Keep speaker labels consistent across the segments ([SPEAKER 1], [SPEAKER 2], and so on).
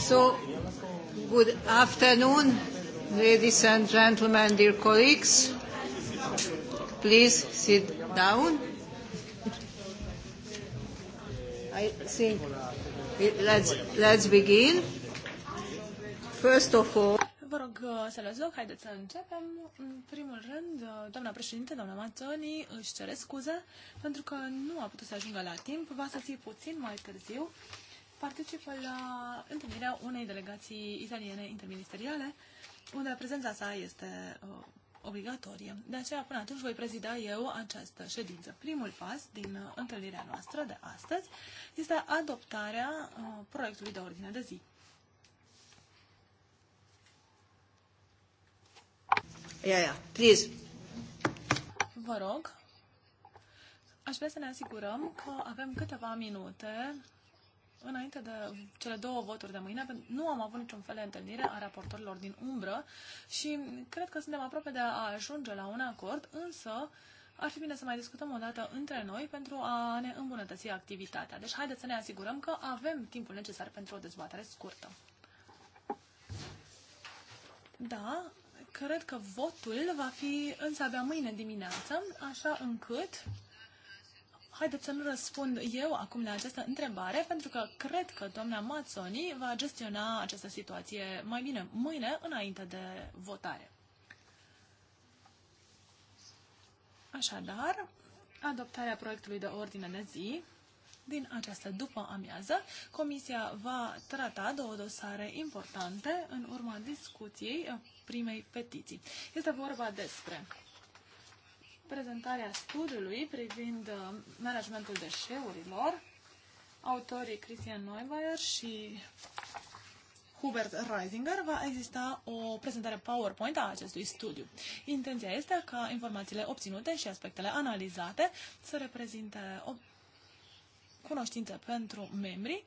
[SPEAKER 1] So, good afternoon, ladies and gentlemen, dear colleagues. Please sit down. I think let's, let's begin. First of all,
[SPEAKER 2] rog uh, să luați loc, haideți să începem. În primul rând, uh, doamna președinte, doamna Mazzoni, își cere scuze pentru că nu a putut să ajungă la timp, va să fie puțin mai târziu. Participă la întâlnirea unei delegații italiene interministeriale, unde prezența sa este uh, obligatorie. De aceea, până atunci, voi prezida eu această ședință. Primul pas din uh, întâlnirea noastră de astăzi este adoptarea uh, proiectului de ordine de zi.
[SPEAKER 1] Yeah, yeah. Please.
[SPEAKER 2] Vă rog. Aș vrea să ne asigurăm că avem câteva minute înainte de cele două voturi de mâine. Nu am avut niciun fel de întâlnire a raportorilor din umbră și cred că suntem aproape de a ajunge la un acord, însă ar fi bine să mai discutăm o dată între noi pentru a ne îmbunătăți activitatea. Deci haideți să ne asigurăm că avem timpul necesar pentru o dezbatere scurtă. Da, cred că votul va fi însă abia mâine dimineață, așa încât haideți să nu răspund eu acum la această întrebare, pentru că cred că doamna Mazzoni va gestiona această situație mai bine mâine, înainte de votare. Așadar, adoptarea proiectului de ordine de zi din această după amiază. Comisia va trata două dosare importante în urma discuției uh, primei petiții. Este vorba despre prezentarea studiului privind uh, managementul deșeurilor, autorii Christian Neubauer și Hubert Reisinger, va exista o prezentare PowerPoint a acestui studiu. Intenția este ca informațiile obținute și aspectele analizate să reprezinte cunoștință pentru membri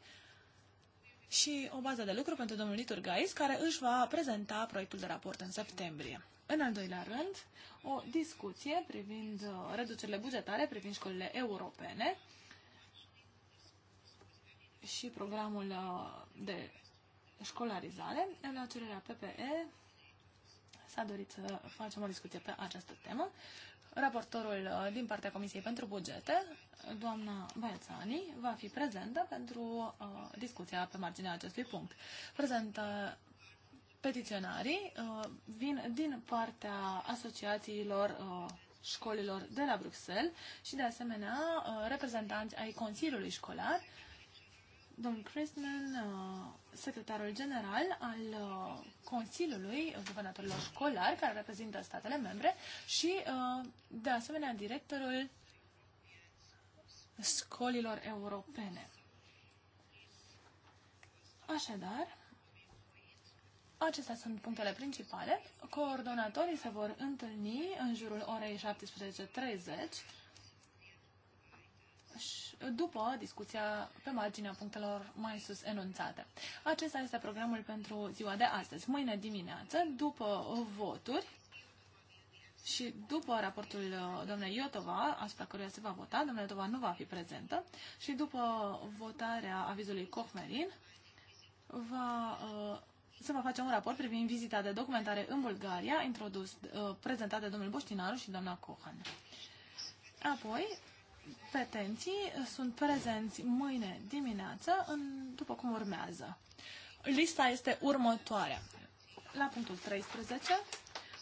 [SPEAKER 2] și o bază de lucru pentru domnul Gais, care își va prezenta proiectul de raport în septembrie. În al doilea rând, o discuție privind uh, reducerile bugetare, privind școlile europene și programul uh, de școlarizare. La cererea PPE s-a dorit să facem o discuție pe această temă Raportorul uh, din partea Comisiei pentru Bugete, doamna Baiațani, va fi prezentă pentru uh, discuția pe marginea acestui punct. Prezentă petiționarii uh, vin din partea asociațiilor uh, școlilor de la Bruxelles și, de asemenea, uh, reprezentanți ai Consiliului Școlar, domnul Christman, uh, secretarul general al uh, Consiliului Guvernatorilor Școlari, care reprezintă statele membre, și, uh, de asemenea, directorul școlilor europene. Așadar, Acestea sunt punctele principale. Coordonatorii se vor întâlni în jurul orei 17.30 după discuția pe marginea punctelor mai sus enunțate. Acesta este programul pentru ziua de astăzi. Mâine dimineață, după voturi și după raportul uh, domnului Iotova, asupra căruia se va vota, domnul Iotova nu va fi prezentă, și după votarea avizului Kochmerin, va uh, se va face un raport privind vizita de documentare în Bulgaria, introdus, uh, prezentat de domnul Boștinaru și doamna Cohan. Apoi, petenții sunt prezenți mâine dimineață, în, după cum urmează. Lista este următoarea. La punctul 13,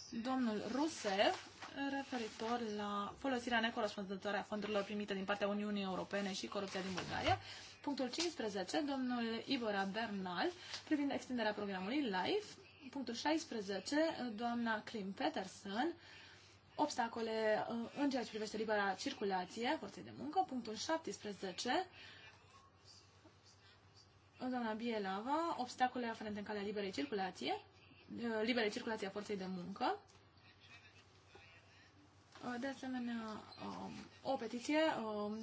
[SPEAKER 2] domnul Rusev, referitor la folosirea necorespunzătoare a fondurilor primite din partea Uniunii Europene și corupția din Bulgaria. Punctul 15, domnul Ivora Bernal, privind extinderea programului LIFE. Punctul 16, doamna Klim Peterson, obstacole uh, în ceea ce privește libera circulație, forței de muncă. Punctul 17, zona Bielava, obstacole aferente în calea liberei circulație, uh, liberei circulație a forței de muncă. Uh, de asemenea, um, o petiție um,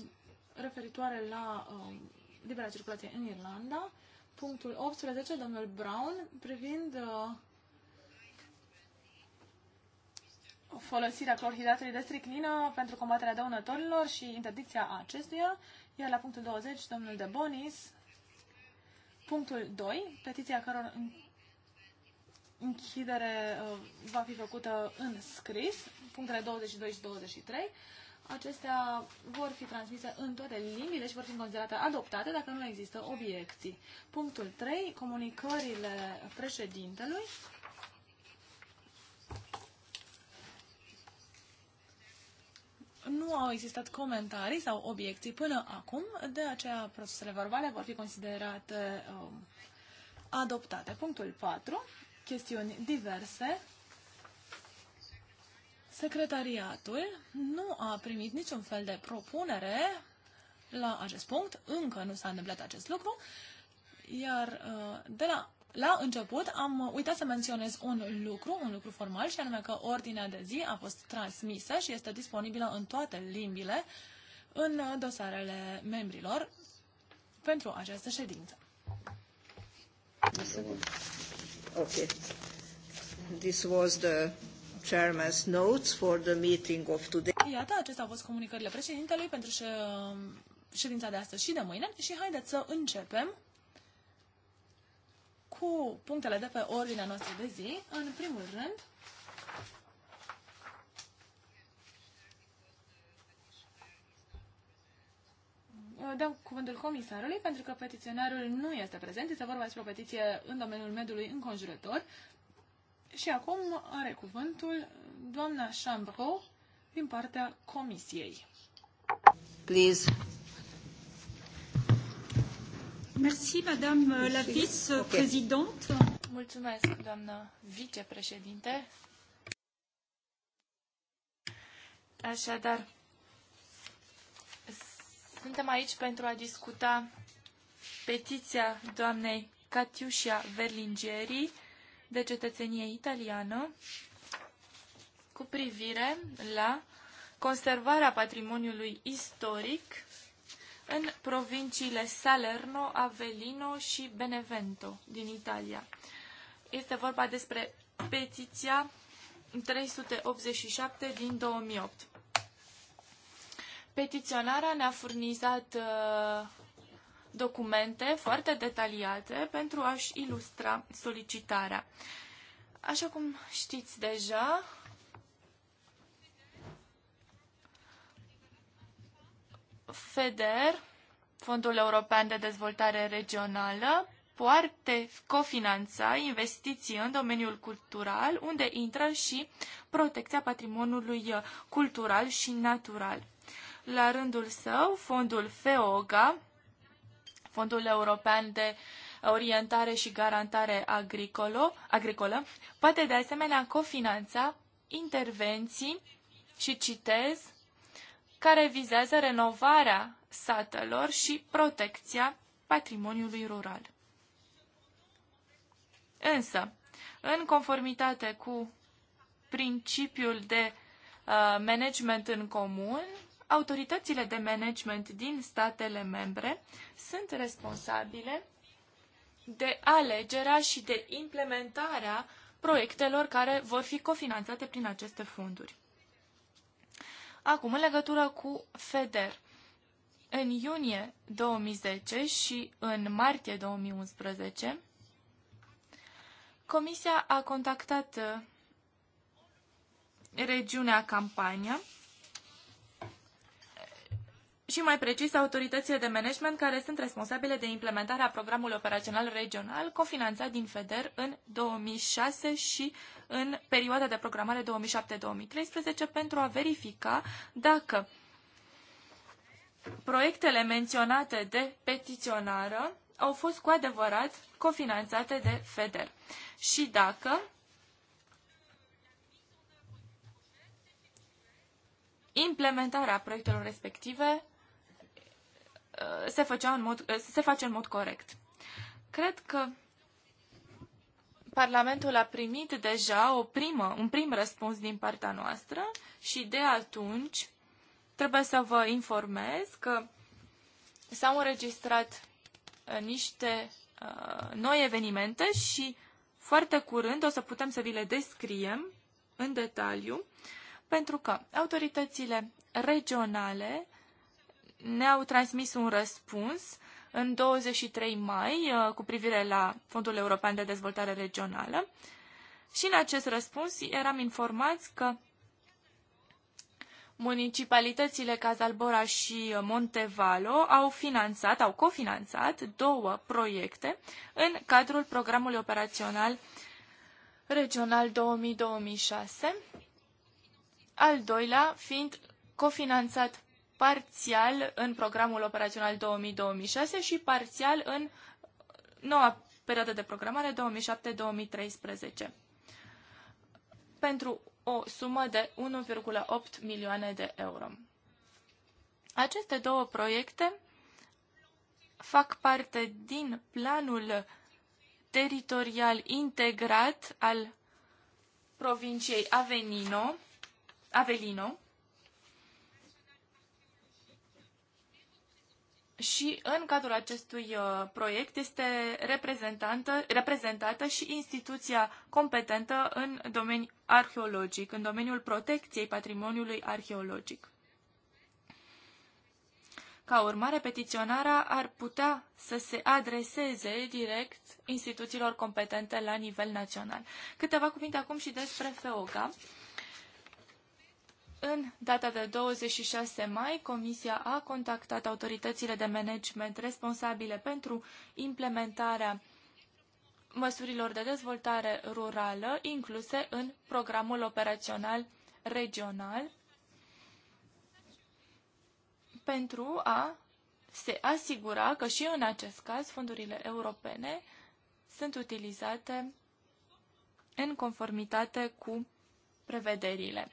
[SPEAKER 2] referitoare la um, libera circulație în Irlanda. Punctul 18, domnul Brown, privind folosirea clorhidratului de stricnină pentru combaterea dăunătorilor și interdicția acestuia, iar la punctul 20, domnul de Bonis, punctul 2, petiția căror închidere uh, va fi făcută în scris, punctele 22 și 23, acestea vor fi transmise în toate limbile și vor fi considerate adoptate dacă nu există obiecții. Punctul 3, comunicările președintelui. nu au existat comentarii sau obiecții până acum, de aceea procesele verbale vor fi considerate um, adoptate. Punctul 4. Chestiuni diverse. Secretariatul nu a primit niciun fel de propunere la acest punct, încă nu s-a întâmplat acest lucru, iar uh, de la la început am uitat să menționez un lucru, un lucru formal, și anume că ordinea de zi a fost transmisă și este disponibilă în toate limbile în dosarele membrilor pentru această ședință.
[SPEAKER 1] Okay. This was the chairman's notes for the meeting of today.
[SPEAKER 2] Iată, acestea au fost comunicările președintelui pentru ședința de astăzi și de mâine și haideți să începem cu punctele de pe ordinea noastră de zi. În primul rând, dau cuvântul comisarului pentru că petiționarul nu este prezent. Este vorba despre o petiție în domeniul mediului înconjurător. Și acum are cuvântul doamna Chambro din partea comisiei.
[SPEAKER 1] Please, Merci, Madame euh, la vice-présidente.
[SPEAKER 3] Mulțumesc, doamnă vicepreședinte. Așadar, suntem aici pentru a discuta petiția doamnei Catiușia Verlingeri de cetățenie italiană cu privire la conservarea patrimoniului istoric în provinciile Salerno, Avellino și Benevento din Italia. Este vorba despre petiția 387 din 2008. Petiționarea ne-a furnizat uh, documente foarte detaliate pentru a-și ilustra solicitarea. Așa cum știți deja, FEDER, Fondul European de Dezvoltare Regională, poate cofinanța investiții în domeniul cultural, unde intră și protecția patrimoniului cultural și natural. La rândul său, fondul FEOGA, Fondul European de Orientare și Garantare Agricolo, Agricolă, poate de asemenea cofinanța intervenții și citez care vizează renovarea satelor și protecția patrimoniului rural. Însă, în conformitate cu principiul de uh, management în comun, autoritățile de management din statele membre sunt responsabile de alegerea și de implementarea proiectelor care vor fi cofinanțate prin aceste fonduri. Acum, în legătură cu FEDER, în iunie 2010 și în martie 2011, Comisia a contactat uh, regiunea Campania și mai precis autoritățile de management care sunt responsabile de implementarea programului operațional regional cofinanțat din FEDER în 2006 și în perioada de programare 2007-2013 pentru a verifica dacă proiectele menționate de petiționară au fost cu adevărat cofinanțate de FEDER și dacă implementarea proiectelor respective Uh, se, făcea în mod, uh, se face în mod corect. Cred că Parlamentul a primit deja o primă, un prim răspuns din partea noastră și de atunci trebuie să vă informez că s-au înregistrat uh, niște uh, noi evenimente și foarte curând o să putem să vi le descriem în detaliu, pentru că autoritățile regionale ne-au transmis un răspuns în 23 mai uh, cu privire la Fondul European de Dezvoltare Regională și în acest răspuns eram informați că municipalitățile Cazalbora și Montevalo au finanțat, au cofinanțat două proiecte în cadrul programului operațional regional 2006 al doilea fiind cofinanțat parțial în programul operațional 2000-2006 și parțial în noua perioadă de programare 2007-2013 pentru o sumă de 1,8 milioane de euro. Aceste două proiecte fac parte din planul teritorial integrat al provinciei Avenino, Avelino, și în cadrul acestui uh, proiect este reprezentată, reprezentată și instituția competentă în domeniul arheologic, în domeniul protecției patrimoniului arheologic. Ca urmare, petiționarea ar putea să se adreseze direct instituțiilor competente la nivel național. Câteva cuvinte acum și despre FEOGA. În data de 26 mai, Comisia a contactat autoritățile de management responsabile pentru implementarea măsurilor de dezvoltare rurală incluse în programul operațional regional pentru a se asigura că și în acest caz fondurile europene sunt utilizate în conformitate cu prevederile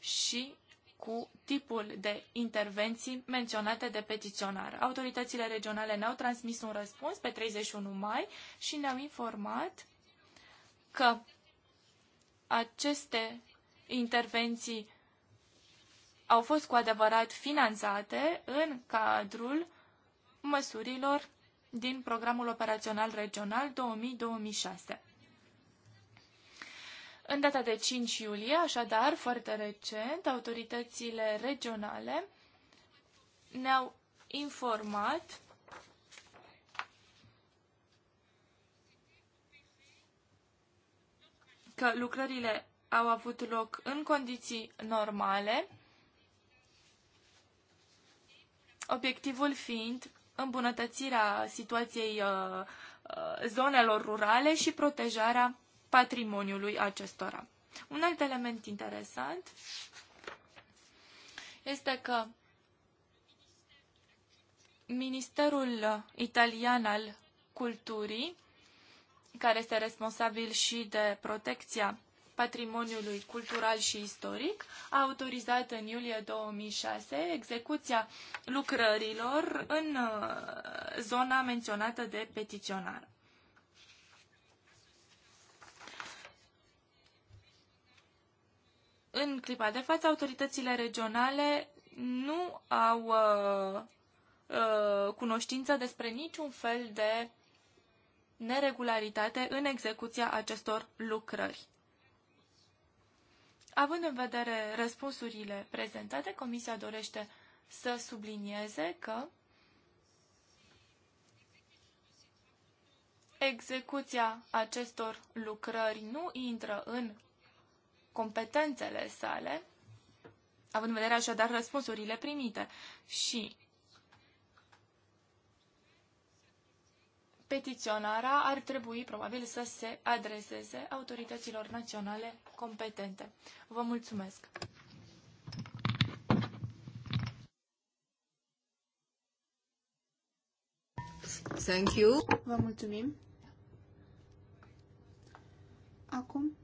[SPEAKER 3] și cu tipul de intervenții menționate de petiționar. Autoritățile regionale ne-au transmis un răspuns pe 31 mai și ne-au informat că aceste intervenții au fost cu adevărat finanțate în cadrul măsurilor din Programul Operațional Regional 2000-2006. În data de 5 iulie, așadar, foarte recent, autoritățile regionale ne-au informat că lucrările au avut loc în condiții normale, obiectivul fiind îmbunătățirea situației uh, uh, zonelor rurale și protejarea patrimoniului acestora. Un alt element interesant este că Ministerul Italian al Culturii, care este responsabil și de protecția patrimoniului cultural și istoric, a autorizat în iulie 2006 execuția lucrărilor în uh, zona menționată de petiționar. În clipa de față, autoritățile regionale nu au uh, uh, cunoștință despre niciun fel de neregularitate în execuția acestor lucrări. Având în vedere răspunsurile prezentate, Comisia dorește să sublinieze că execuția acestor lucrări nu intră în competențele sale, având în vedere așadar răspunsurile primite. Și petiționarea ar trebui probabil să se adreseze autorităților naționale competente. Vă mulțumesc!
[SPEAKER 1] Thank you. Vă mulțumim. Acum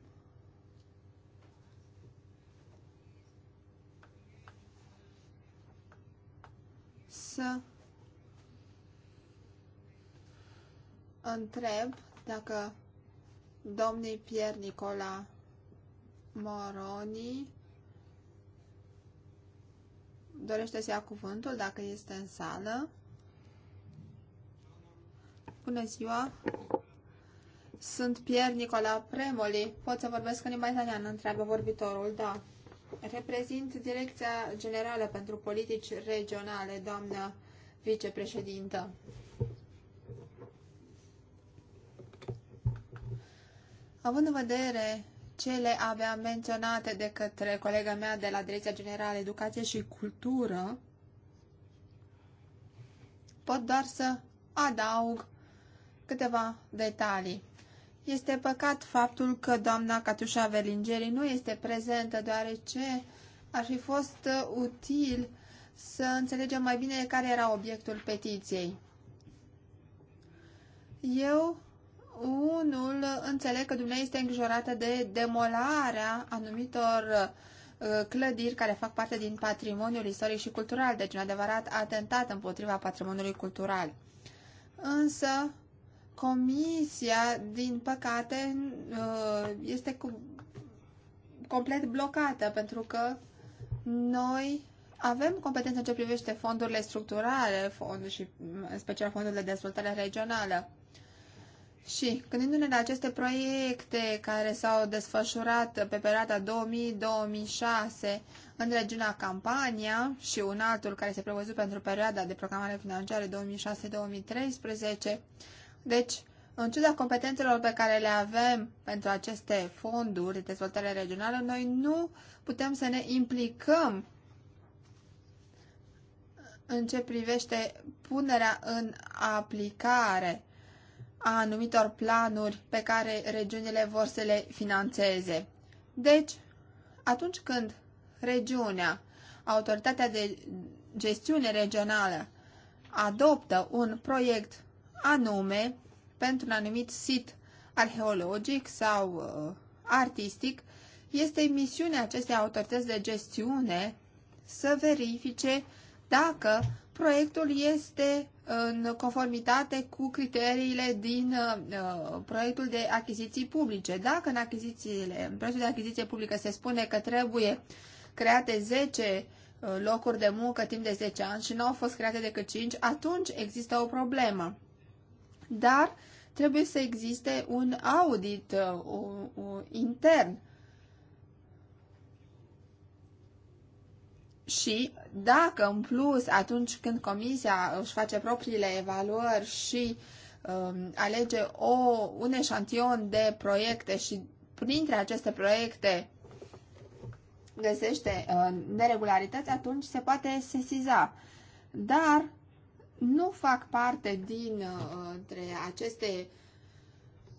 [SPEAKER 1] să întreb dacă domnii Pier Nicola Moroni dorește să ia cuvântul dacă este în sală. Bună ziua! Sunt Pier Nicola Premoli. Pot să vorbesc în limba italiană? Întreabă vorbitorul. Da. Reprezint Direcția Generală pentru Politici Regionale, doamna vicepreședintă. Având în vedere cele abia menționate de către colega mea de la Direcția Generală Educație și Cultură, pot doar să adaug câteva detalii. Este păcat faptul că doamna Catușa Verlingeri nu este prezentă, deoarece ar fi fost util să înțelegem mai bine care era obiectul petiției. Eu, unul, înțeleg că dumneavoastră este îngrijorată de demolarea anumitor uh, clădiri care fac parte din patrimoniul istoric și cultural, deci un adevărat atentat împotriva patrimoniului cultural. Însă, Comisia, din păcate, uh, este cu complet blocată pentru că noi avem competență în ce privește fondurile structurale, fonduri și în special fondurile de dezvoltare regională. Și gândindu-ne la aceste proiecte care s-au desfășurat pe perioada 2000-2006 în regiunea Campania și un altul care se prevăzut pentru perioada de programare financiară 2006-2013, deci, în ciuda competențelor pe care le avem pentru aceste fonduri de dezvoltare regională, noi nu putem să ne implicăm în ce privește punerea în aplicare a anumitor planuri pe care regiunile vor să le financeze. Deci, atunci când regiunea, autoritatea de gestiune regională, adoptă un proiect anume pentru un anumit sit arheologic sau uh, artistic, este misiunea acestei autorități de gestiune să verifice dacă proiectul este în conformitate cu criteriile din uh, proiectul de achiziții publice. Dacă în, achizițiile, în proiectul de achiziție publică se spune că trebuie create 10 uh, locuri de muncă timp de 10 ani și nu au fost create decât 5, atunci există o problemă dar trebuie să existe un audit uh, uh, intern. Și dacă în plus, atunci când comisia își face propriile evaluări și um, alege o, un eșantion de proiecte și printre aceste proiecte găsește uh, neregularități, atunci se poate sesiza. Dar nu fac parte din uh, între aceste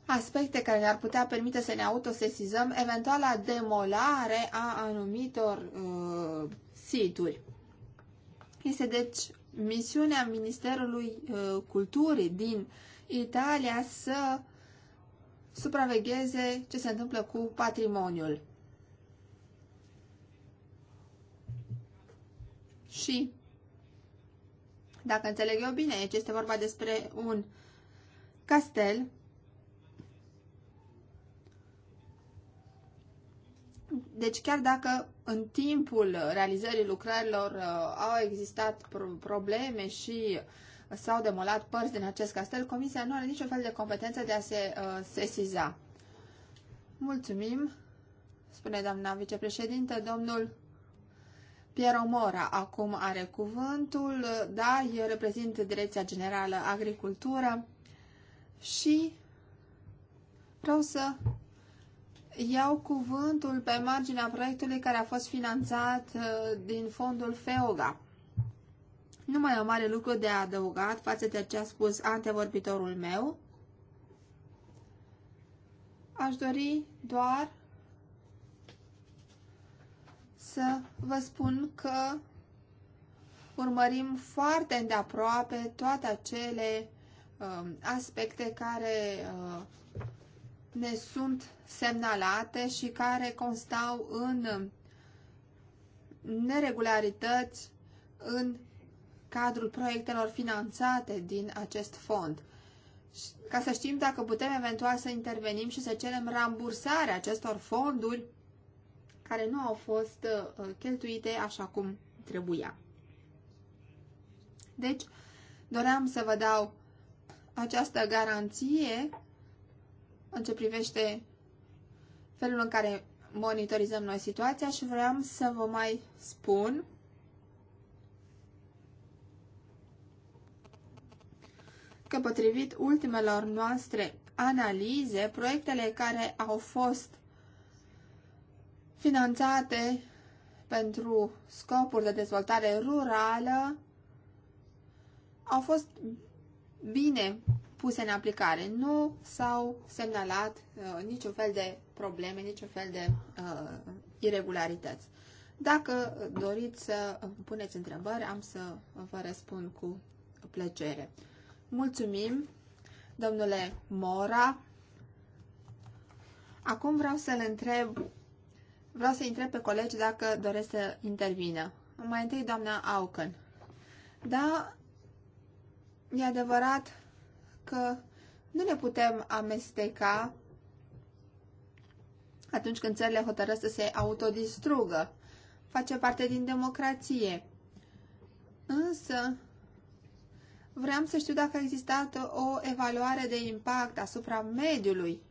[SPEAKER 1] aspecte care ne-ar putea permite să ne autosesizăm eventuala demolare a anumitor uh, situri. Este deci misiunea Ministerului uh, Culturii din Italia să supravegheze ce se întâmplă cu patrimoniul. Și dacă înțeleg eu bine, aici este vorba despre un castel Deci chiar dacă în timpul realizării lucrărilor uh, au existat probleme și s-au demolat părți din acest castel, Comisia nu are niciun fel de competență de a se uh, sesiza. Mulțumim, spune doamna vicepreședinte, domnul Piero Mora acum are cuvântul, da, el reprezintă Direcția Generală Agricultură și vreau să iau cuvântul pe marginea proiectului care a fost finanțat uh, din fondul FEOGA. Nu mai am mare lucru de adăugat față de ce a spus antevorbitorul meu. Aș dori doar să vă spun că urmărim foarte îndeaproape toate acele uh, aspecte care uh, ne sunt semnalate și care constau în neregularități în cadrul proiectelor finanțate din acest fond. Ca să știm dacă putem eventual să intervenim și să cerem rambursarea acestor fonduri care nu au fost uh, cheltuite așa cum trebuia. Deci, doream să vă dau această garanție în ce privește felul în care monitorizăm noi situația și vreau să vă mai spun că potrivit ultimelor noastre analize, proiectele care au fost finanțate pentru scopuri de dezvoltare rurală au fost bine puse în aplicare. Nu s-au semnalat uh, niciun fel de probleme, niciun fel de uh, irregularități. Dacă doriți să puneți întrebări, am să vă răspund cu plăcere. Mulțumim, domnule Mora. Acum vreau să-l întreb Vreau să întreb pe colegi dacă doresc să intervină. Mai întâi, doamna Auken. Da, e adevărat că nu ne putem amesteca atunci când țările hotărăsc să se autodistrugă. Face parte din democrație. Însă, vreau să știu dacă a existat o evaluare de impact asupra mediului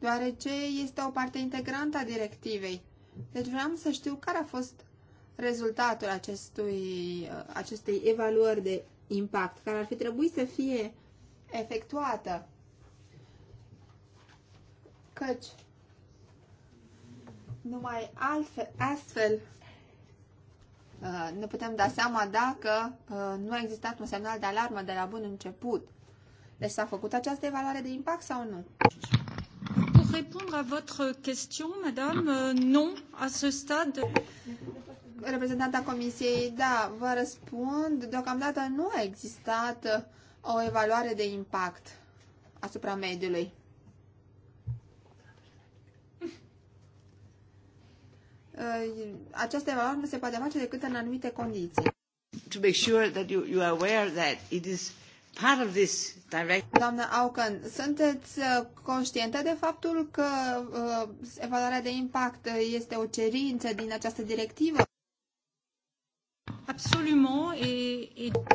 [SPEAKER 1] deoarece este o parte integrantă a directivei. Deci vreau să știu care a fost rezultatul acestui, acestei evaluări de impact, care ar fi trebuit să fie efectuată. Căci numai altfel, astfel uh, ne putem da seama dacă uh, nu a existat un semnal de alarmă de la bun început. Deci s-a făcut această evaluare de impact sau nu?
[SPEAKER 3] pour répondre à votre question,
[SPEAKER 1] madame, euh, non,
[SPEAKER 3] à ce stade.
[SPEAKER 1] Reprezentanta Comisiei, da, vă răspund. Deocamdată nu a existat uh, o evaluare de impact asupra mediului. Uh, această evaluare nu se poate face decât în anumite condiții. To make sure that you, you are aware that it is part of Doamnă sunteți uh, conștientă de faptul că uh, evaluarea de impact este o cerință din această directivă? Absolument.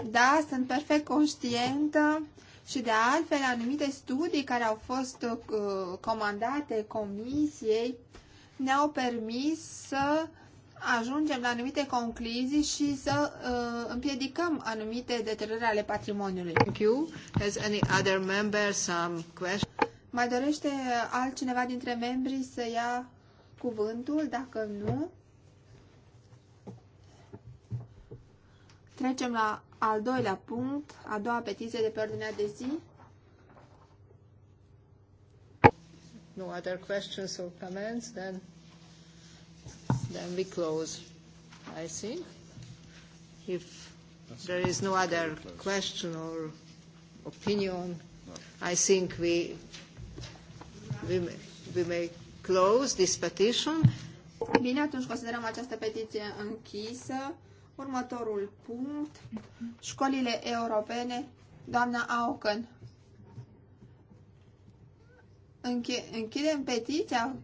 [SPEAKER 1] Da, sunt perfect conștientă și de altfel anumite studii care au fost uh, comandate comisiei ne-au permis să uh, ajungem la anumite concluzii și să uh, împiedicăm anumite deteriorări ale patrimoniului. Thank you. Has any other member some um, question? Mai dorește altcineva dintre membrii să ia cuvântul? Dacă nu, trecem la al doilea punct, a doua petiție de pe ordinea de zi. No other questions or comments, then then we close, I think. If there is no other question or opinion, I think we, we, may, we may close this petition. Bine, atunci considerăm această petiție închisă. Următorul punct, școlile europene, doamna Auken. închidem petiția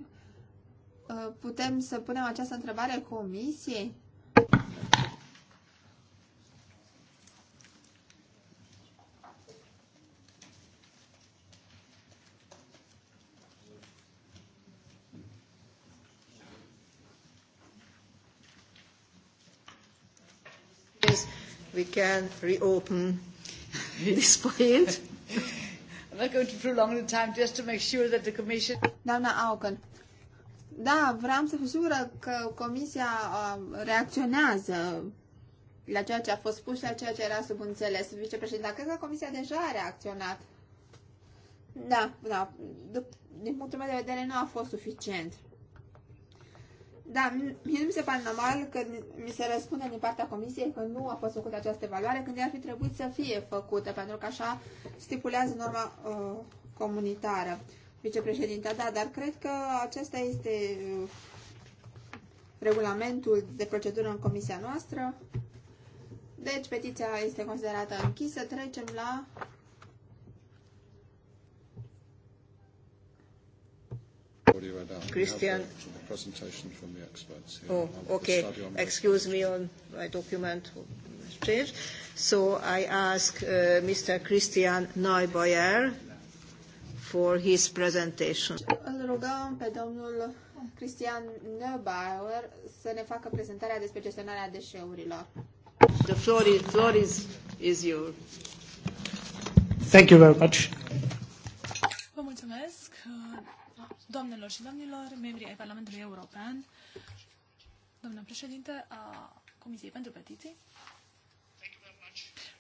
[SPEAKER 1] Uh, putem să punem această întrebare comisiei? we can reopen this point. I'm not going to prolong the time just to make sure that the Commission. Doamna Auken, da, vreau să fiu sigură că comisia reacționează la ceea ce a fost spus și la ceea ce era sub înțeles. Vicepreședinte, cred că comisia deja a reacționat. Da, da, din punctul meu de vedere nu a fost suficient. Da, mie nu mi se pare normal că mi se răspunde din partea comisiei că nu a fost făcută această evaluare când ea ar fi trebuit să fie făcută, pentru că așa stipulează norma uh, comunitară. Vicepreședinta, da, dar cred că acesta este uh, regulamentul de procedură în comisia noastră. Deci, petiția este considerată închisă. Trecem la
[SPEAKER 2] Christian. Oh, okay.
[SPEAKER 1] Excuse me on my document change. So I ask uh, Mr. Christian Neubauer, for his presentation. Îl rugăm pe domnul Cristian Neubauer să ne facă prezentarea despre gestionarea deșeurilor. The floor is, floor is, is
[SPEAKER 2] Thank you very much.
[SPEAKER 1] Vă mulțumesc,
[SPEAKER 2] doamnelor și domnilor, membrii ai Parlamentului European, domnule președinte a Comisiei pentru Petiții.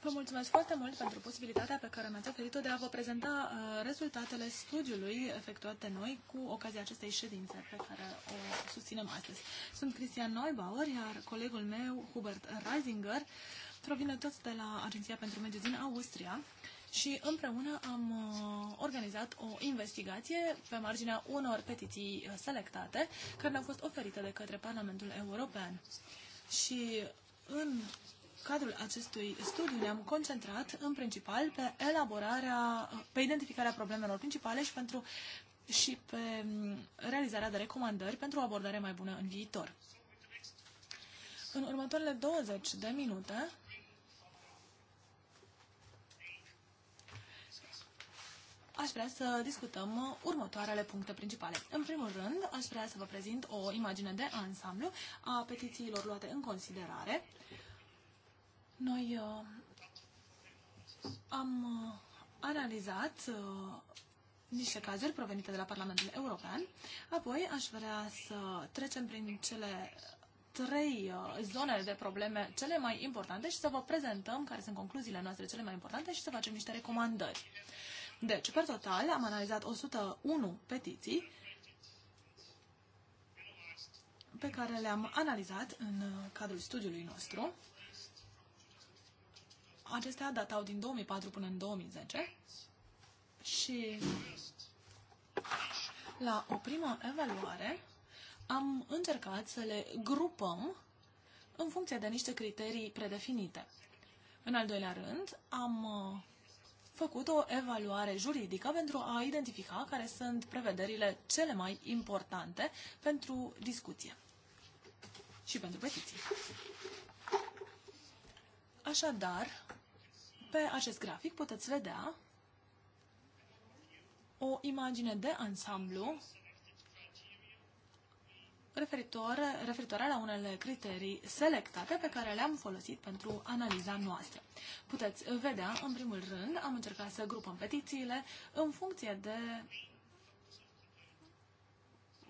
[SPEAKER 2] Vă mulțumesc foarte mult pentru posibilitatea pe care mi-ați oferit-o de a vă prezenta uh, rezultatele studiului efectuat de noi cu ocazia acestei ședințe pe care o susținem astăzi. Sunt Cristian Neubauer, iar colegul meu, Hubert Reisinger, provine toți de la Agenția pentru Mediu din Austria și împreună am uh, organizat o investigație pe marginea unor petiții uh, selectate care ne-au fost oferite de către Parlamentul European. Și în cadrul acestui studiu ne-am concentrat în principal pe elaborarea, pe identificarea problemelor principale și pentru și pe mm, realizarea de recomandări pentru o abordare mai bună în viitor. În următoarele 20 de minute aș vrea să discutăm următoarele puncte principale. În primul rând, aș vrea să vă prezint o imagine de ansamblu a petițiilor luate în considerare noi uh, am uh, analizat uh, niște cazuri provenite de la Parlamentul European. Apoi aș vrea să trecem prin cele trei uh, zone de probleme cele mai importante și să vă prezentăm care sunt concluziile noastre cele mai importante și să facem niște recomandări. Deci, pe total, am analizat 101 petiții pe care le-am analizat în uh, cadrul studiului nostru. Acestea datau din 2004 până în 2010 și la o primă evaluare am încercat să le grupăm în funcție de niște criterii predefinite. În al doilea rând, am uh, făcut o evaluare juridică pentru a identifica care sunt prevederile cele mai importante pentru discuție și pentru petiții. Așadar, pe acest grafic puteți vedea o imagine de ansamblu referitor, referitoare la unele criterii selectate pe care le-am folosit pentru analiza noastră. Puteți vedea, în primul rând, am încercat să grupăm petițiile în funcție de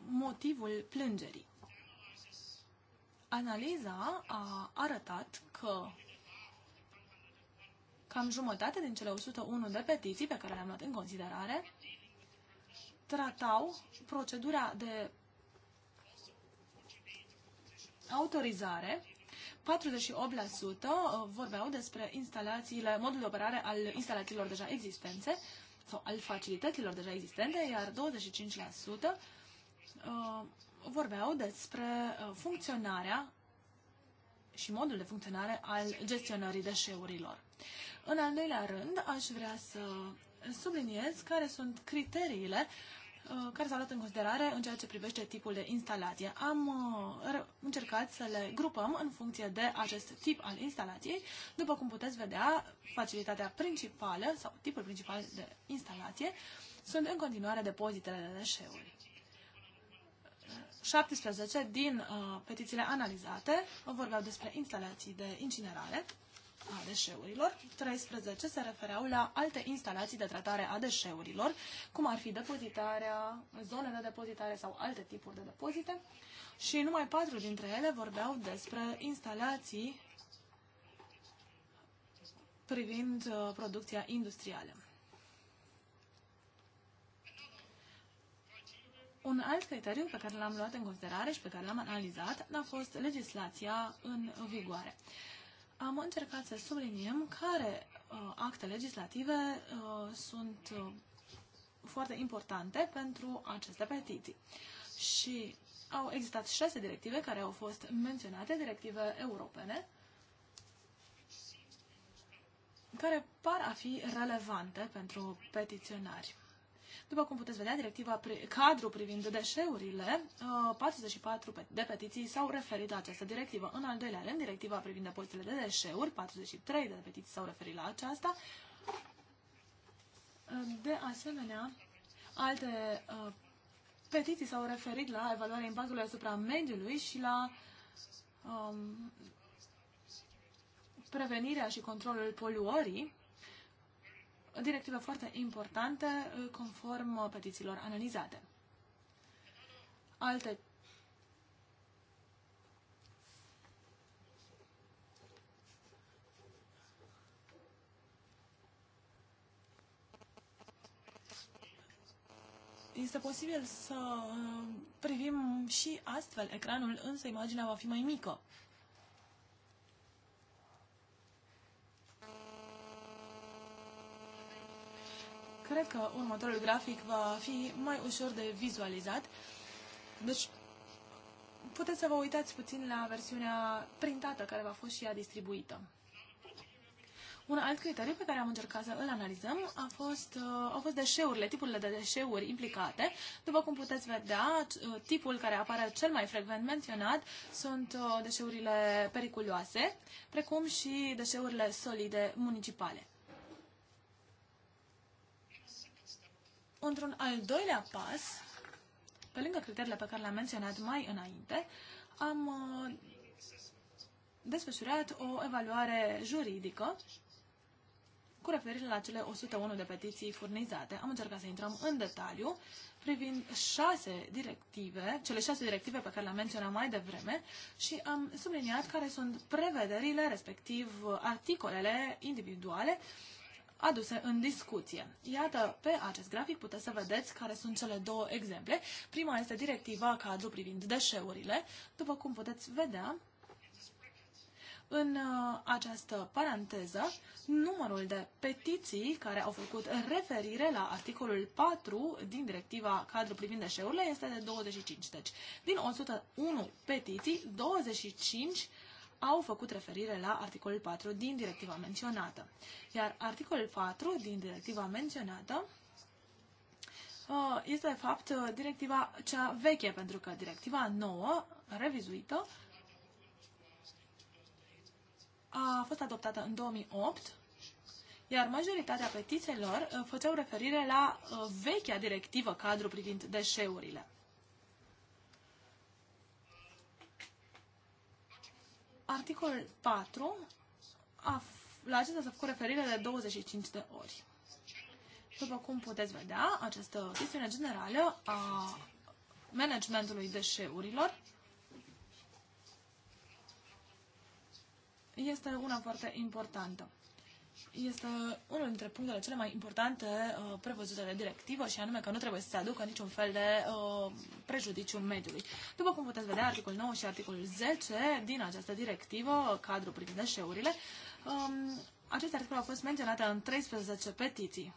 [SPEAKER 2] motivul plângerii. Analiza a arătat că Cam jumătate din cele 101 de petiții pe care le-am luat în considerare tratau procedura de autorizare 48% vorbeau despre instalațiile, modul de operare al instalațiilor deja existente sau al facilităților deja existente, iar 25% uh, vorbeau despre uh, funcționarea și modul de funcționare al gestionării deșeurilor. În al doilea rând, aș vrea să subliniez care sunt criteriile uh, care s-au luat în considerare în ceea ce privește tipul de instalație. Am uh, încercat să le grupăm în funcție de acest tip al instalației. După cum puteți vedea, facilitatea principală sau tipul principal de instalație sunt în continuare depozitele de deșeuri. 17 din uh, petițiile analizate vorbeau despre instalații de incinerare, a deșeurilor. 13 se refereau la alte instalații de tratare a deșeurilor, cum ar fi depozitarea, zone de depozitare sau alte tipuri de depozite. Și numai patru dintre ele vorbeau despre instalații privind uh, producția industrială. Un alt criteriu pe care l-am luat în considerare și pe care l-am analizat a fost legislația în vigoare am încercat să subliniem care uh, acte legislative uh, sunt uh, foarte importante pentru aceste petiții. Și au existat șase directive care au fost menționate, directive europene, care par a fi relevante pentru petiționari. După cum puteți vedea, directiva pri- cadru privind deșeurile, 44 uh, de petiții s-au referit la această directivă. În al doilea rând, directiva privind depozitele de deșeuri, 43 de petiții s-au referit la aceasta. Uh, de asemenea, alte uh, petiții s-au referit la evaluarea impactului asupra mediului și la um, prevenirea și controlul poluării directivă foarte importantă uh, conform uh, petițiilor analizate. Alte Este posibil să uh, privim și astfel ecranul, însă imaginea va fi mai mică. Cred că următorul grafic va fi mai ușor de vizualizat. Deci, puteți să vă uitați puțin la versiunea printată care va fost și ea distribuită. Un alt criteriu pe care am încercat să îl analizăm a fost, uh, au fost deșeurile, tipurile de deșeuri implicate. După cum puteți vedea, uh, tipul care apare cel mai frecvent menționat sunt uh, deșeurile periculoase, precum și deșeurile solide municipale. într-un al doilea pas, pe lângă criteriile pe care le-am menționat mai înainte, am uh, desfășurat o evaluare juridică cu referire la cele 101 de petiții furnizate. Am încercat să intrăm în detaliu privind șase directive, cele șase directive pe care le-am menționat mai devreme și am subliniat care sunt prevederile, respectiv articolele individuale aduse în discuție. Iată, pe acest grafic puteți să vedeți care sunt cele două exemple. Prima este directiva cadru privind deșeurile. După cum puteți vedea, în uh, această paranteză, numărul de petiții care au făcut referire la articolul 4 din directiva cadru privind deșeurile este de 25. Deci, din 101 petiții, 25 au făcut referire la articolul 4 din directiva menționată. Iar articolul 4 din directiva menționată uh, este de fapt uh, directiva cea veche, pentru că directiva nouă, revizuită, a fost adoptată în 2008, iar majoritatea petițelor uh, făceau referire la vechea directivă cadru privind deșeurile. Articolul 4, a, la acesta s-a făcut referire de 25 de ori. După cum puteți vedea, această chestiune generală a managementului deșeurilor este una foarte importantă este unul dintre punctele cele mai importante uh, prevăzute de directivă și anume că nu trebuie să se aducă niciun fel de uh, prejudiciu mediului. După cum puteți vedea, articolul 9 și articolul 10 din această directivă, cadrul privind deșeurile, um, aceste articole au fost menționate în 13 petiții.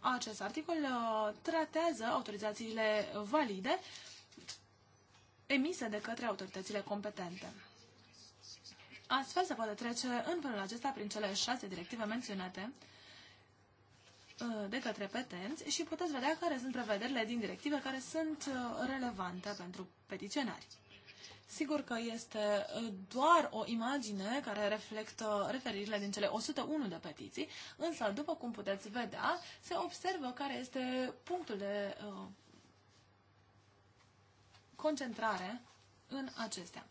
[SPEAKER 2] Acest articol uh, tratează autorizațiile valide emise de către autoritățile competente. Astfel se poate trece în felul acesta prin cele șase directive menționate uh, de către petenți și puteți vedea care sunt prevederile din directive care sunt uh, relevante pentru peticionari. Sigur că este uh, doar o imagine care reflectă referirile din cele 101 de petiții, însă, după cum puteți vedea, se observă care este punctul de uh, concentrare în acestea.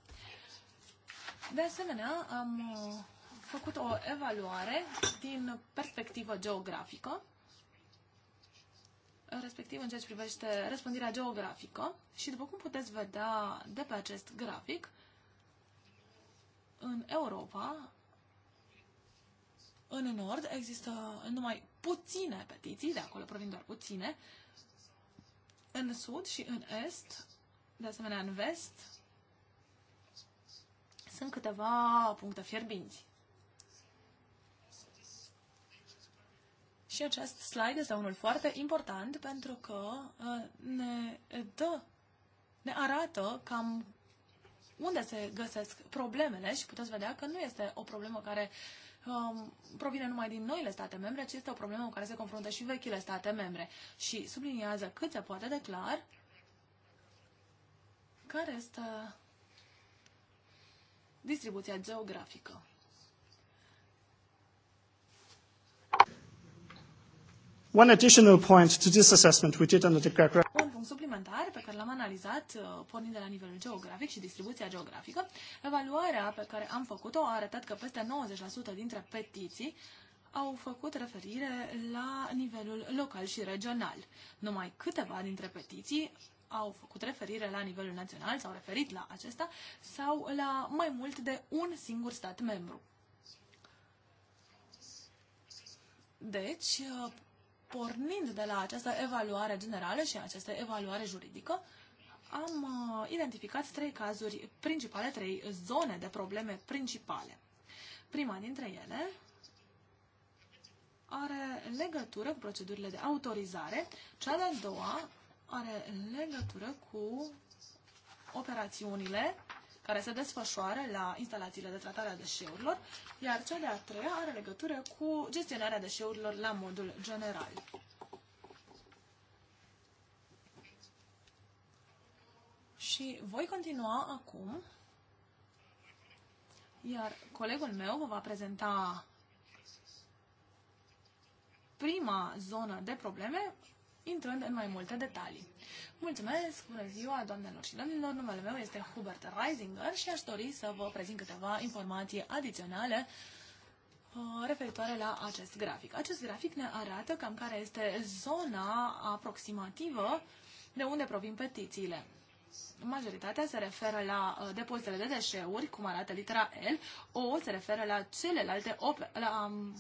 [SPEAKER 2] De asemenea, am uh, făcut o evaluare din perspectivă geografică, respectiv în ceea ce privește răspândirea geografică și după cum puteți vedea de pe acest grafic, în Europa, în Nord, există numai puține petiții, de acolo provin doar puține, în Sud și în Est, de asemenea în Vest, sunt câteva puncte fierbinți. Și acest slide este unul foarte important pentru că uh, ne dă, ne arată cam unde se găsesc problemele și puteți vedea că nu este o problemă care um, provine numai din noile state membre, ci este o problemă cu care se confruntă și vechile state membre. Și subliniază cât se poate de clar care este distribuția geografică.
[SPEAKER 1] One additional point to this assessment we did under the
[SPEAKER 2] Un punct suplimentar pe care l-am analizat, uh, pornind de la nivelul geografic și distribuția geografică, evaluarea pe care am făcut-o a arătat că peste 90% dintre petiții au făcut referire la nivelul local și regional. Numai câteva dintre petiții au făcut referire la nivelul național, s-au referit la acesta, sau la mai mult de un singur stat membru. Deci, uh, pornind de la această evaluare generală și această evaluare juridică, am uh, identificat trei cazuri principale, trei zone de probleme principale. Prima dintre ele are legătură cu procedurile de autorizare, cea de-a doua are legătură cu operațiunile care se desfășoară la instalațiile de tratare a deșeurilor, iar cea de-a treia are legătură cu gestionarea deșeurilor la modul general. Și voi continua acum, iar colegul meu vă va prezenta prima zonă de probleme intrând în mai multe detalii. Mulțumesc, bună ziua, doamnelor și domnilor, numele meu este Hubert Reisinger și aș dori să vă prezint câteva informații adiționale uh, referitoare la acest grafic. Acest grafic ne arată cam care este zona aproximativă de unde provin petițiile. Majoritatea se referă la uh, depozitele de deșeuri, cum arată litera L, O se referă la celelalte, la um,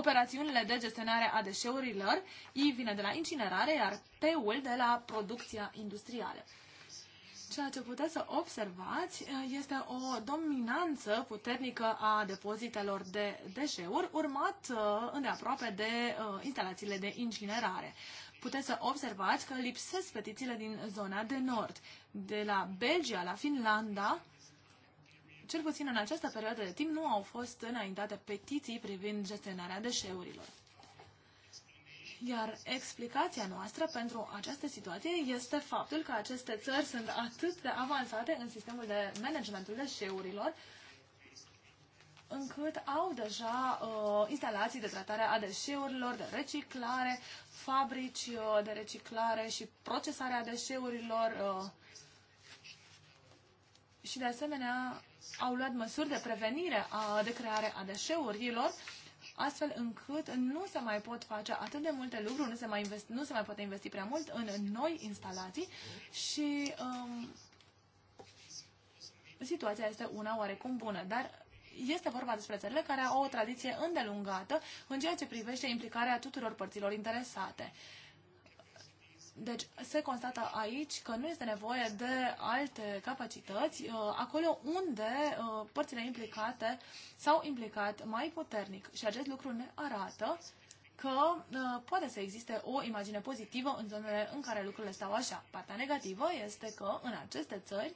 [SPEAKER 2] operațiunile de gestionare a deșeurilor. I vine de la incinerare, iar P-ul de la producția industrială. Ceea ce puteți să observați este o dominanță puternică a depozitelor de deșeuri, urmat îndeaproape de instalațiile de incinerare. Puteți să observați că lipsesc petițiile din zona de nord. De la Belgia la Finlanda, cel puțin în această perioadă de timp, nu au fost înaintate petiții privind gestionarea deșeurilor. Iar explicația noastră pentru această situație este faptul că aceste țări sunt atât de avansate în sistemul de managementul deșeurilor, încât au deja uh, instalații de tratare a deșeurilor, de reciclare, fabrici uh, de reciclare și procesarea deșeurilor uh, și de asemenea au luat măsuri de prevenire, a, de creare a deșeurilor, astfel încât nu se mai pot face atât de multe lucruri, nu se mai, investi, nu se mai poate investi prea mult în noi instalații și um, situația este una oarecum bună, dar este vorba despre țările care au o tradiție îndelungată în ceea ce privește implicarea tuturor părților interesate. Uh, deci se constată aici că nu este nevoie de alte capacități uh, acolo unde uh, părțile implicate s-au implicat mai puternic. Și acest lucru ne arată că uh, poate să existe o imagine pozitivă în zonele în care lucrurile stau așa. Partea negativă este că în aceste țări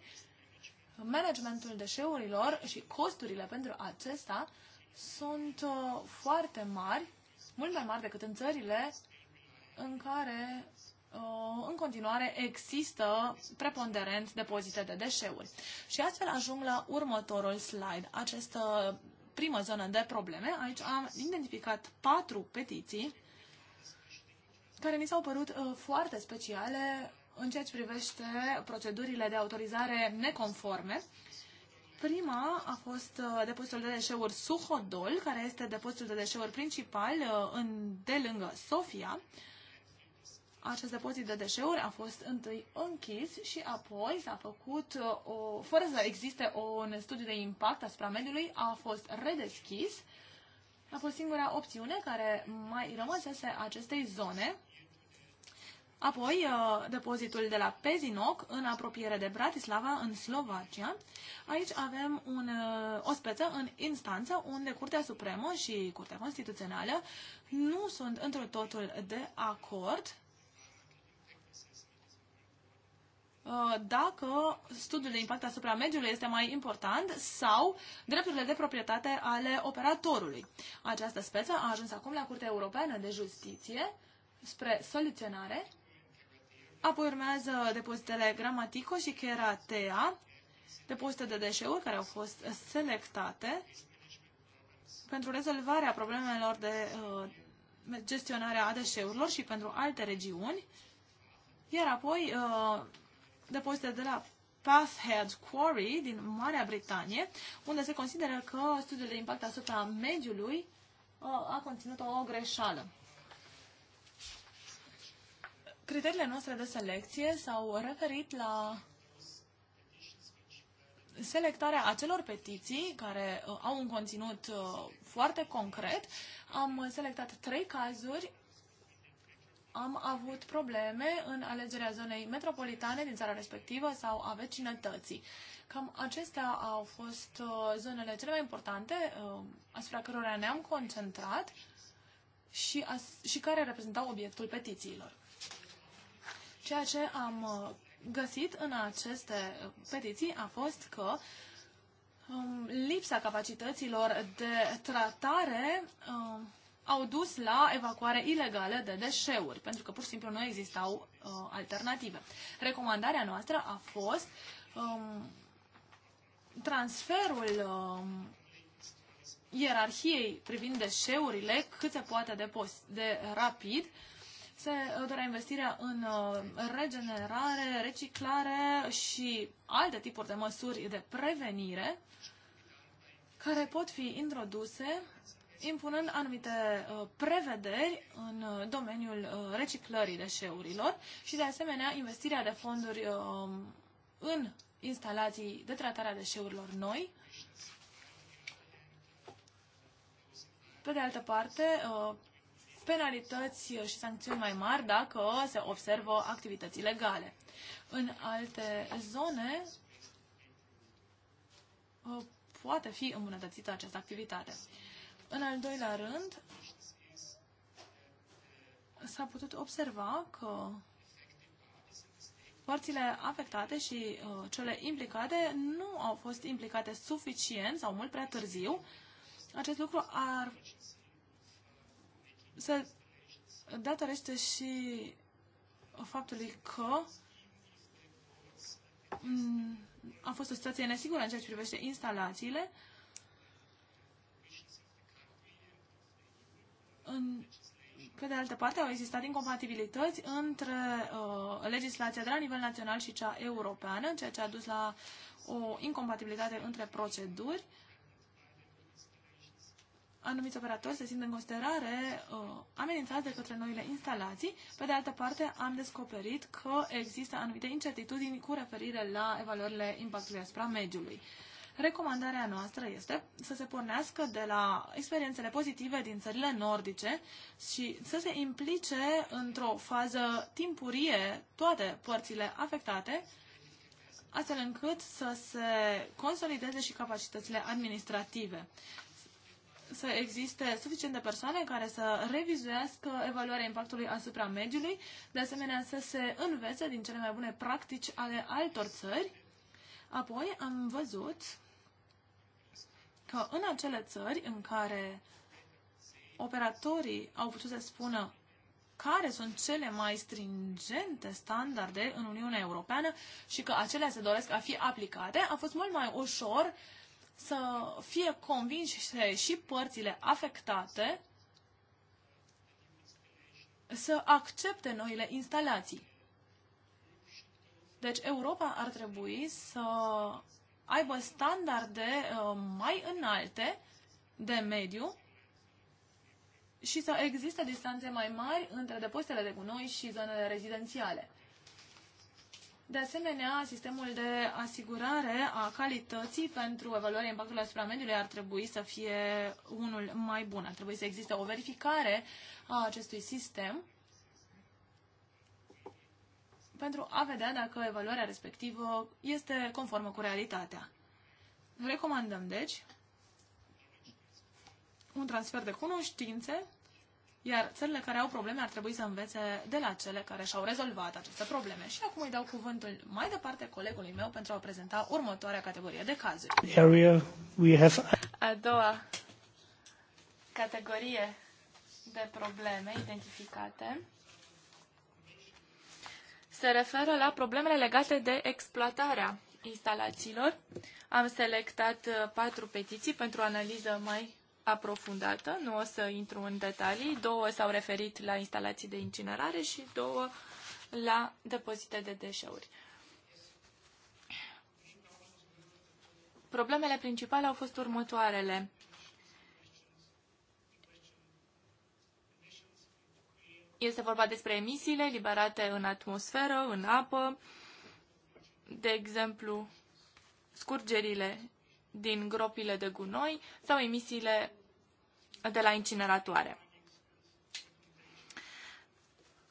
[SPEAKER 2] managementul deșeurilor și costurile pentru acesta sunt foarte mari, mult mai mari decât în țările în care Uh, în continuare există preponderent depozite de deșeuri. Și astfel ajung la următorul slide. Această primă zonă de probleme, aici am identificat patru petiții care mi s-au părut uh, foarte speciale în ceea ce privește procedurile de autorizare neconforme. Prima a fost uh, depozitul de deșeuri Suhodol, care este depozitul de deșeuri principal în, de lângă Sofia acest depozit de deșeuri a fost întâi închis și apoi s-a făcut, uh, o, fără să existe un studiu de impact asupra mediului, a fost redeschis. A fost singura opțiune care mai rămăsese acestei zone. Apoi, uh, depozitul de la Pezinoc, în apropiere de Bratislava, în Slovacia. Aici avem un, uh, o speță în instanță unde Curtea Supremă și Curtea Constituțională nu sunt într totul de acord Uh, dacă studiul de impact asupra mediului este mai important sau drepturile de proprietate ale operatorului. Această speță a ajuns acum la Curtea Europeană de Justiție spre soluționare. Apoi urmează depozitele Gramatico și Cheratea, depozite de deșeuri care au fost selectate pentru rezolvarea problemelor de uh, gestionare a deșeurilor și pentru alte regiuni. Iar apoi uh, depozite de la Pathhead Quarry din Marea Britanie, unde se consideră că studiul de impact asupra mediului uh, a conținut o greșeală. Criteriile noastre de selecție s-au referit la selectarea acelor petiții care uh, au un conținut uh, foarte concret. Am selectat trei cazuri am avut probleme în alegerea zonei metropolitane din țara respectivă sau a vecinătății. Cam acestea au fost uh, zonele cele mai importante uh, asupra cărora ne-am concentrat și, și care reprezentau obiectul petițiilor. Ceea ce am uh, găsit în aceste petiții a fost că um, lipsa capacităților de tratare au dus la evacuare ilegală de deșeuri, pentru că pur și simplu nu existau uh, alternative. Recomandarea noastră a fost um, transferul um, ierarhiei privind deșeurile cât se poate de, post, de rapid, se uh, dorea investirea în uh, regenerare, reciclare și alte tipuri de măsuri de prevenire care pot fi introduse impunând anumite uh, prevederi în uh, domeniul uh, reciclării deșeurilor și, de asemenea, investirea de fonduri um, în instalații de tratare a deșeurilor noi. Pe de altă parte, penalități și sancțiuni mai mari dacă se observă activități ilegale. În alte zone poate fi îmbunătățită această activitate. În al doilea rând, s-a putut observa că părțile afectate și uh, cele implicate nu au fost implicate suficient sau mult prea târziu. Acest lucru ar se datorește și faptului că mm, a fost o situație nesigură în ceea ce privește instalațiile În, pe de altă parte, au existat incompatibilități între uh, legislația de la nivel național și cea europeană, ceea ce a dus la o incompatibilitate între proceduri. Anumiți operatori se simt în considerare uh, amenințați de către noile instalații. Pe de altă parte, am descoperit că există anumite incertitudini cu referire la evaluările impactului asupra mediului. Uh, Recomandarea noastră este să se pornească de la experiențele pozitive din țările nordice și să se implice într-o fază timpurie toate părțile afectate, astfel încât să se consolideze și capacitățile administrative să existe suficiente persoane care să revizuiască evaluarea impactului asupra mediului, de asemenea să se învețe din cele mai bune practici ale altor țări. Apoi am văzut că în acele țări în care operatorii au putut să spună care sunt cele mai stringente standarde în Uniunea Europeană și că acelea se doresc a fi aplicate, a fost mult mai ușor să fie convinse și părțile afectate să accepte noile instalații. Deci Europa ar trebui să aibă standarde uh, mai înalte de mediu și să existe distanțe mai mari între depozitele de gunoi și zonele rezidențiale. De asemenea, sistemul de asigurare a calității pentru evaluarea impactului asupra mediului ar trebui să fie unul mai bun. Ar trebui să existe o verificare a acestui sistem pentru a vedea dacă evaluarea respectivă este conformă cu realitatea. Recomandăm, deci, un transfer de cunoștințe, iar țările care au probleme ar trebui să învețe de la cele care și-au rezolvat aceste probleme. Și acum îi dau cuvântul mai departe colegului meu pentru a prezenta următoarea categorie de cazuri. Area we have... A
[SPEAKER 3] doua categorie de probleme identificate se referă la problemele legate de exploatarea instalațiilor. Am selectat uh, patru petiții pentru o analiză mai aprofundată, nu o să intru în detalii. Două s-au referit la instalații de incinerare și două la depozite de deșeuri. Problemele principale au fost următoarele. Este vorba despre emisiile liberate în atmosferă, în apă, de exemplu, scurgerile din gropile de gunoi sau emisiile de la incineratoare.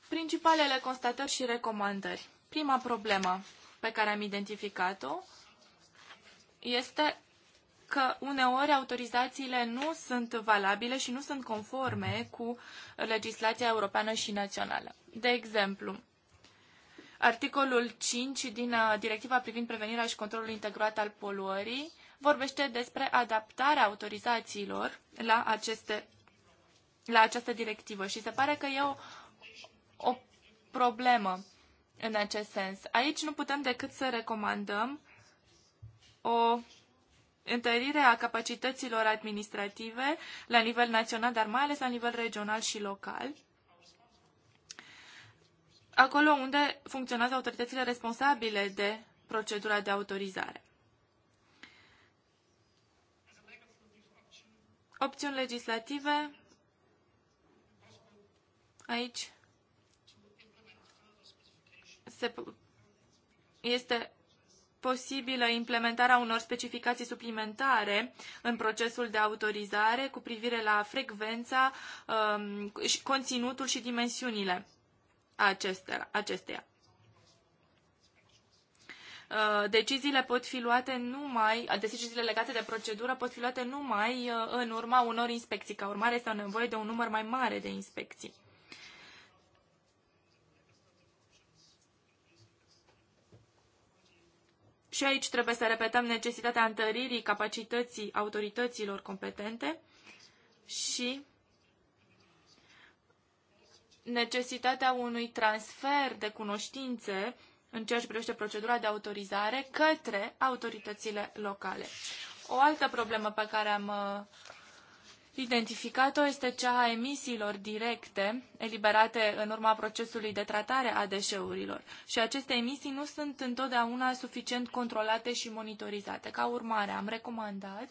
[SPEAKER 3] Principalele constatări și recomandări. Prima problemă pe care am identificat-o este că uneori autorizațiile nu sunt valabile și nu sunt conforme cu legislația europeană și națională. De exemplu, articolul 5 din uh, directiva privind prevenirea și controlul integrat al poluării vorbește despre adaptarea autorizațiilor la, aceste, la această directivă și se pare că e o, o problemă în acest sens. Aici nu putem decât să recomandăm o întărirea capacităților administrative la nivel național, dar mai ales la nivel regional și local, acolo unde funcționează autoritățile responsabile de procedura de autorizare. Opțiuni legislative. Aici se, este posibilă implementarea unor specificații suplimentare în procesul de autorizare cu privire la frecvența, um, conținutul și dimensiunile acesteia. Uh, deciziile pot fi luate numai, deciziile legate de procedură pot fi luate numai uh, în urma unor inspecții. Ca urmare, este nevoie de un număr mai mare de inspecții. Și aici trebuie să repetăm necesitatea întăririi capacității autorităților competente și necesitatea unui transfer de cunoștințe în ceea ce privește procedura de autorizare către autoritățile locale. O altă problemă pe care am uh, Identificată o este cea a emisiilor directe eliberate în urma procesului de tratare a deșeurilor și aceste emisii nu sunt întotdeauna suficient controlate și monitorizate. Ca urmare, am recomandat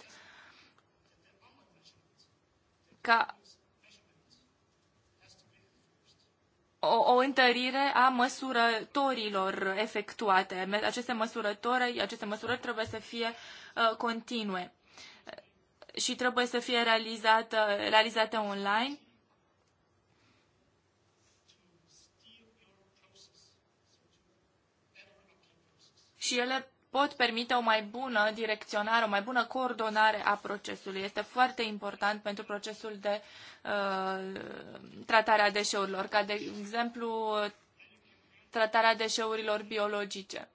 [SPEAKER 3] ca o, o întărire a măsurătorilor efectuate. Aceste măsurători, aceste măsurări trebuie să fie uh, continue și trebuie să fie realizată, realizate online. Și ele pot permite o mai bună direcționare, o mai bună coordonare a procesului. Este foarte important pentru procesul de uh, tratare a deșeurilor, ca de exemplu tratarea deșeurilor biologice.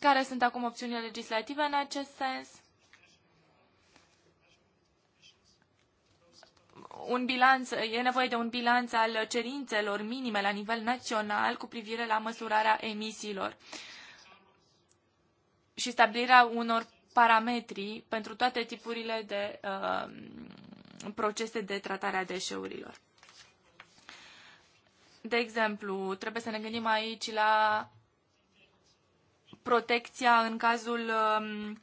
[SPEAKER 3] Care sunt acum opțiunile legislative în acest sens? Un bilanț, e nevoie de un bilanț al cerințelor minime la nivel național cu privire la măsurarea emisiilor și stabilirea unor parametri pentru toate tipurile de uh, procese de tratare a deșeurilor. De exemplu, trebuie să ne gândim aici la protecția în cazul um,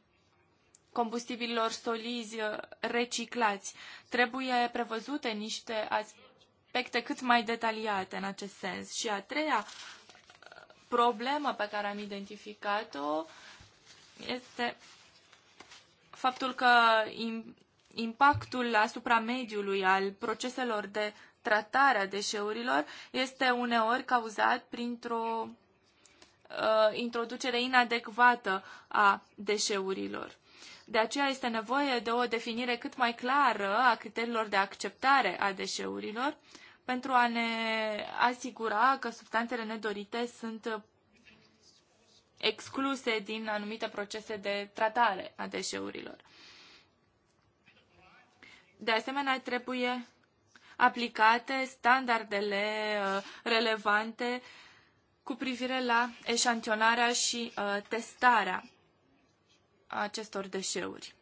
[SPEAKER 3] combustibililor solizi uh, reciclați. Trebuie prevăzute niște aspecte cât mai detaliate în acest sens. Și a treia uh, problemă pe care am identificat-o este faptul că impactul asupra mediului al proceselor de tratare a deșeurilor este uneori cauzat printr-o uh, introducere inadecvată a deșeurilor. De aceea este nevoie de o definire cât mai clară a criteriilor de acceptare a deșeurilor pentru a ne asigura că substanțele nedorite sunt excluse din anumite procese de tratare a deșeurilor. De asemenea, trebuie aplicate standardele uh, relevante uh, cu privire la eșantionarea și uh, testarea acestor deșeuri.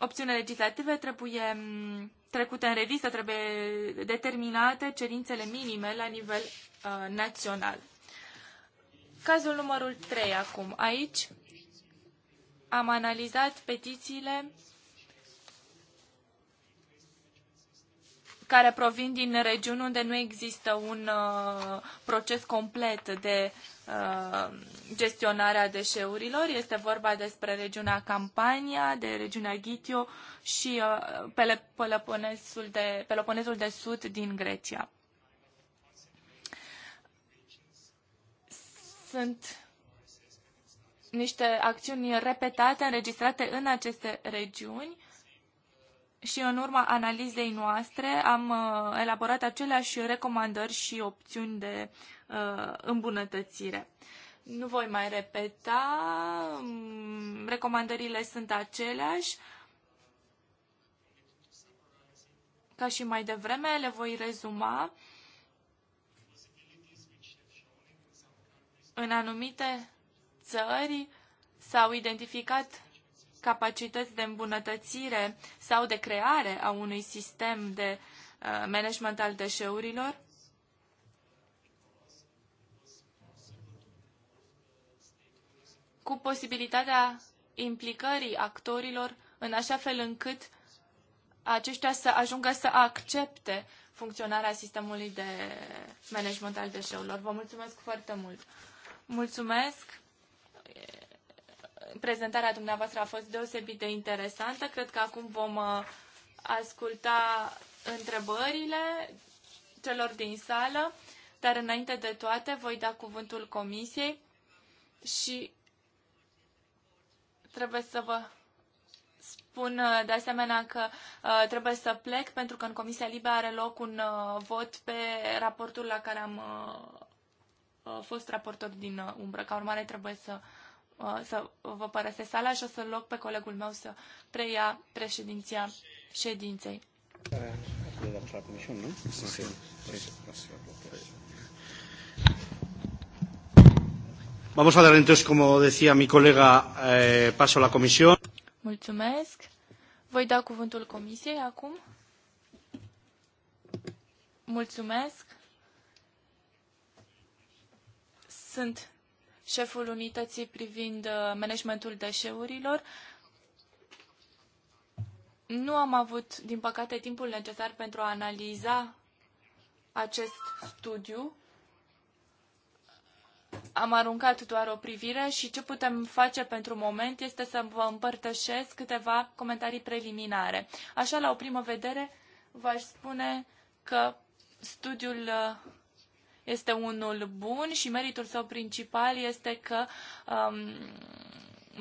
[SPEAKER 3] Opțiunile legislative trebuie trecute în revistă, trebuie determinate cerințele minime la nivel uh, național. Cazul numărul 3 acum. Aici am analizat petițiile care provin din regiuni unde nu există un uh, proces complet de uh, gestionare a deșeurilor. Este vorba despre regiunea Campania, de regiunea Ghitio și uh, Peloponesul, de, Peloponesul de Sud din Grecia. Sunt niște acțiuni repetate, înregistrate în aceste regiuni și în urma analizei noastre am uh, elaborat aceleași recomandări și opțiuni de uh, îmbunătățire. Nu voi mai repeta, mm, recomandările sunt aceleași. Ca și mai devreme, le voi rezuma. În anumite țări s-au identificat capacități de îmbunătățire sau de creare a unui sistem de uh, management al deșeurilor. cu posibilitatea implicării actorilor în așa fel încât aceștia să ajungă să accepte funcționarea sistemului de management al deșeurilor. Vă mulțumesc foarte mult! Mulțumesc! prezentarea dumneavoastră a fost deosebit de interesantă. Cred că acum vom uh, asculta întrebările celor din sală, dar înainte de toate voi da cuvântul comisiei și trebuie să vă spun uh, de asemenea că uh, trebuie să plec pentru că în Comisia Libă are loc un vot pe raportul la care am fost raportor din umbră. Ca urmare trebuie să Uh, să vă părăsesc sala și o să-l loc pe colegul meu să preia președinția ședinței. Vamos a dar entonces, como decía mi colega, eh, paso a la comisión. Mulțumesc. Voi da cuvântul comisiei acum. Mulțumesc. Sunt șeful unității privind uh, managementul deșeurilor. Nu am avut, din păcate, timpul necesar pentru a analiza acest studiu. Am aruncat doar o privire și ce putem face pentru moment este să vă împărtășesc câteva comentarii preliminare. Așa, la o primă vedere, v-aș spune că studiul uh, este unul bun și meritul său principal este că um,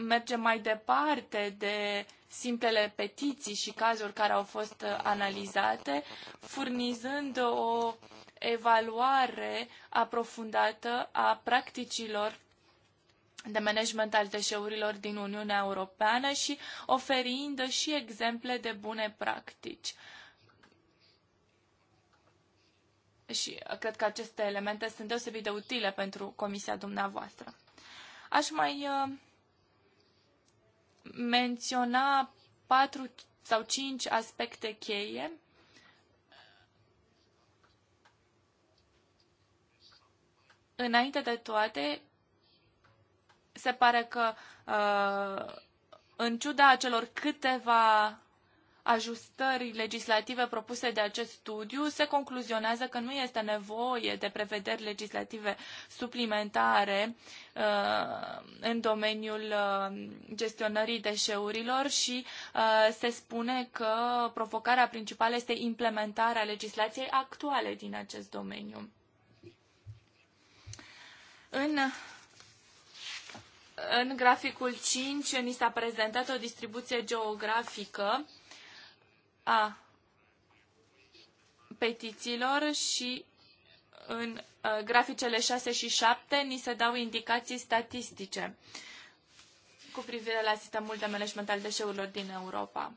[SPEAKER 3] merge mai departe de simplele petiții și cazuri care au fost analizate, furnizând o evaluare aprofundată a practicilor de management al deșeurilor din Uniunea Europeană și oferind și exemple de bune practici. și uh, cred că aceste elemente sunt deosebit de utile pentru comisia dumneavoastră. Aș mai uh, menționa patru sau cinci aspecte cheie Înainte de toate, se pare că, uh, în ciuda acelor câteva ajustări legislative propuse de acest studiu, se concluzionează că nu este nevoie de prevederi legislative suplimentare uh, în domeniul uh, gestionării deșeurilor și uh, se spune că provocarea principală este implementarea legislației actuale din acest domeniu. În în graficul 5 ni s-a prezentat o distribuție geografică a petițiilor și în uh, graficele 6 și 7 ni se dau indicații statistice cu privire la sistemul de management al deșeurilor din Europa.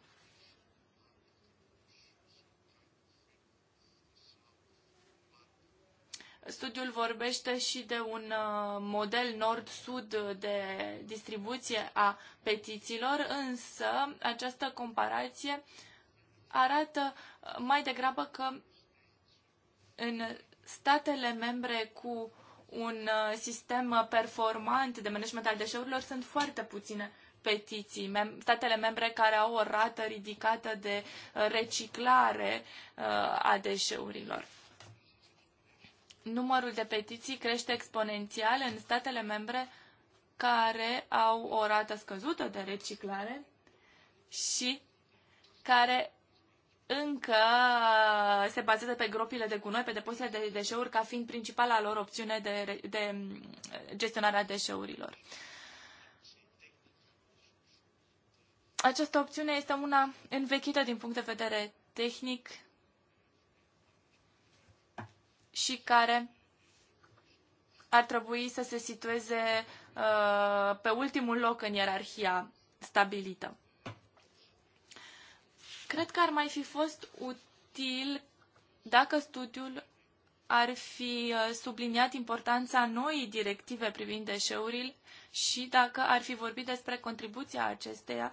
[SPEAKER 3] Studiul vorbește și de un uh, model nord-sud de distribuție a petițiilor, însă această comparație uh, arată uh, mai degrabă că în statele membre cu un uh, sistem performant de management al deșeurilor sunt foarte puține petiții. Statele membre care au o rată ridicată de uh, reciclare a deșeurilor. Numărul de petiții crește exponențial în statele membre care au o rată scăzută de reciclare și care încă se bazează pe gropile de gunoi, pe depozitele de deșeuri, ca fiind principala lor opțiune de, de mm, a deșeurilor. Această opțiune este una învechită din punct de vedere tehnic și care ar trebui să se situeze uh, pe ultimul loc în ierarhia stabilită. Cred că ar mai fi fost util dacă studiul ar fi uh, subliniat importanța noii directive privind deșeurile și dacă ar fi vorbit despre contribuția acesteia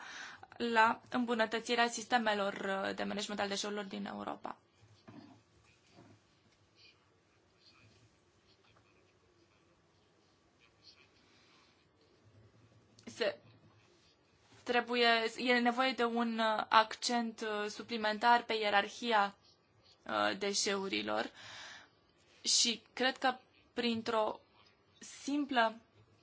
[SPEAKER 3] la îmbunătățirea sistemelor uh, de management al deșeurilor din Europa. trebuie, e nevoie de un uh, accent uh, suplimentar pe ierarhia uh, deșeurilor și cred că printr-o simplă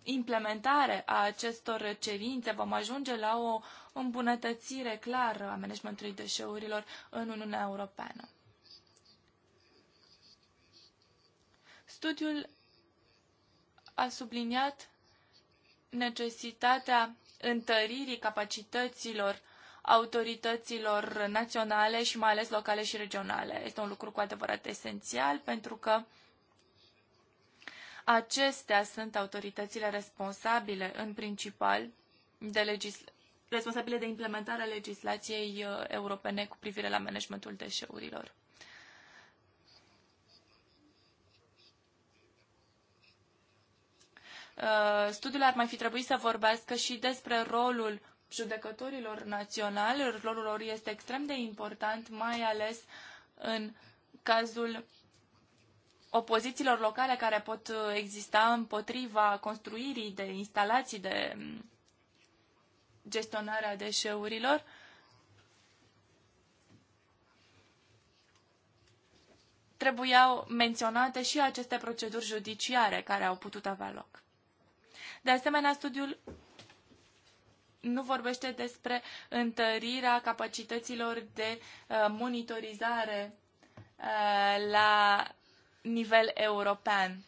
[SPEAKER 3] implementare a acestor cerințe vom ajunge la o îmbunătățire clară a managementului deșeurilor în Uniunea Europeană. Studiul a subliniat necesitatea întăririi capacităților autorităților naționale și mai ales locale și regionale. Este un lucru cu adevărat esențial pentru că acestea sunt autoritățile responsabile în principal de legisl- responsabile de implementarea legislației uh, europene cu privire la managementul deșeurilor. Uh, studiul ar mai fi trebuit să vorbească și despre rolul judecătorilor naționali. Rolul lor este extrem de important, mai ales în cazul opozițiilor locale care pot uh, exista împotriva construirii de instalații de um, gestionare a deșeurilor. Trebuiau menționate și aceste proceduri judiciare care au putut avea loc. De asemenea, studiul nu vorbește despre întărirea capacităților de uh, monitorizare uh, la nivel european.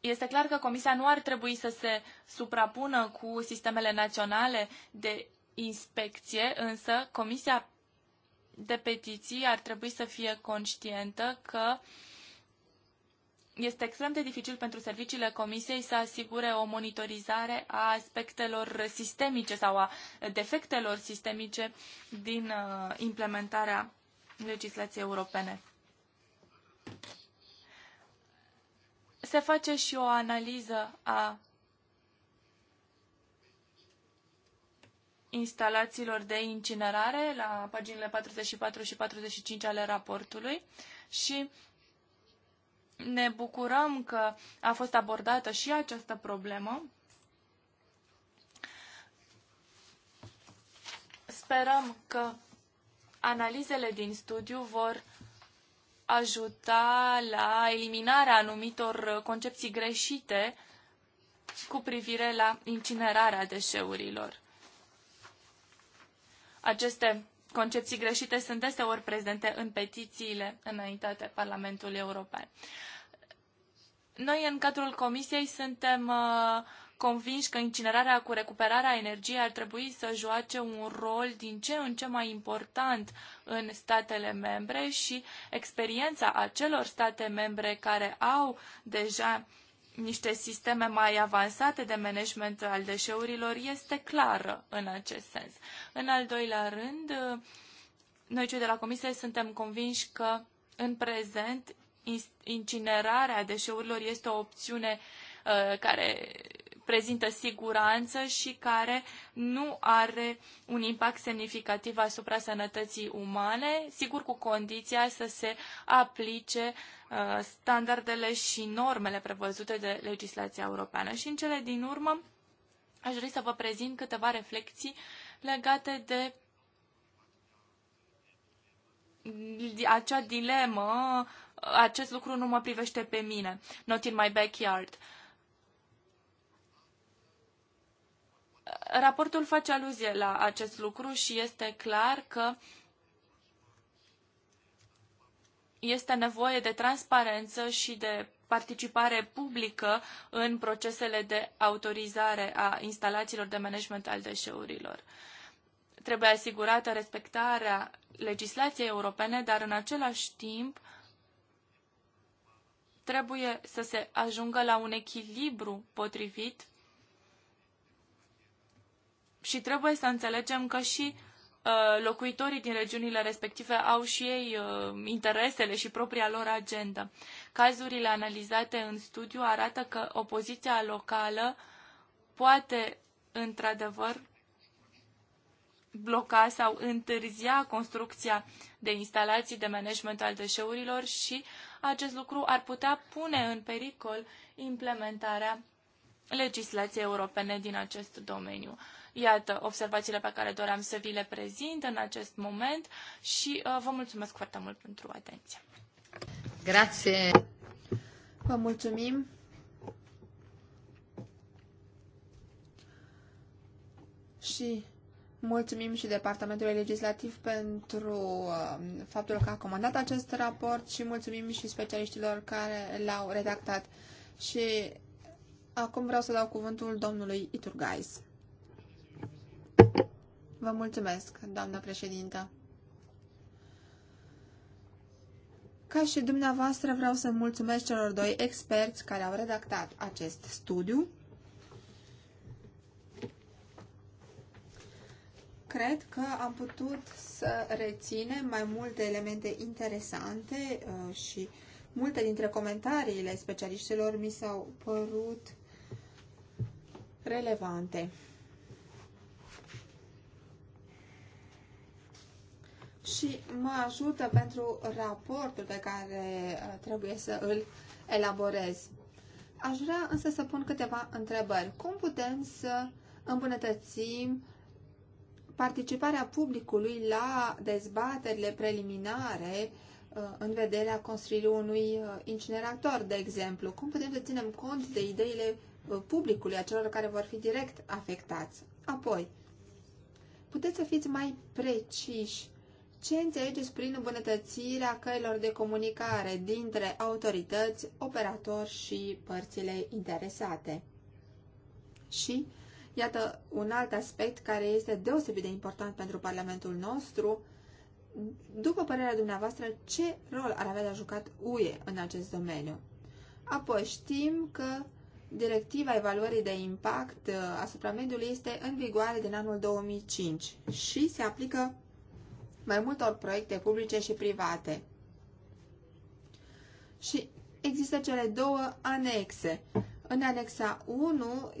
[SPEAKER 3] Este clar că Comisia nu ar trebui să se suprapună cu sistemele naționale de inspecție, însă Comisia de petiții ar trebui să fie conștientă că este extrem de dificil pentru serviciile Comisiei să asigure o monitorizare a aspectelor sistemice sau a defectelor sistemice din uh, implementarea legislației europene. Se face și o analiză a instalațiilor de incinerare la paginile 44 și 45 ale raportului și ne bucurăm că a fost abordată și această problemă. Sperăm că analizele din studiu vor ajuta la eliminarea anumitor concepții greșite cu privire la incinerarea deșeurilor. Aceste concepții greșite sunt deseori prezente în petițiile înaintate Parlamentului European. Noi, în cadrul Comisiei, suntem uh, convinși că incinerarea cu recuperarea energiei ar trebui să joace un rol din ce în ce mai important în statele membre și experiența acelor state membre care au deja niște sisteme mai avansate de management al deșeurilor este clară în acest sens. În al doilea rând, noi cei de la Comisie suntem convinși că în prezent incinerarea deșeurilor este o opțiune uh, care prezintă siguranță și care nu are un impact semnificativ asupra sănătății umane, sigur cu condiția să se aplice uh, standardele și normele prevăzute de legislația europeană. Și în cele din urmă aș dori să vă prezint câteva reflexii legate de acea dilemă, acest lucru nu mă privește pe mine, not in my backyard. Uh, Raportul face aluzie la acest lucru și este clar că este nevoie de transparență și de participare publică în procesele de autorizare a instalațiilor de management al deșeurilor. Trebuie asigurată respectarea legislației europene, dar în același timp trebuie să se ajungă la un echilibru potrivit și trebuie să înțelegem că și uh, locuitorii din regiunile respective au și ei uh, interesele și propria lor agendă. Cazurile analizate în studiu arată că opoziția locală poate, într-adevăr, bloca sau întârzia construcția de instalații de management al deșeurilor și acest lucru ar putea pune în pericol implementarea legislației europene din acest domeniu. Iată observațiile pe care doream să vi le prezint în acest moment și uh, vă mulțumesc foarte mult pentru atenție.
[SPEAKER 1] Grație! Vă mulțumim! Și mulțumim și Departamentului Legislativ pentru um, faptul că a comandat acest raport și mulțumim și specialiștilor care l-au redactat. Și acum vreau să dau cuvântul domnului Iturgais. Vă mulțumesc, doamnă președintă. Ca și dumneavoastră vreau să mulțumesc celor doi experți care au redactat acest studiu. Cred că am putut să reținem mai multe elemente interesante uh, și multe dintre comentariile specialiștilor mi s-au părut relevante. și mă ajută pentru raportul pe care uh, trebuie să îl elaborez. Aș vrea însă să pun câteva întrebări. Cum putem să îmbunătățim participarea publicului la dezbaterile preliminare uh, în vederea construirii unui uh, incinerator, de exemplu? Cum putem să ținem cont de ideile publicului, a celor care vor fi direct afectați? Apoi, puteți să fiți mai preciși ce înțelegeți prin îmbunătățirea căilor de comunicare dintre autorități, operatori și părțile interesate? Și, iată, un alt aspect care este deosebit de important pentru Parlamentul nostru, după părerea dumneavoastră, ce rol ar avea de jucat UE în acest domeniu? Apoi știm că directiva evaluării de impact uh, asupra mediului este în vigoare din anul 2005 și se aplică mai multor proiecte publice și private. Și există cele două anexe. În anexa 1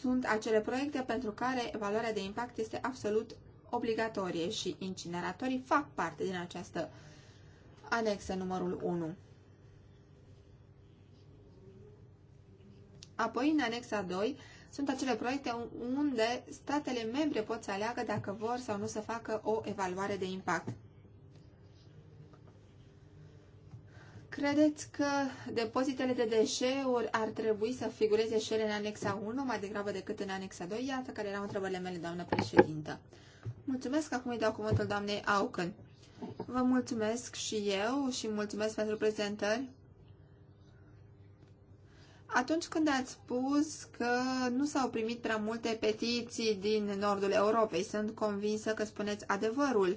[SPEAKER 1] sunt acele proiecte pentru care valoarea de impact este absolut obligatorie și incineratorii fac parte din această anexă numărul 1. Apoi, în anexa 2, sunt acele proiecte unde statele membre pot să aleagă dacă vor sau nu să facă o evaluare de impact. Credeți că depozitele de deșeuri ar trebui să figureze și ele în anexa 1 mai degrabă decât în anexa 2? Iată care erau întrebările mele, doamnă președintă. Mulțumesc, acum îi dau cuvântul doamnei Auken. Vă mulțumesc și eu și mulțumesc pentru prezentări. Atunci când ați spus că nu s-au primit prea multe petiții din nordul Europei, sunt convinsă că spuneți adevărul.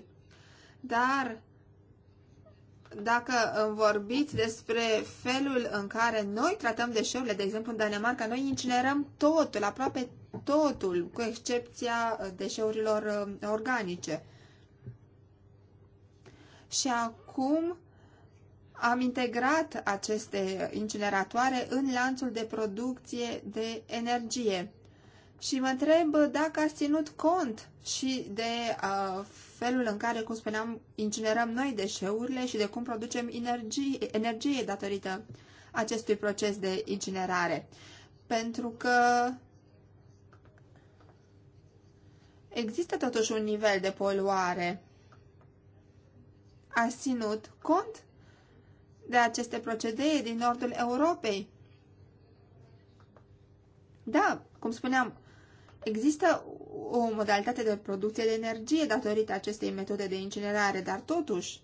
[SPEAKER 1] Dar dacă îmi vorbiți despre felul în care noi tratăm deșeurile, de exemplu în Danemarca, noi incinerăm totul, aproape totul, cu excepția uh, deșeurilor uh, organice. Și acum am integrat aceste incineratoare în lanțul de producție de energie. Și mă întreb dacă ați ținut cont și de uh, felul în care, cum spuneam, incinerăm noi deșeurile și de cum producem energie, energie datorită acestui proces de incinerare. Pentru că există totuși un nivel de poluare. Ați ținut cont de aceste procedee din nordul Europei. Da, cum spuneam, există o modalitate de producție de energie datorită acestei metode de incinerare, dar totuși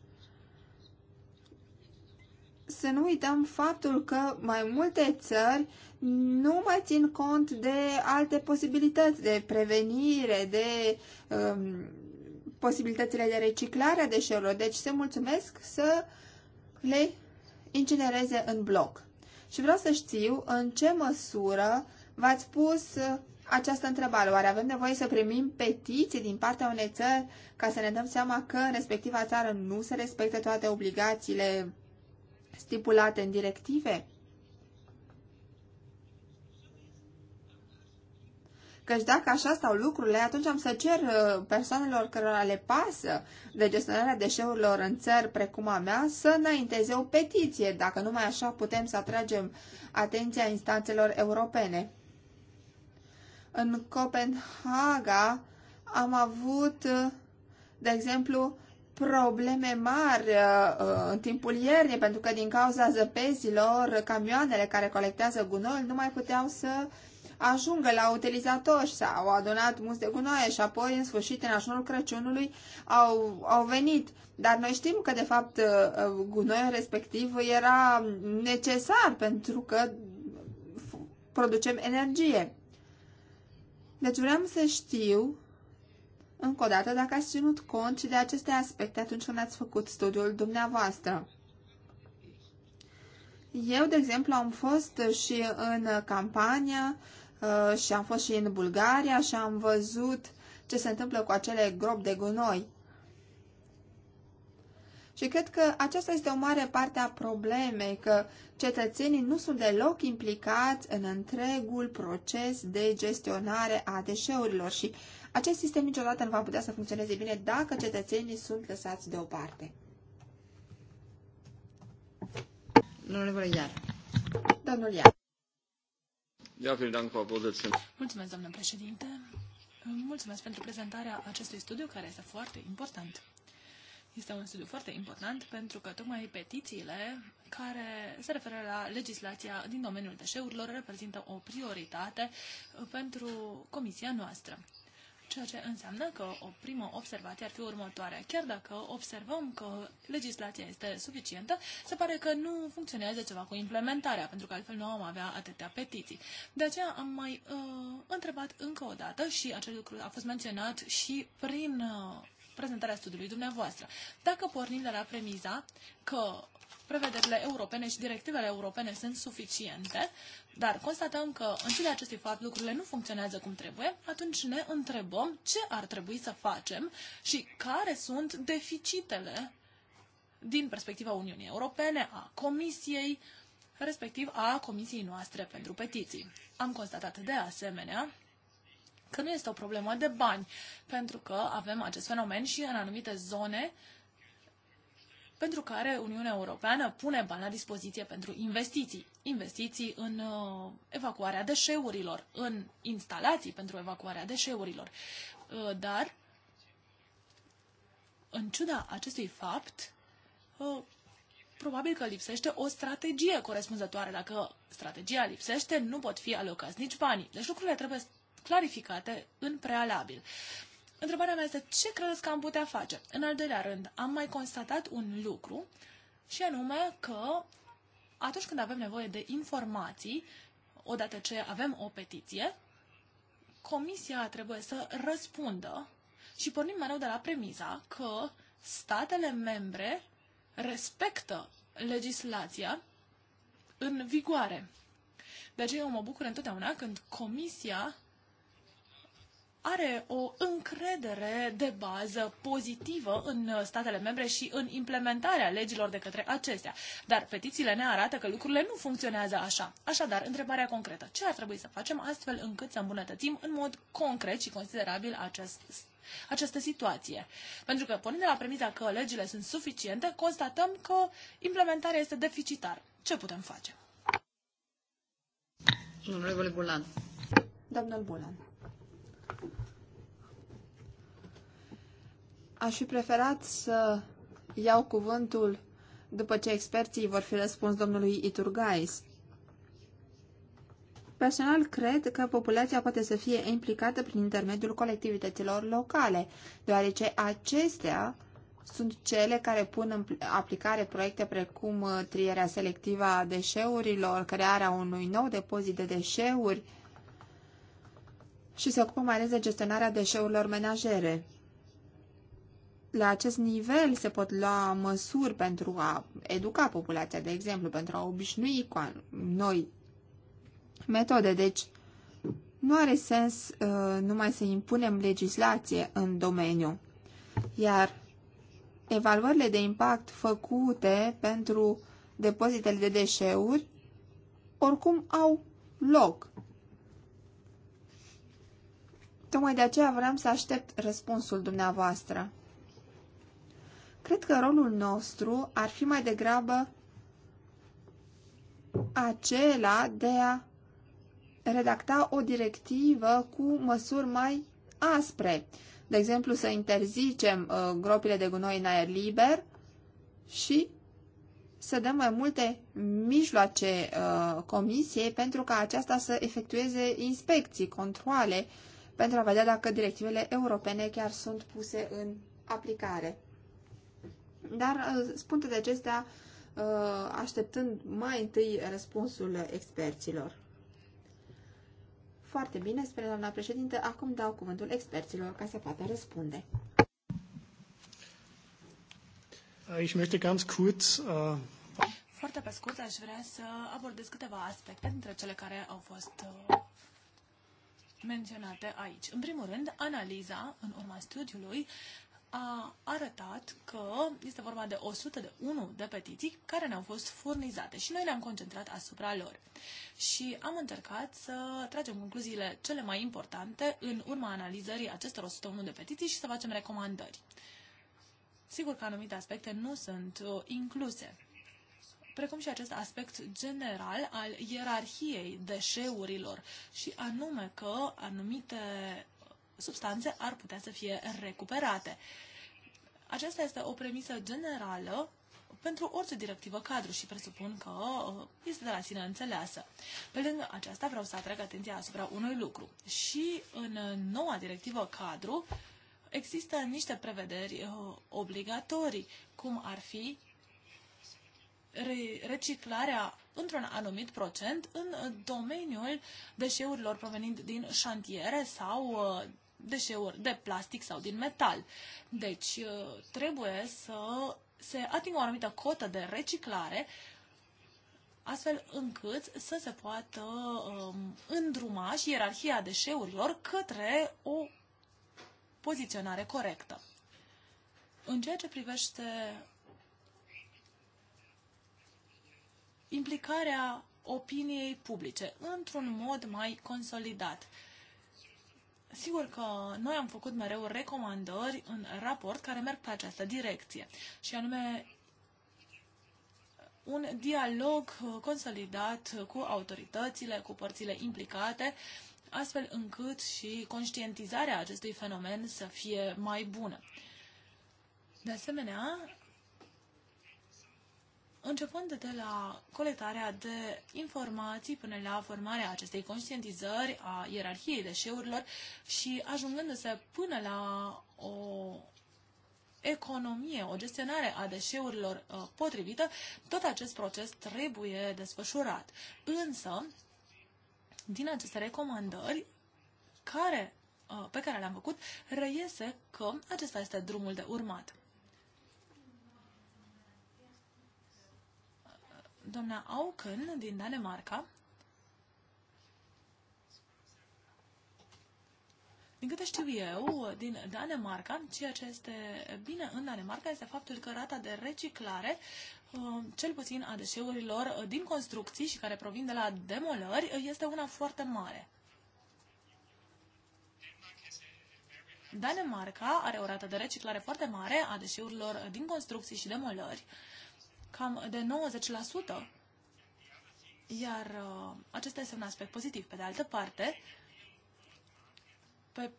[SPEAKER 1] să nu uităm faptul că mai multe țări nu mai țin cont de alte posibilități de prevenire, de um, posibilitățile de reciclare a deșeurilor. Deci se mulțumesc să le incinereze în bloc. Și vreau să știu în ce măsură v-ați pus uh, această întrebare. Oare avem nevoie să primim petiții din partea unei țări ca să ne dăm seama că în respectiva țară nu se respectă toate obligațiile stipulate în directive? Căci dacă așa stau lucrurile, atunci am să cer uh, persoanelor cărora le pasă de gestionarea deșeurilor în țări precum a mea să înainteze o petiție, dacă numai așa putem să atragem atenția instanțelor europene. În Copenhaga am avut, uh, de exemplu, probleme mari uh, uh, în timpul iernii, pentru că din cauza zăpezilor, camioanele care colectează gunoiul nu mai puteau să ajungă la utilizatori sau au adunat mulți de gunoaie și apoi, în sfârșit, în ajunul Crăciunului, au, au venit. Dar noi știm că, de fapt, uh, gunoiul respectiv era necesar pentru că producem energie. Deci vreau să știu încă o dată dacă ați ținut cont și de aceste aspecte atunci când ați făcut studiul dumneavoastră. Eu, de exemplu, am fost și în campania Uh, și am fost și în Bulgaria și am văzut ce se întâmplă cu acele gropi de gunoi. Și cred că aceasta este o mare parte a problemei, că cetățenii nu sunt deloc implicați în întregul proces de gestionare a deșeurilor și acest sistem niciodată nu va putea să funcționeze bine dacă cetățenii sunt lăsați deoparte. Domnul Iar. Domnul Iar.
[SPEAKER 2] Mulțumesc, domnule președinte. Mulțumesc pentru prezentarea acestui studiu, care este foarte important. Este un studiu foarte important pentru că tocmai petițiile care se referă la legislația din domeniul deșeurilor reprezintă o prioritate pentru comisia noastră. Ceea ce înseamnă că o primă observație ar fi următoarea. Chiar dacă observăm că legislația este suficientă, se pare că nu funcționează ceva cu implementarea, pentru că altfel nu am avea atâtea petiții. De aceea am mai uh, întrebat încă o dată și acest lucru a fost menționat și prin uh, prezentarea studiului dumneavoastră. Dacă pornim de la premiza că prevederile europene și directivele europene sunt suficiente, dar constatăm că în ciuda acestui fapt lucrurile nu funcționează cum trebuie, atunci ne întrebăm ce ar trebui să facem și care sunt deficitele din perspectiva Uniunii Europene, a Comisiei, respectiv a Comisiei noastre pentru petiții. Am constatat de asemenea că nu este o problemă de bani, pentru că avem acest fenomen și în anumite zone pentru care Uniunea Europeană pune bani la dispoziție pentru investiții. Investiții în uh, evacuarea deșeurilor, în instalații pentru evacuarea deșeurilor. Uh, dar, în ciuda acestui fapt, uh, probabil că lipsește o strategie corespunzătoare. Dacă strategia lipsește, nu pot fi alocați nici banii. Deci lucrurile trebuie clarificate în prealabil. Întrebarea mea este ce credeți că am putea face? În al doilea rând, am mai constatat un lucru și anume că atunci când avem nevoie de informații, odată ce avem o petiție, comisia trebuie să răspundă și pornim mereu de la premiza că statele membre respectă legislația în vigoare. De aceea eu mă bucur întotdeauna când comisia are o încredere de bază pozitivă în statele membre și în implementarea legilor de către acestea. Dar petițiile ne arată că lucrurile nu funcționează așa. Așadar, întrebarea concretă, ce ar trebui să facem astfel încât să îmbunătățim în mod concret și considerabil acest această situație. Pentru că, pornind de la premisa că legile sunt suficiente, constatăm că implementarea este deficitară. Ce putem face?
[SPEAKER 1] Domnule Bulan. Domnul Bulan. Aș fi preferat să iau cuvântul după ce experții vor fi răspuns domnului Iturgais. Personal, cred că populația poate să fie implicată prin intermediul colectivităților locale, deoarece acestea sunt cele care pun în aplicare proiecte precum uh, trierea selectivă a deșeurilor, crearea unui nou depozit de deșeuri și se ocupă mai ales de gestionarea deșeurilor menajere la acest nivel se pot lua măsuri pentru a educa populația, de exemplu, pentru a obișnui cu noi metode. Deci, nu are sens uh, numai să impunem legislație în domeniu. Iar evaluările de impact făcute pentru depozitele de deșeuri oricum au loc. Tocmai de aceea vreau să aștept răspunsul dumneavoastră. Cred că rolul nostru ar fi mai degrabă acela de a redacta o directivă cu măsuri mai aspre. De exemplu, să interzicem uh, gropile de gunoi în aer liber și să dăm mai multe mijloace uh, comisiei pentru ca aceasta să efectueze inspecții, controle, pentru a vedea dacă directivele europene chiar sunt puse în aplicare. Dar uh, spun de acestea uh, așteptând mai întâi răspunsul experților. Foarte bine, spune doamna președinte, acum dau cuvântul experților ca să poată răspunde. Äh, ich möchte ganz kurz uh...
[SPEAKER 2] Foarte pe scurt, aș vrea să abordez câteva aspecte dintre cele care au fost uh, menționate aici. În primul rând, analiza, în urma studiului, a arătat că este vorba de 101 de petiții care ne-au fost furnizate și noi ne-am concentrat asupra lor. Și am încercat să tragem concluziile cele mai importante în urma analizării acestor 101 de petiții și să facem recomandări. Sigur că anumite aspecte nu sunt uh, incluse, precum și acest aspect general al ierarhiei deșeurilor și anume că anumite substanțe ar putea să fie recuperate. Aceasta este o premisă generală pentru orice directivă cadru și presupun că uh, este de la sine înțeleasă. Pe lângă aceasta vreau să atrag atenția asupra unui lucru. Și în noua directivă cadru există niște prevederi uh, obligatorii, cum ar fi reciclarea într-un anumit procent în domeniul deșeurilor provenind din șantiere sau uh, deșeuri de plastic sau din metal. Deci uh, trebuie să se atingă o anumită cotă de reciclare astfel încât să se poată um, îndruma și ierarhia deșeurilor către o poziționare corectă. În ceea ce privește implicarea opiniei publice într-un mod mai consolidat. Sigur că noi am făcut mereu recomandări în raport care merg pe această direcție, și anume un dialog consolidat cu autoritățile, cu părțile implicate, astfel încât și conștientizarea acestui fenomen să fie mai bună. De asemenea, începând de la colectarea de informații până la formarea acestei conștientizări a ierarhiei deșeurilor și ajungându-se până la o economie, o gestionare a deșeurilor uh, potrivită, tot acest proces trebuie desfășurat. Însă, din aceste recomandări care, uh, pe care le-am făcut, reiese că acesta este drumul de urmat. doamna Auken din Danemarca. Din câte știu eu, din Danemarca, ceea ce este bine în Danemarca este faptul că rata de reciclare, uh, cel puțin a deșeurilor din construcții și care provin de la demolări, este una foarte mare. Danemarca are o rată de reciclare foarte mare a deșeurilor din construcții și demolări cam de 90%. Iar uh, acesta este un aspect pozitiv. Pe de altă parte, pe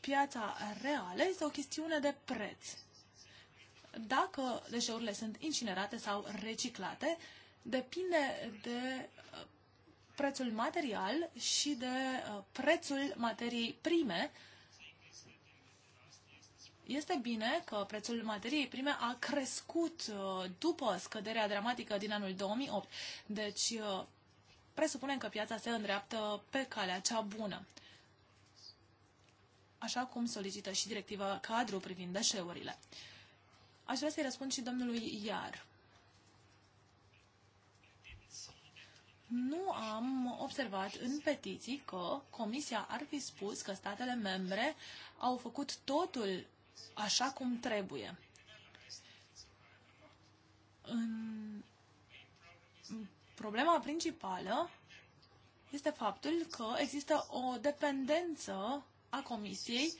[SPEAKER 2] piața reală este o chestiune de preț. Dacă deșeurile sunt incinerate sau reciclate, depinde de uh, prețul material și de uh, prețul materiei prime este bine că prețul materiei prime a crescut uh, după scăderea dramatică din anul 2008, deci uh, presupunem că piața se îndreaptă pe calea cea bună, așa cum solicită și directiva cadru privind deșeurile. Aș vrea să-i răspund și domnului Iar. Nu am observat în petiții că Comisia ar fi spus că statele membre au făcut totul așa cum trebuie. În problema principală este faptul că există o dependență a Comisiei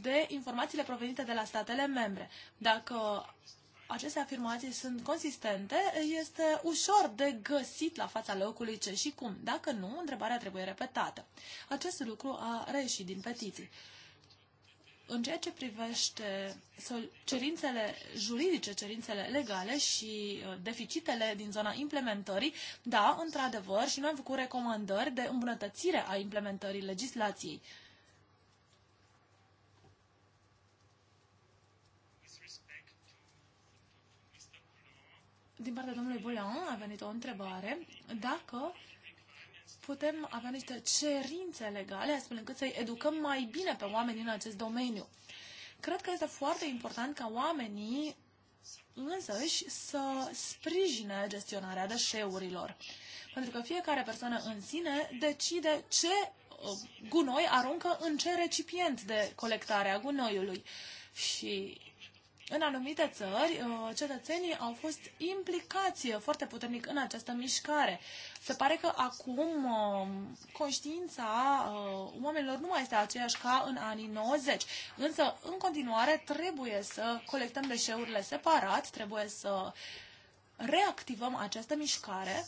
[SPEAKER 2] de informațiile provenite de la statele membre. Dacă aceste afirmații sunt consistente, este ușor de găsit la fața locului ce și cum. Dacă nu, întrebarea trebuie repetată. Acest lucru a reieșit din petiții în ceea ce privește cerințele juridice, cerințele legale și uh, deficitele din zona implementării, da, într-adevăr, și noi am făcut recomandări de îmbunătățire a implementării legislației. Din partea domnului Bolan a venit o întrebare dacă putem avea niște cerințe legale, astfel încât să-i educăm mai bine pe oamenii în acest domeniu. Cred că este foarte important ca oamenii însăși să sprijine gestionarea deșeurilor. Pentru că fiecare persoană în sine decide ce uh, gunoi aruncă în ce recipient de colectare a gunoiului. Și în anumite țări, uh, cetățenii au fost implicați foarte puternic în această mișcare. Se pare că acum um, conștiința uh, oamenilor nu mai este aceeași ca în anii 90, însă în continuare trebuie să colectăm deșeurile separat, trebuie să reactivăm această mișcare,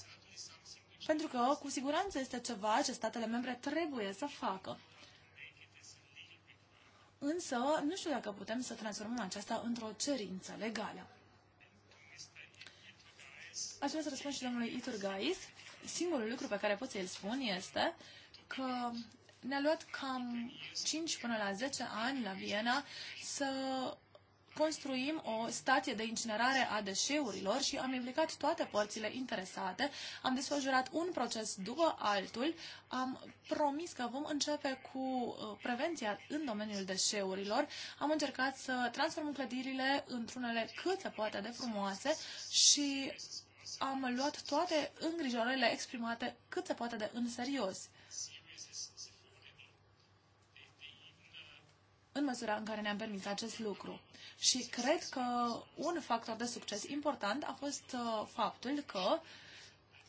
[SPEAKER 2] pentru că cu siguranță este ceva ce statele membre trebuie să facă însă nu știu dacă putem să transformăm aceasta într-o cerință legală. Aș vrea să răspund și domnului Gais. Singurul lucru pe care pot să-l spun este că ne-a luat cam 5 până la 10 ani la Viena să construim o stație de incinerare a deșeurilor și am implicat toate părțile interesate. Am desfășurat un proces după altul. Am promis că vom începe cu uh, prevenția în domeniul deșeurilor. Am încercat să transformăm clădirile într-unele cât se poate de frumoase și am luat toate îngrijorările exprimate cât se poate de în serios. în măsura în care ne-am permis acest lucru. Și cred că un factor de succes important a fost uh, faptul că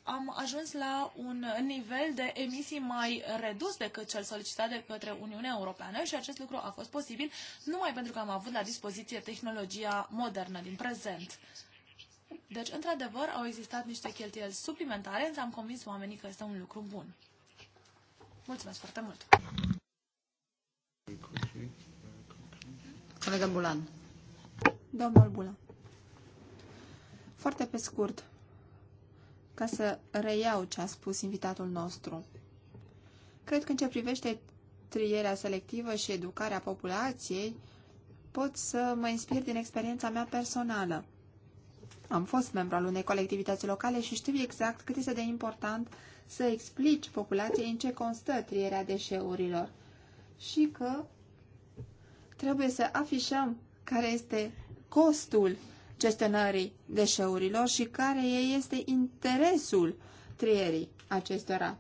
[SPEAKER 2] am ajuns la un nivel de emisii mai redus decât cel solicitat de către Uniunea Europeană și acest lucru a fost posibil numai pentru că am avut la dispoziție tehnologia modernă din prezent. Deci, într-adevăr, au existat niște cheltuieli suplimentare, însă am convins oamenii că este un lucru bun. Mulțumesc foarte mult!
[SPEAKER 1] Colega Bulan. Domnul Bulan. Foarte pe scurt, ca să reiau ce a spus invitatul nostru. Cred că în ce privește trierea selectivă și educarea populației, pot să mă inspir din experiența mea personală. Am fost membru al unei colectivități locale și știu exact cât este de important să explici populației în ce constă trierea deșeurilor și că trebuie să afișăm care este costul gestionării deșeurilor și care este interesul trierii acestora.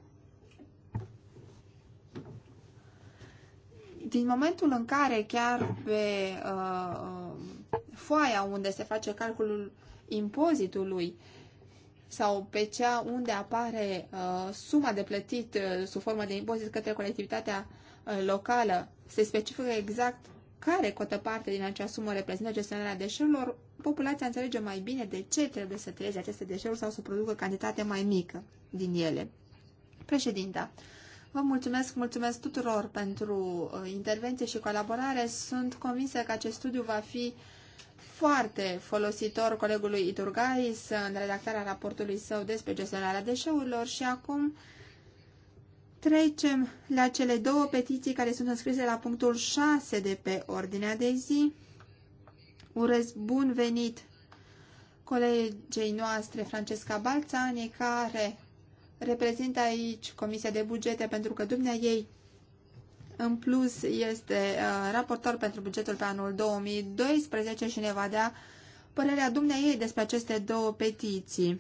[SPEAKER 1] Din momentul în care chiar pe uh, foaia unde se face calculul impozitului sau pe cea unde apare uh, suma de plătit uh, sub formă de impozit către colectivitatea uh, locală, se specifică exact care cotă parte din acea sumă reprezintă gestionarea deșeurilor, populația înțelege mai bine de ce trebuie să treze aceste deșeuri sau să producă cantitate mai mică din ele. Președinta, vă mulțumesc, mulțumesc tuturor pentru uh, intervenție și colaborare. Sunt convinsă că acest studiu va fi foarte folositor colegului Iturgais în redactarea raportului său despre gestionarea deșeurilor și acum Trecem la cele două petiții care sunt înscrise la punctul 6 de pe ordinea de zi. Urez bun venit colegei noastre, Francesca Balțani, care reprezintă aici Comisia de Bugete, pentru că dumnea ei, în plus, este uh, raportor pentru bugetul pe anul 2012 și ne va da părerea dumnea ei despre aceste două petiții.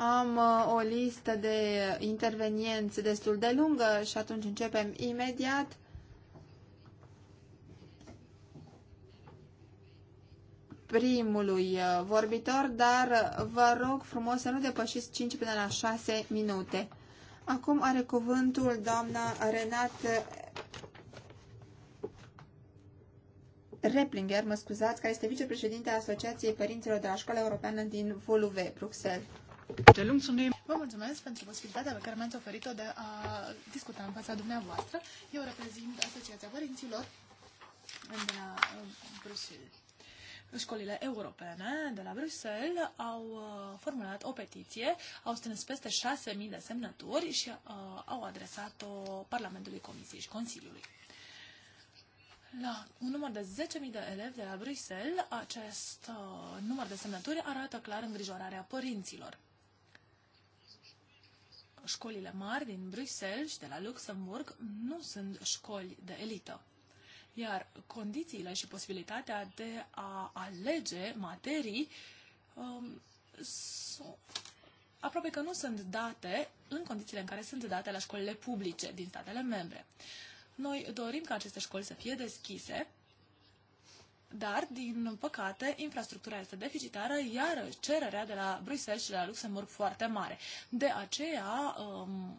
[SPEAKER 1] Am uh, o listă de intervenienți destul de lungă și atunci începem imediat. primului uh, vorbitor, dar uh, vă rog frumos să nu depășiți 5 până la 6 minute. Acum are cuvântul doamna Renat Replinger, mă scuzați, care este vicepreședinte a Asociației Părinților de la Școala Europeană din Voluve, Bruxelles. Vă mulțumesc pentru posibilitatea pe care mi-ați oferit-o de a discuta în fața dumneavoastră.
[SPEAKER 2] Eu reprezint Asociația Părinților de la Bruxelles. Școlile europene de la Bruxelles au uh, formulat o petiție, au strâns peste 6.000 de semnături și uh, au adresat-o Parlamentului Comisiei și Consiliului. La un număr de 10.000 de elevi de la Bruxelles, acest uh, număr de semnături arată clar îngrijorarea părinților școlile mari din Bruxelles și de la Luxemburg nu sunt școli de elită. Iar condițiile și posibilitatea de a alege materii um, aproape că nu sunt date în condițiile în care sunt date la școlile publice din statele membre. Noi dorim ca aceste școli să fie deschise dar, din păcate, infrastructura este deficitară, iar cererea de la Bruxelles și de la Luxemburg foarte mare. De aceea, um,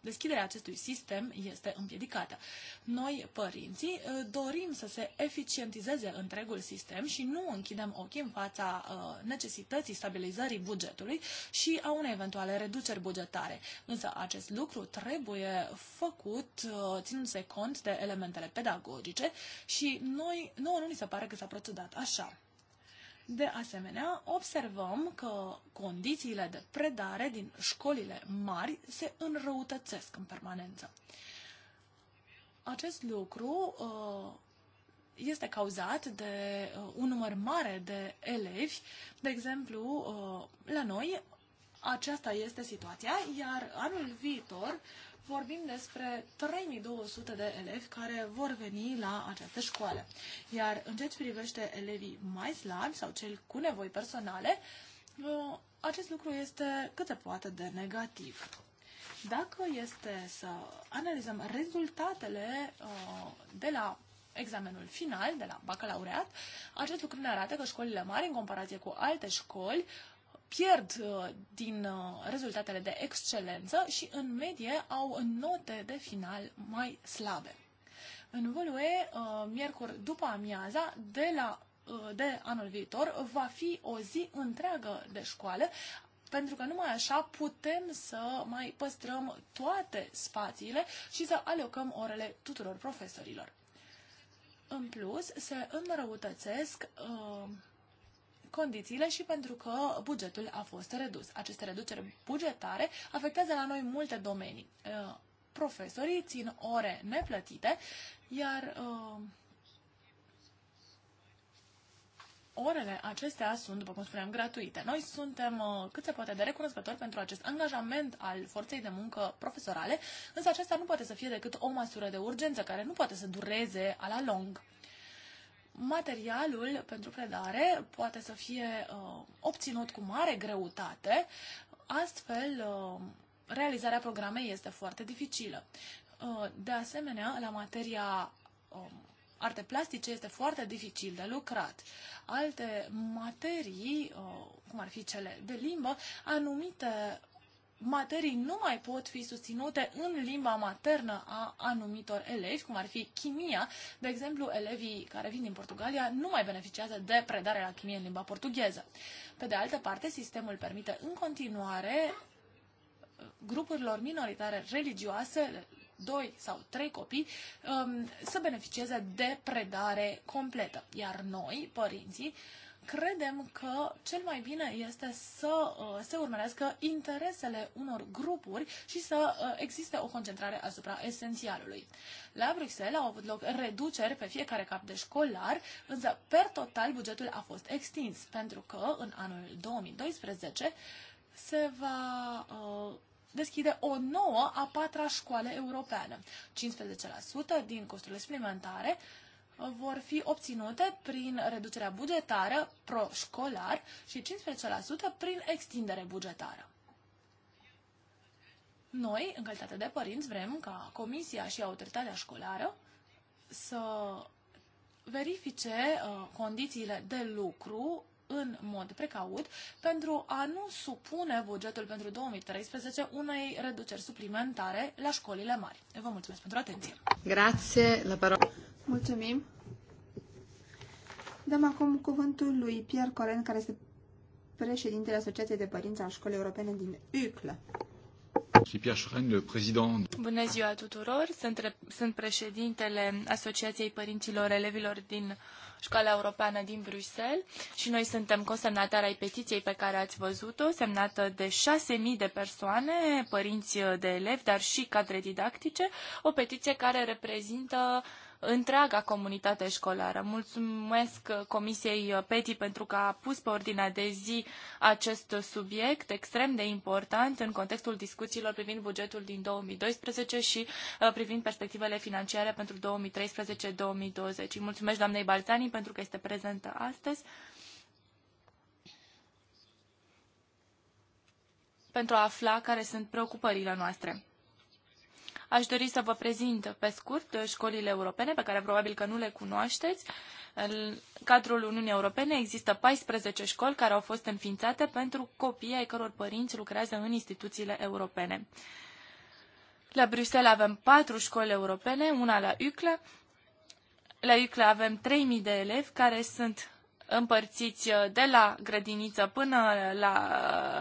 [SPEAKER 2] deschiderea acestui sistem este împiedicată. Noi, părinții, uh, dorim să se eficientizeze întregul sistem și nu închidem ochii în fața uh, necesității stabilizării bugetului și a unei eventuale reduceri bugetare. Însă acest lucru trebuie făcut uh, ținându-se cont de elementele pedagogice și noi, nouă nu ni se pare că s-a procedat așa. De asemenea, observăm că condițiile de predare din școlile mari se înrăutățesc în permanență. Acest lucru uh, este cauzat de uh, un număr mare de elevi. De exemplu, uh, la noi aceasta este situația, iar anul viitor vorbim despre 3200 de elevi care vor veni la această școală. Iar în ceea ce privește elevii mai slabi sau cei cu nevoi personale, uh, acest lucru este cât se poate de negativ. Dacă este să analizăm rezultatele uh, de la examenul final, de la bacalaureat, acest lucru ne arată că școlile mari, în comparație cu alte școli, pierd uh, din uh, rezultatele de excelență și în medie au note de final mai slabe. În VLE, uh, miercuri după amiaza, de la de anul viitor va fi o zi întreagă de școală, pentru că numai așa putem să mai păstrăm toate spațiile și să alocăm orele tuturor profesorilor. În plus, se înrăutățesc uh, condițiile și pentru că bugetul a fost redus. Aceste reduceri bugetare afectează la noi multe domenii. Uh, profesorii țin ore neplătite, iar uh, orele acestea sunt, după cum spuneam, gratuite. Noi suntem uh, cât se poate de recunoscători pentru acest angajament al forței de muncă profesorale, însă acesta nu poate să fie decât o măsură de urgență care nu poate să dureze a la lung materialul pentru predare poate să fie uh, obținut cu mare greutate, astfel uh, realizarea programei este foarte dificilă. Uh, de asemenea, la materia uh, arte plastice este foarte dificil de lucrat. Alte materii, uh, cum ar fi cele de limbă, anumite materii nu mai pot fi susținute în limba maternă a anumitor elevi, cum ar fi chimia. De exemplu, elevii care vin din Portugalia nu mai beneficiază de predare la chimie în limba portugheză. Pe de altă parte, sistemul permite în continuare uh, grupurilor minoritare religioase, doi sau trei copii, um, să beneficieze de predare completă. Iar noi, părinții, credem că cel mai bine este să uh, se urmărească interesele unor grupuri și să uh, existe o concentrare asupra esențialului. La Bruxelles au avut loc reduceri pe fiecare cap de școlar, însă per total bugetul a fost extins, pentru că în anul 2012 se va uh, deschide o nouă a patra școală europeană. 15% din costurile suplimentare vor fi obținute prin reducerea bugetară pro-școlar și 15% prin extindere bugetară. Noi, în calitate de părinți, vrem ca comisia și autoritatea școlară să verifice uh, condițiile de lucru în mod precaut pentru a nu supune bugetul pentru 2013 unei reduceri suplimentare la școlile mari. Vă mulțumesc pentru atenție.
[SPEAKER 1] Grație. La parol Mulțumim. Dăm acum cuvântul lui Pierre Coren, care este președintele Asociației de Părinți al Școlii Europene din Uclă.
[SPEAKER 3] Bună ziua tuturor! Sunt, sunt președintele Asociației Părinților Elevilor din Școala Europeană din Bruxelles și noi suntem consemnatari ai petiției pe care ați văzut-o, semnată de 6.000 de persoane, părinți de elevi, dar și cadre didactice, o petiție care reprezintă uh, întreaga comunitate școlară. Mulțumesc Comisiei PETI pentru că a pus pe ordinea de zi acest subiect extrem de important în contextul discuțiilor privind bugetul din 2012 și uh, privind perspectivele financiare pentru 2013-2020. Mulțumesc doamnei Balzani pentru că este prezentă astăzi. pentru a afla care sunt preocupările noastre. Aș dori să vă prezint pe scurt școlile europene, pe care probabil că nu le cunoașteți. În cadrul Uniunii Europene există 14 școli care au fost înființate pentru copii ai căror părinți lucrează în instituțiile europene. La Bruxelles avem patru școli europene, una la UCLA. La UCLA avem 3.000 de elevi care sunt împărțiți uh, de la grădiniță până la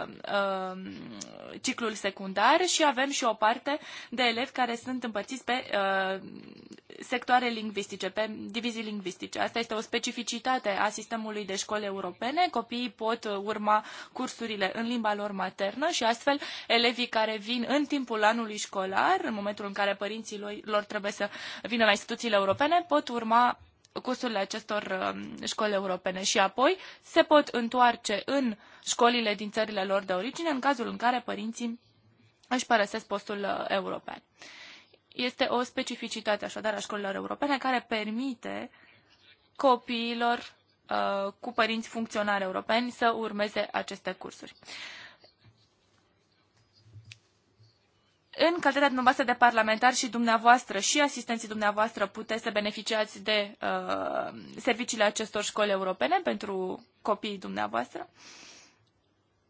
[SPEAKER 3] uh, uh, ciclul secundar și avem și o parte de elevi care sunt împărțiți pe uh, sectoare lingvistice, pe divizii lingvistice. Asta este o specificitate a sistemului de școli europene. Copiii pot uh, urma cursurile în limba lor maternă și astfel elevii care vin în timpul anului școlar, în momentul în care părinții lor trebuie să vină la instituțiile europene, pot urma cursurile acestor um, școli europene și apoi se pot întoarce în școlile din țările lor de origine în cazul în care părinții își părăsesc postul uh, european. Este o specificitate așadar a școlilor europene care permite copiilor uh, cu părinți funcționari europeni să urmeze aceste cursuri. în calitatea dumneavoastră de parlamentar și dumneavoastră și asistenții dumneavoastră puteți să beneficiați de uh, serviciile acestor școli europene pentru copiii dumneavoastră?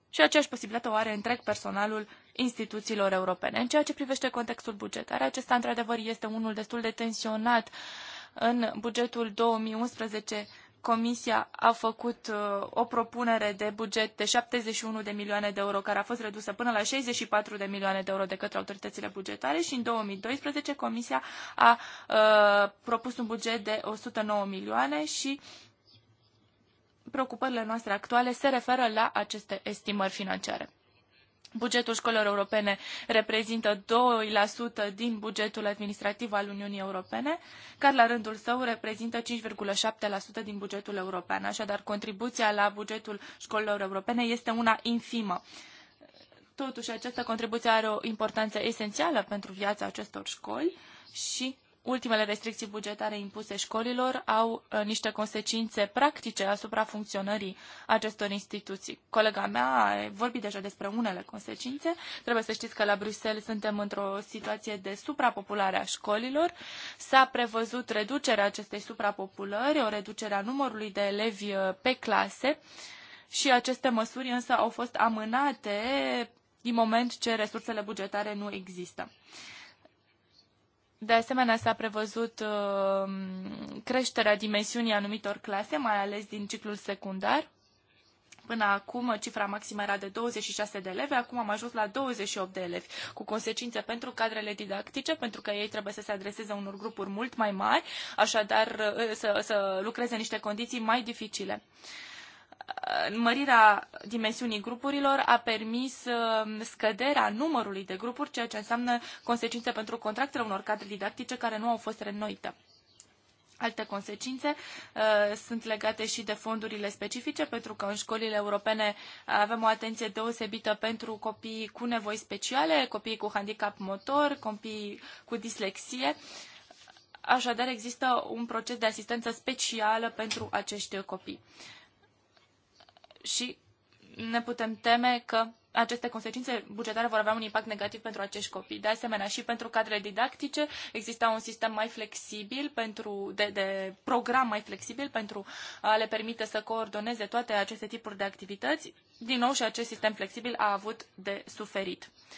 [SPEAKER 3] Și aceeași posibilitate o are întreg personalul instituțiilor europene. În ceea ce privește contextul bugetar, acesta într-adevăr este unul destul de tensionat în bugetul 2011 Comisia a făcut uh, o propunere de buget de 71 de milioane de euro, care a fost redusă până la 64 de milioane de euro de către autoritățile bugetare și în 2012 Comisia a uh, propus un buget de 109 milioane și preocupările noastre actuale se referă la aceste estimări financiare. Bugetul școlilor europene reprezintă 2% din bugetul administrativ al Uniunii Europene, care la rândul său reprezintă 5,7% din bugetul european. Așadar, contribuția la bugetul școlilor europene este una infimă. Totuși, această contribuție are o importanță esențială pentru viața acestor școli și ultimele restricții bugetare impuse școlilor au uh, niște consecințe practice asupra funcționării acestor instituții. Colega mea a vorbit deja despre unele consecințe. Trebuie să știți că la Bruxelles suntem într-o situație de suprapopulare a școlilor. S-a prevăzut reducerea acestei suprapopulări, o reducere a numărului de elevi uh, pe clase și aceste măsuri însă au fost amânate din moment ce resursele bugetare nu există. Uh, de asemenea, s-a prevăzut uh, creșterea dimensiunii anumitor clase, mai ales din ciclul secundar. Până acum cifra maximă era de 26 de elevi, acum am ajuns la 28 de elevi, cu consecințe pentru cadrele didactice, pentru că ei trebuie să se adreseze unor grupuri mult mai mari, așadar uh, să, să lucreze în niște condiții mai dificile mărirea dimensiunii grupurilor a permis um, scăderea numărului de grupuri, ceea ce înseamnă consecințe pentru contractele unor cadre didactice care nu au fost renoite. Alte consecințe uh, sunt legate și de fondurile specifice, pentru că în școlile europene avem o atenție deosebită pentru copiii cu nevoi speciale, copiii cu handicap motor, copiii cu dislexie. Așadar, există un proces de asistență specială pentru acești copii. Uh, și ne putem teme că aceste consecințe bugetare vor avea un impact negativ pentru acești copii. De asemenea, și pentru cadrele didactice exista un sistem mai flexibil, pentru, de, de program mai flexibil pentru a le permite să coordoneze toate aceste tipuri de activități. Din nou, și acest sistem flexibil a avut de suferit. Uh,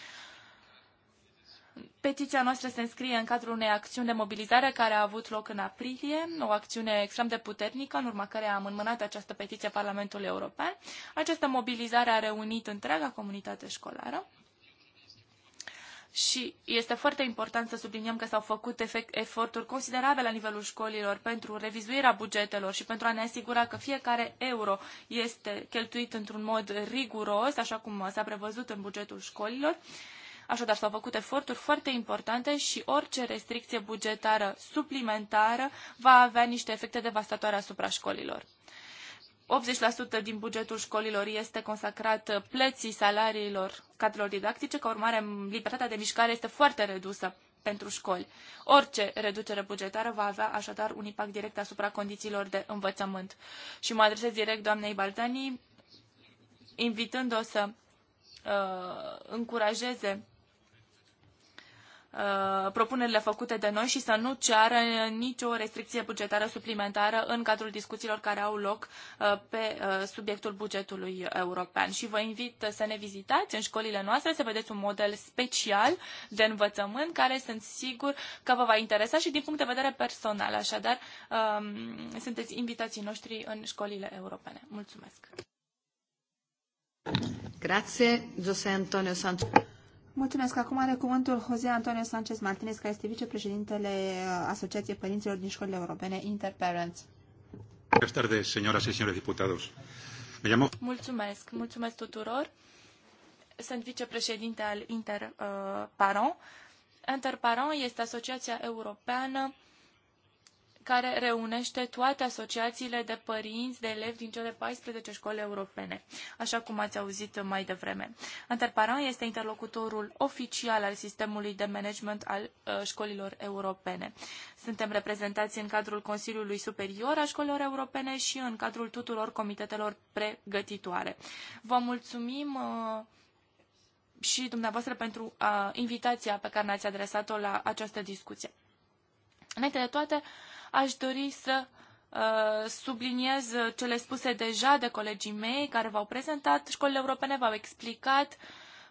[SPEAKER 3] Petiția noastră se înscrie în cadrul unei acțiuni de mobilizare care a avut loc în aprilie, o acțiune extrem de puternică, în urma care am înmânat această petiție Parlamentului European. Această mobilizare a reunit întreaga comunitate școlară. Și este foarte important să subliniem că s-au făcut efect, eforturi considerabile la nivelul școlilor pentru revizuirea bugetelor și pentru a ne asigura că fiecare euro este cheltuit într-un mod riguros, așa cum s-a prevăzut în bugetul școlilor. Uh, Așadar, s-au făcut eforturi foarte importante și orice restricție bugetară suplimentară va avea niște efecte devastatoare asupra școlilor. 80% din bugetul școlilor este consacrat plății salariilor cadrelor didactice, ca urmare libertatea de mișcare este foarte redusă pentru școli. Orice reducere bugetară va avea așadar un impact direct asupra condițiilor de învățământ. Și mă adresez direct doamnei Baltanii, invitând-o să uh, încurajeze Uh, propunerile făcute de noi și să nu ceară nicio restricție bugetară suplimentară în cadrul discuțiilor care au loc uh, pe uh, subiectul bugetului european. Și vă invit să ne vizitați în școlile noastre, să vedeți un model special de învățământ care sunt sigur că vă va interesa și din punct de vedere personal. Așadar, um, sunteți invitații noștri în școlile europene.
[SPEAKER 1] Mulțumesc! Grazie, José Antonio Santos. Mulțumesc. Acum are cuvântul Jose Antonio Sanchez Martinez, care este vicepreședintele uh, Asociației Părinților din Școlile Europene, Interparents.
[SPEAKER 2] Buenas tardes, señoras y señores diputados. Me llamo...
[SPEAKER 3] Mulțumesc. Mulțumesc tuturor. Sunt vicepreședinte al Interparent. Uh, Interparent este Asociația Europeană care reunește toate asociațiile de părinți, de elevi din cele 14 școli europene, așa cum ați auzit mai devreme. Anterparan este interlocutorul oficial al sistemului de management al uh, școlilor europene. Suntem reprezentați în cadrul Consiliului Superior al Școlilor Europene și în cadrul tuturor comitetelor pregătitoare. Vă mulțumim uh, și dumneavoastră pentru uh, invitația pe care ne-ați adresat-o la această discuție. Înainte de toate, Aș dori să uh, subliniez cele spuse deja de colegii mei care v-au prezentat, școlile europene v-au explicat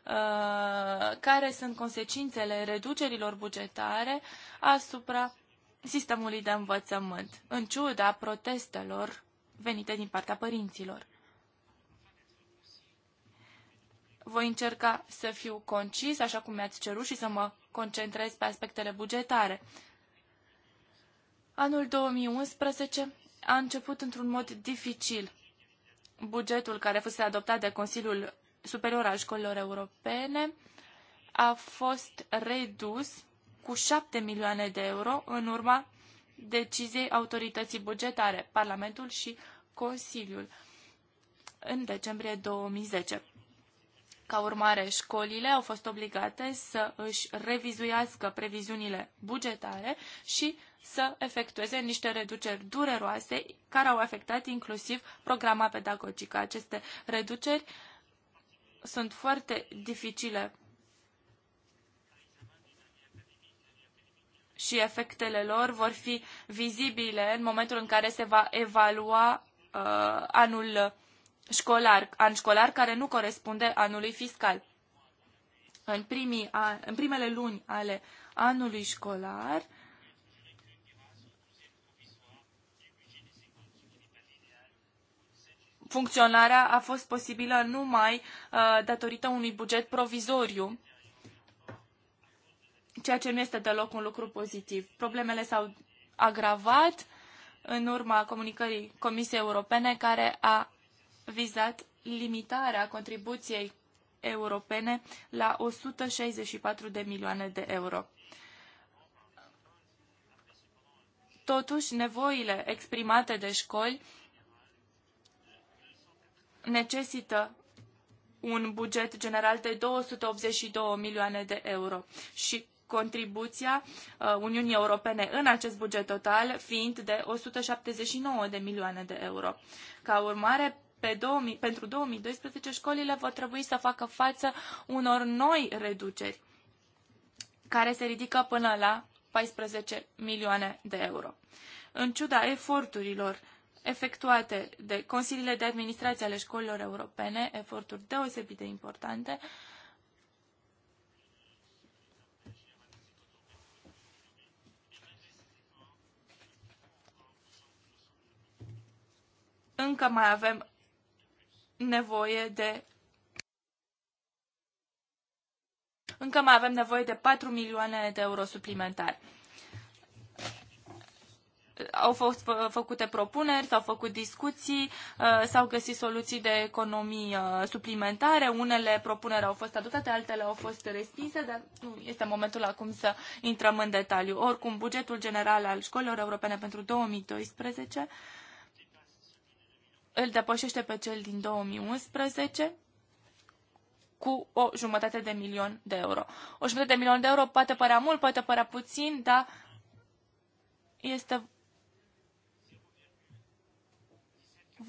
[SPEAKER 3] uh, care sunt consecințele reducerilor bugetare asupra sistemului de învățământ, în ciuda protestelor venite din partea părinților. Voi încerca să fiu concis, așa cum mi-ați cerut, și să mă concentrez pe aspectele bugetare. Anul 2011 a început într-un mod dificil. Bugetul care fusese adoptat de Consiliul Superior al Școlilor Europene a fost redus cu 7 milioane de euro în urma deciziei autorității bugetare, Parlamentul și Consiliul, în decembrie 2010. Ca urmare, școlile au fost obligate să își revizuiască previziunile bugetare și să efectueze niște reduceri dureroase care au afectat inclusiv programa pedagogică. Aceste reduceri sunt foarte dificile și efectele lor vor fi vizibile în momentul în care se va evalua uh, anul școlar, an școlar care nu corespunde anului fiscal. În, primii, în primele luni ale anului școlar, funcționarea a fost posibilă numai uh, datorită unui buget provizoriu, ceea ce nu este deloc un lucru pozitiv. Problemele s-au agravat în urma comunicării Comisiei Europene care a vizat limitarea contribuției europene la 164 de milioane de euro. Totuși, nevoile exprimate de școli necesită un buget general de 282 milioane de euro și contribuția uh, Uniunii Europene în acest buget total fiind de 179 de milioane de euro. Ca urmare, pe 2000, pentru 2012 școlile vor trebui să facă față unor noi reduceri care se ridică până la 14 milioane de euro. În ciuda eforturilor efectuate de consiliile de administrație ale școlilor europene, eforturi deosebit de importante, încă mai avem nevoie de încă mai avem nevoie de 4 milioane de euro suplimentari au fost fă, făcute propuneri, s-au făcut discuții, uh, s-au găsit soluții de economii uh, suplimentare, unele propuneri au fost adoptate, altele au fost respinse, dar nu este momentul acum să intrăm în detaliu. Oricum, bugetul general al școlilor europene pentru 2012 îl depășește pe cel din 2011 cu o jumătate de milion de euro. O jumătate de milion de euro poate părea mult, poate părea puțin, dar este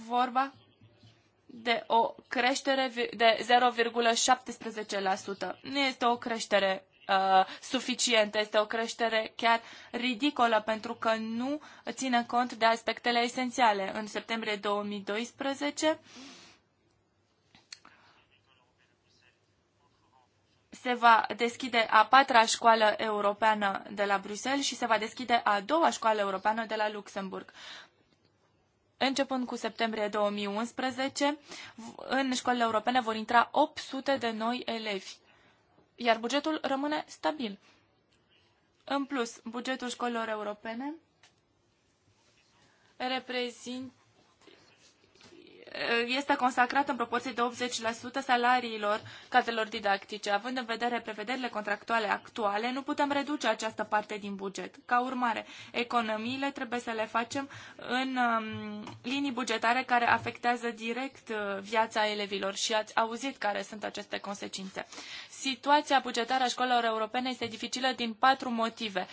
[SPEAKER 3] vorba de o creștere de 0,17%. Nu este o creștere uh, suficientă, este o creștere chiar ridicolă pentru că nu ține cont de aspectele esențiale. În septembrie 2012 se va deschide a patra școală europeană de la Bruxelles și se va deschide a doua școală europeană de la Luxemburg. Începând cu septembrie 2011, în școlile europene vor intra 800 de noi elevi, iar bugetul rămâne stabil. În plus, bugetul școlilor europene reprezintă Uh, este consacrat în proporție de 80% salariilor cadrelor didactice. Având în vedere prevederile contractuale actuale, nu putem reduce această parte din buget. Ca urmare, economiile trebuie să le facem în um, linii bugetare care afectează direct uh, viața elevilor și ați auzit care sunt aceste consecințe. Situația bugetară a școlilor europene este dificilă din patru motive.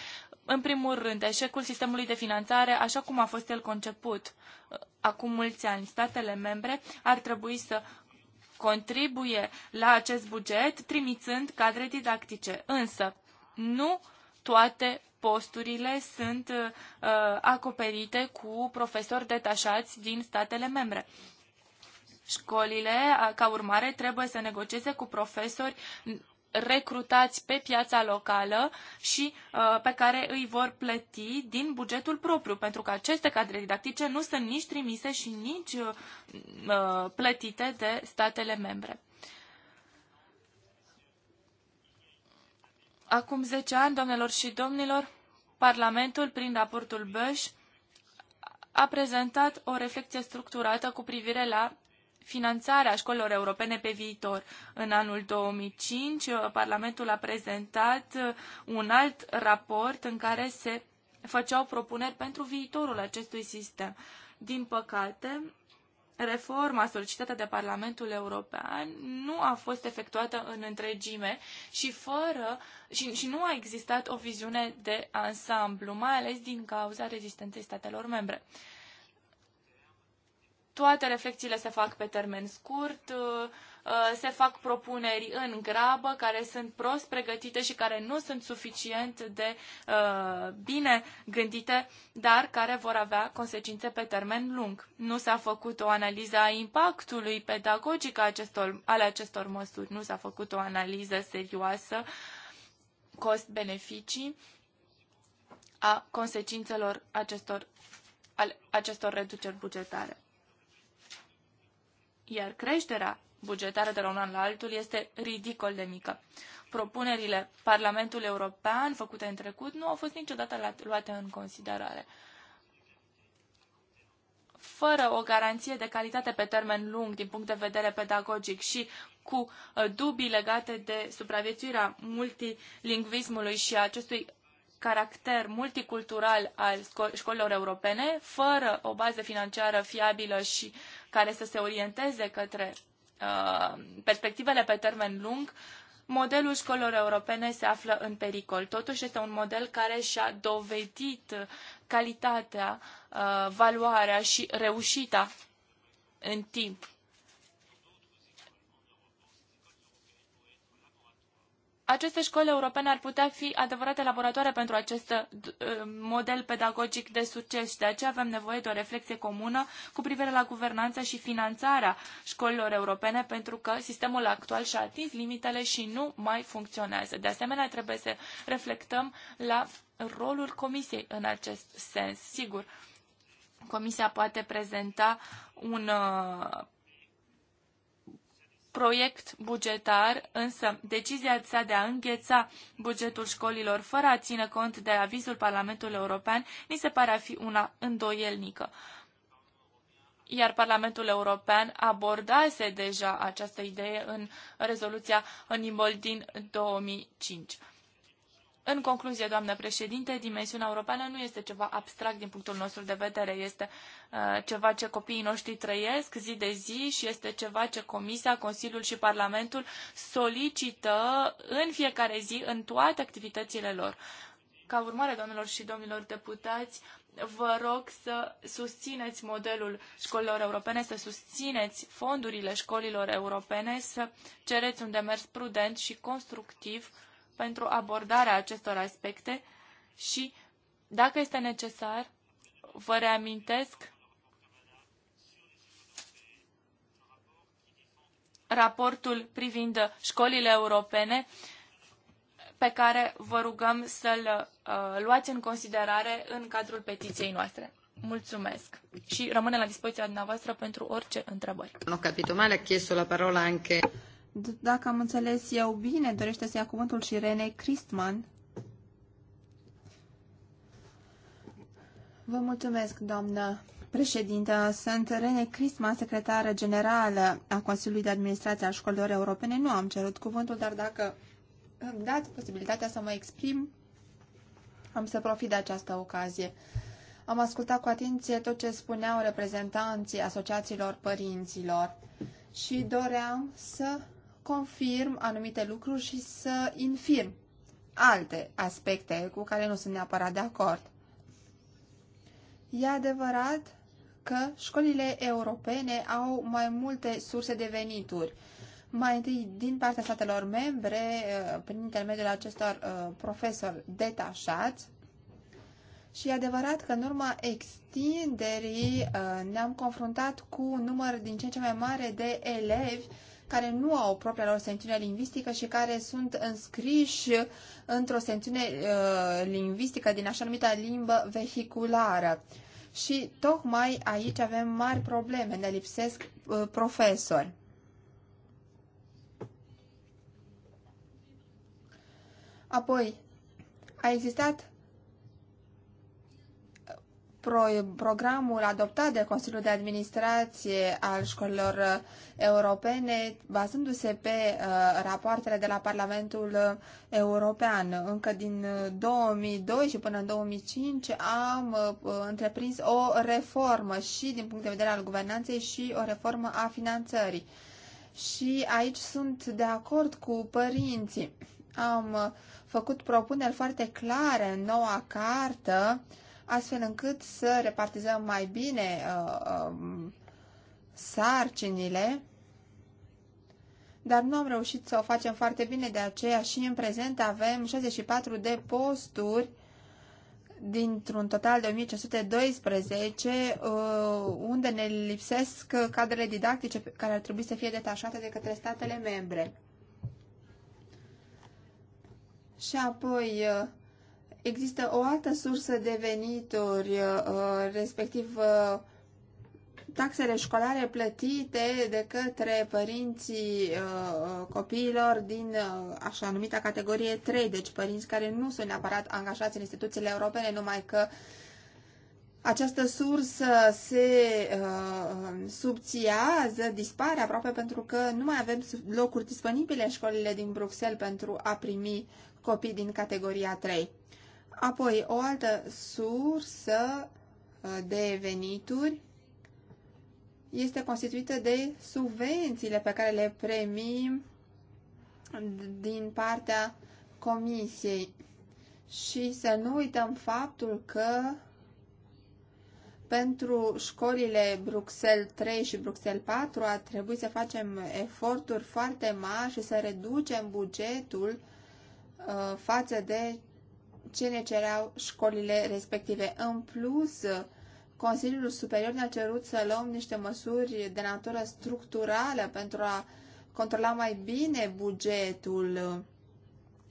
[SPEAKER 3] În primul rând, eșecul sistemului de finanțare așa cum a fost el conceput acum mulți ani. Statele membre ar trebui să contribuie la acest buget trimițând cadre didactice. Însă, nu toate posturile sunt uh, acoperite cu profesori detașați din statele membre. Școlile, ca urmare, trebuie să negocieze cu profesori recrutați pe piața locală și uh, pe care îi vor plăti din bugetul propriu, pentru că aceste cadre didactice nu sunt nici trimise și nici uh, uh plătite de statele membre. Acum 10 ani, domnilor și domnilor, Parlamentul, prin raportul Băș, a prezentat o reflecție structurată cu privire la finanțarea școlilor europene pe viitor. În anul 2005, uh, Parlamentul a prezentat uh, un alt raport în care se făceau propuneri pentru viitorul acestui sistem. Din păcate, reforma solicitată de Parlamentul European nu a fost efectuată în întregime și, fără, și, și nu a existat o viziune de ansamblu, mai ales din cauza rezistenței statelor membre toate reflexiile se fac pe termen scurt, uh, uh, se fac propuneri în grabă care sunt prost pregătite și care nu sunt suficient de uh, bine gândite, dar care vor avea consecințe pe termen lung. Nu s-a făcut o analiză a impactului pedagogic al acestor, acestor măsuri, nu s-a făcut o analiză serioasă cost-beneficii a consecințelor acestor, acestor reduceri bugetare iar creșterea bugetară de la un an la altul este ridicol de mică. Propunerile Parlamentului European făcute în trecut nu au fost niciodată luate în considerare. Fără o garanție de calitate pe termen lung din punct de vedere pedagogic și cu uh, dubii legate de supraviețuirea multilingvismului și acestui caracter multicultural al școlilor europene, fără o bază financiară fiabilă și uh, care să se orienteze către uh, perspectivele pe termen lung, modelul școlilor europene se află în pericol. Totuși este un model care și-a dovedit calitatea, uh, valoarea și reușita în timp. aceste școli europene ar putea fi adevărate laboratoare pentru acest uh, model pedagogic de succes și de aceea avem nevoie de o reflexie comună cu privire la guvernanță și finanțarea școlilor europene pentru că sistemul actual și-a atins limitele și nu mai funcționează. De asemenea, trebuie să reflectăm la rolul Comisiei în acest sens. Sigur, Comisia poate prezenta un uh, proiect bugetar, însă decizia sa de a îngheța bugetul școlilor fără a ține cont de avizul Parlamentului European ni se pare a fi una îndoielnică. Iar Parlamentul European abordase deja această idee în rezoluția Nimbol din 2005. În concluzie, doamnă președinte, dimensiunea europeană nu este ceva abstract din punctul nostru de vedere, este uh, ceva ce copiii noștri trăiesc zi de zi și este ceva ce Comisia, Consiliul și Parlamentul solicită în fiecare zi în toate activitățile lor. Ca urmare, doamnelor și domnilor deputați, vă rog să susțineți modelul școlilor europene, să susțineți fondurile școlilor europene, să cereți un demers prudent și constructiv pentru abordarea acestor aspecte și, dacă este necesar, vă reamintesc raportul privind școlile europene pe care vă rugăm să-l uh, luați în considerare în cadrul petiției noastre. Mulțumesc și rămâne la dispoziția dumneavoastră pentru orice întrebări.
[SPEAKER 1] Nu capito male, ha la parola anche dacă am înțeles eu bine, dorește să ia cuvântul și Rene Christman. Vă mulțumesc, doamnă președintă. Sunt Rene Christman, secretară generală a Consiliului de Administrație al Școlilor Europene. Nu am cerut cuvântul, dar dacă îmi dați posibilitatea să mă exprim, am să profit de această ocazie. Am ascultat cu atenție tot ce spuneau reprezentanții asociațiilor părinților și doream să confirm anumite lucruri și să infirm alte aspecte cu care nu sunt neapărat de acord. E adevărat că școlile europene au mai multe surse de venituri. Mai întâi din partea statelor membre, uh, prin intermediul acestor uh, profesori detașați, și e adevărat că în urma extinderii uh, ne-am confruntat cu un număr din ce în ce mai mare de elevi care nu au propria lor sențiune lingvistică și care sunt înscriși într-o sențiune uh, lingvistică din așa numită limbă vehiculară. Și tocmai aici avem mari probleme, ne lipsesc uh, profesori. Apoi, a existat pro programul adoptat de Consiliul de Administrație al școlilor uh, europene, bazându-se pe uh, rapoartele de la Parlamentul European. Încă din 2002 uh, și până în 2005 am uh, întreprins o reformă și din punct de vedere al guvernanței și o reformă a finanțării. Și aici sunt de acord cu părinții. Am uh, făcut propuneri foarte clare în noua cartă uh, astfel încât să repartizăm mai bine uh, uh, sarcinile, dar nu am reușit să o facem foarte bine, de aceea și în prezent avem 64 de posturi dintr-un total de 1512, uh, unde ne lipsesc cadrele didactice care ar trebui să fie detașate de către statele membre. Și apoi uh, există o altă sursă de venituri, uh, respectiv uh, taxele școlare plătite de către părinții uh, copiilor din așa numita categorie 3, deci părinți care nu sunt neapărat angajați în instituțiile europene, numai că această sursă se uh, subțiază, dispare aproape pentru că nu mai avem locuri disponibile în școlile din Bruxelles pentru a primi copii din categoria 3. Apoi, o altă sursă uh, de venituri este constituită de subvențiile pe care le primim din partea comisiei. Și să nu uităm faptul că pentru școlile Bruxelles 3 și Bruxelles 4 a trebuit să facem eforturi foarte mari și să reducem bugetul uh, față de ce ne cereau școlile respective. În plus, Consiliul Superior ne-a cerut să luăm niște măsuri de natură structurală pentru a controla mai bine bugetul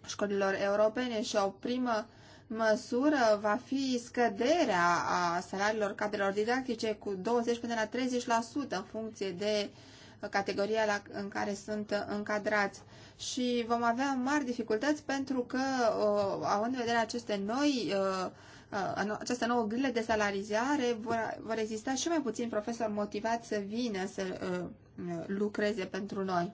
[SPEAKER 1] școlilor europene și o primă măsură va fi scăderea a salariilor cadrelor didactice cu 20 până la 30% în funcție de categoria la, în care sunt încadrați și vom avea mari dificultăți pentru că, uh, având în vedere aceste noi, uh, uh, această nouă grilă de salarizare, vor, vor exista și mai puțini profesori motivați să vină să lucreze pentru noi.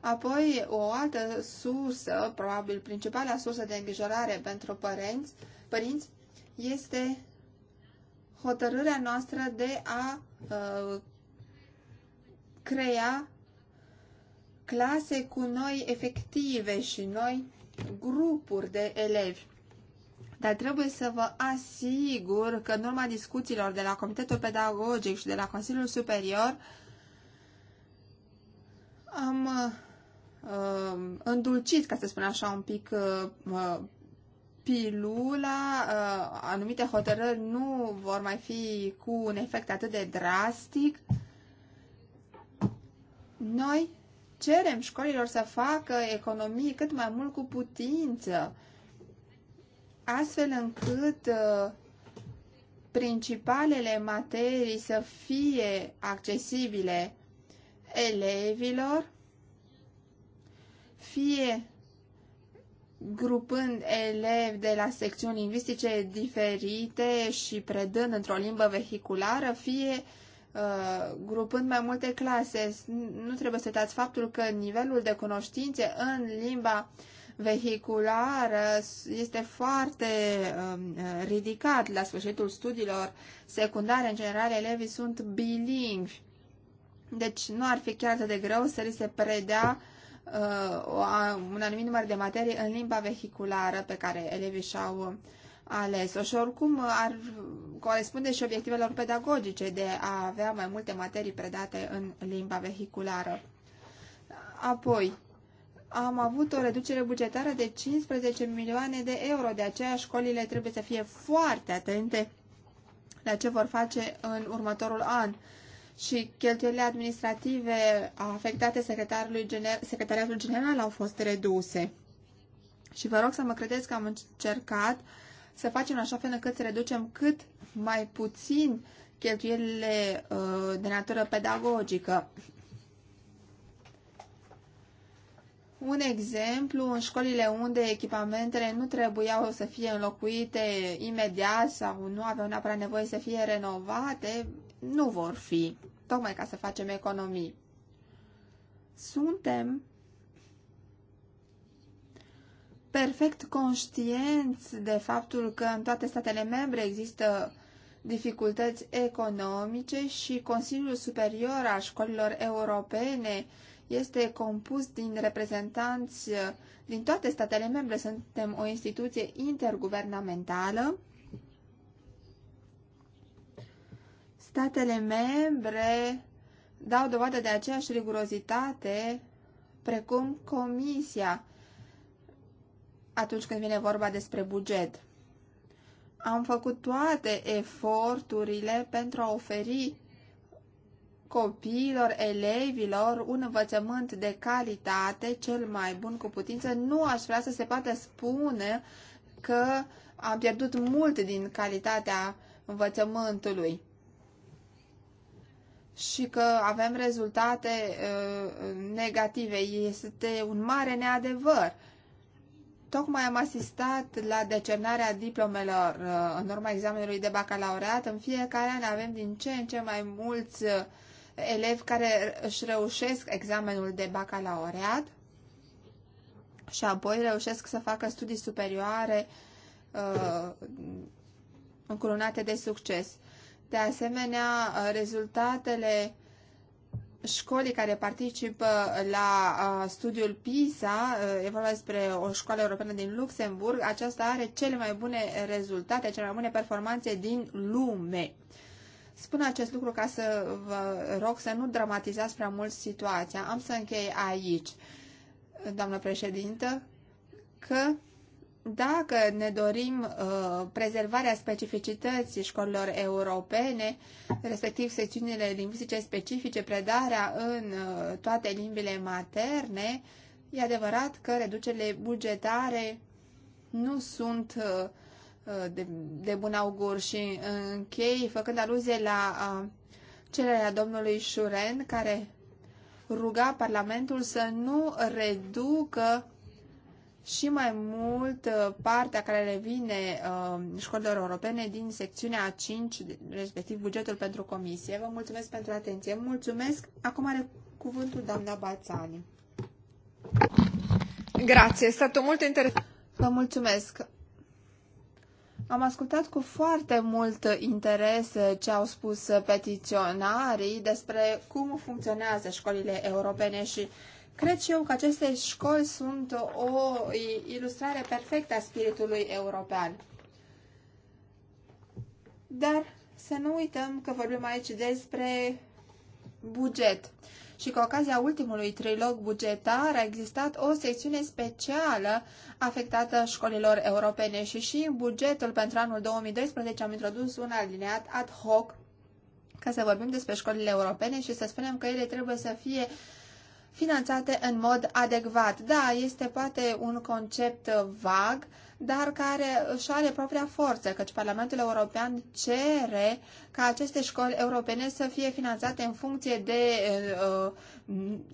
[SPEAKER 1] Apoi, o altă sursă, probabil principala sursă de îngrijorare pentru părinți, părinți este hotărârea noastră de a uh, crea clase cu noi efective și noi grupuri de elevi. Dar trebuie să vă asigur că în urma discuțiilor de la Comitetul Pedagogic și de la Consiliul Superior am uh, îndulcit, ca să spun așa, un pic uh, uh pilula, uh, anumite hotărâri nu vor mai fi cu un efect atât de drastic. Noi cerem școlilor să facă economii cât mai mult cu putință, astfel încât uh, principalele materii să fie accesibile elevilor, fie grupând elevi de la secțiuni lingvistice diferite și predând într-o limbă vehiculară, fie uh, Uh, grupând mai multe clase. Nu trebuie să uitați faptul că nivelul de cunoștințe în limba vehiculară este foarte um, uh, ridicat. La sfârșitul studiilor secundare, în general, elevii sunt bilingvi. Deci nu ar fi chiar atât de greu să li se predea uh, un anumit număr de materii în limba vehiculară pe care elevii și-au uh, ales-o și oricum ar corespunde și obiectivelor pedagogice de a avea mai multe materii predate în limba vehiculară. Apoi, am avut o reducere bugetară de 15 milioane de euro, de aceea școlile trebuie să fie foarte atente la ce vor face în următorul an și cheltuielile administrative afectate secretarului gener- secretariatul general au fost reduse. Și vă rog să mă credeți că am încercat uh, să facem așa fel încât să reducem cât mai puțin cheltuielile uh, de natură pedagogică. Un exemplu, în școlile unde echipamentele nu trebuiau să fie înlocuite imediat sau nu aveau neapărat nevoie să fie renovate, nu vor fi, tocmai ca să facem economii. Suntem perfect conștienți de faptul că în toate statele membre există dificultăți economice și Consiliul Superior al Școlilor Europene este compus din reprezentanți din toate statele membre. Suntem o instituție interguvernamentală. Statele membre dau dovadă de aceeași rigurozitate precum Comisia atunci când vine vorba despre buget. Am făcut toate eforturile pentru a oferi copiilor, elevilor, un învățământ de calitate, cel mai bun cu putință. Nu aș vrea să se poată spune că am pierdut mult din calitatea învățământului și că avem rezultate uh, negative. Este un mare neadevăr. Tocmai am asistat la decernarea diplomelor uh, în urma examenului de bacalaureat. În fiecare an avem din ce în ce mai mulți uh, elevi care își reușesc examenul de bacalaureat și apoi reușesc să facă studii superioare uh, încurunate de succes. De asemenea, rezultatele școlii care participă la studiul PISA, e vorba despre o școală europeană din Luxemburg, aceasta are cele mai bune rezultate, cele mai bune performanțe din lume. Spun acest lucru ca să vă rog să nu dramatizați prea mult situația. Am să închei aici, doamnă președintă, că dacă ne dorim uh, prezervarea specificității școlilor europene, respectiv secțiunile lingvistice specifice, predarea în uh, toate limbile materne, e adevărat că reducerile bugetare nu sunt uh, uh de, de bun augur și închei făcând aluzie la uh, cererea domnului Șuren, care ruga Parlamentul să nu reducă și mai mult uh, partea care revine uh, școlilor europene din secțiunea a 5, respectiv bugetul pentru comisie. Vă mulțumesc pentru atenție. Mulțumesc. Acum are cuvântul doamna Bațani. Grație, este stato mult interesant. Vă mulțumesc. Am ascultat cu foarte mult interes ce au spus petiționarii despre cum funcționează școlile europene și Cred și eu că aceste școli sunt o ilustrare perfectă a spiritului european. Dar să nu uităm că vorbim aici despre buget și cu ocazia ultimului trilog bugetar a existat o secțiune specială afectată școlilor europene și și în bugetul pentru anul 2012 am introdus un alineat ad hoc ca să vorbim despre școlile europene și să spunem că ele trebuie să fie finanțate în mod adecvat. Da, este poate un concept vag, dar care își are propria forță, căci Parlamentul European cere ca aceste școli europene să fie finanțate în funcție de uh,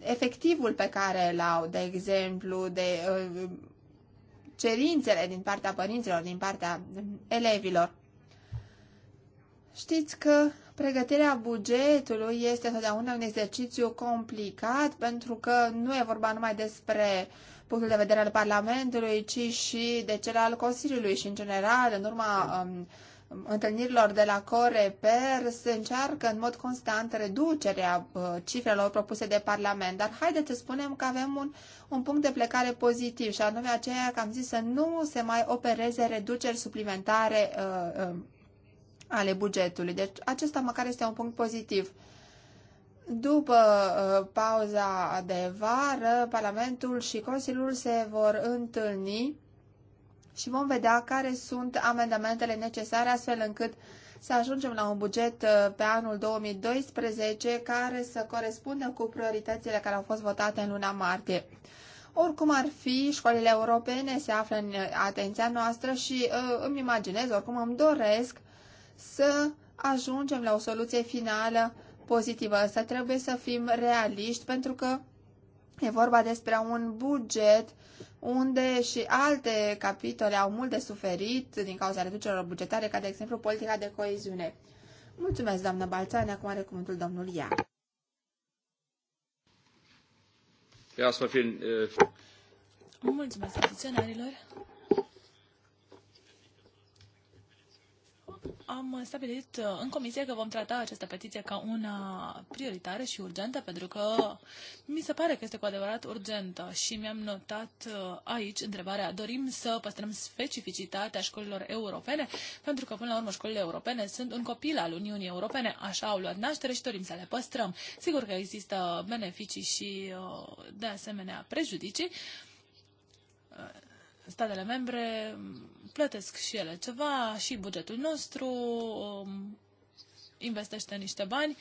[SPEAKER 1] efectivul pe care îl au, de exemplu, de uh, cerințele din partea părinților, din partea elevilor. Știți că Pregătirea bugetului este întotdeauna un exercițiu complicat pentru că nu e vorba numai despre punctul de vedere al Parlamentului, ci și de cel al Consiliului și, în general, în urma um, întâlnirilor de la Coreper se încearcă în mod constant reducerea uh, cifrelor propuse de Parlament. Dar haideți să spunem că avem un, un punct de plecare pozitiv și anume aceea că am zis să nu se mai opereze reduceri suplimentare uh, uh, ale bugetului. Deci acesta măcar este un punct pozitiv. După uh, pauza de vară, Parlamentul și Consiliul se vor întâlni și vom vedea care sunt amendamentele necesare astfel încât să ajungem la un buget uh, pe anul 2012 care să corespundă cu prioritățile care au fost votate în luna martie. Oricum ar fi, școlile europene se află în uh, atenția noastră și uh, îmi imaginez, oricum îmi doresc să ajungem la o soluție finală pozitivă. Să trebuie să fim realiști pentru că e vorba despre un buget unde și alte capitole au mult de suferit din cauza reducerilor bugetare, ca de exemplu politica de coeziune. Mulțumesc, doamnă Balțane. Acum are cuvântul domnul Ia. Mulțumesc
[SPEAKER 2] petiționarilor am stabilit uh, în comisie că vom trata această petiție ca una prioritară și urgentă, pentru că mi se pare că este cu adevărat urgentă și mi-am notat uh, aici întrebarea. Dorim să păstrăm specificitatea școlilor europene, pentru că până la urmă școlile europene sunt un copil al Uniunii Europene, așa au luat naștere și dorim să le păstrăm. Sigur că există beneficii și uh, de asemenea prejudicii statele membre plătesc și ele ceva și bugetul nostru um, investește niște bani,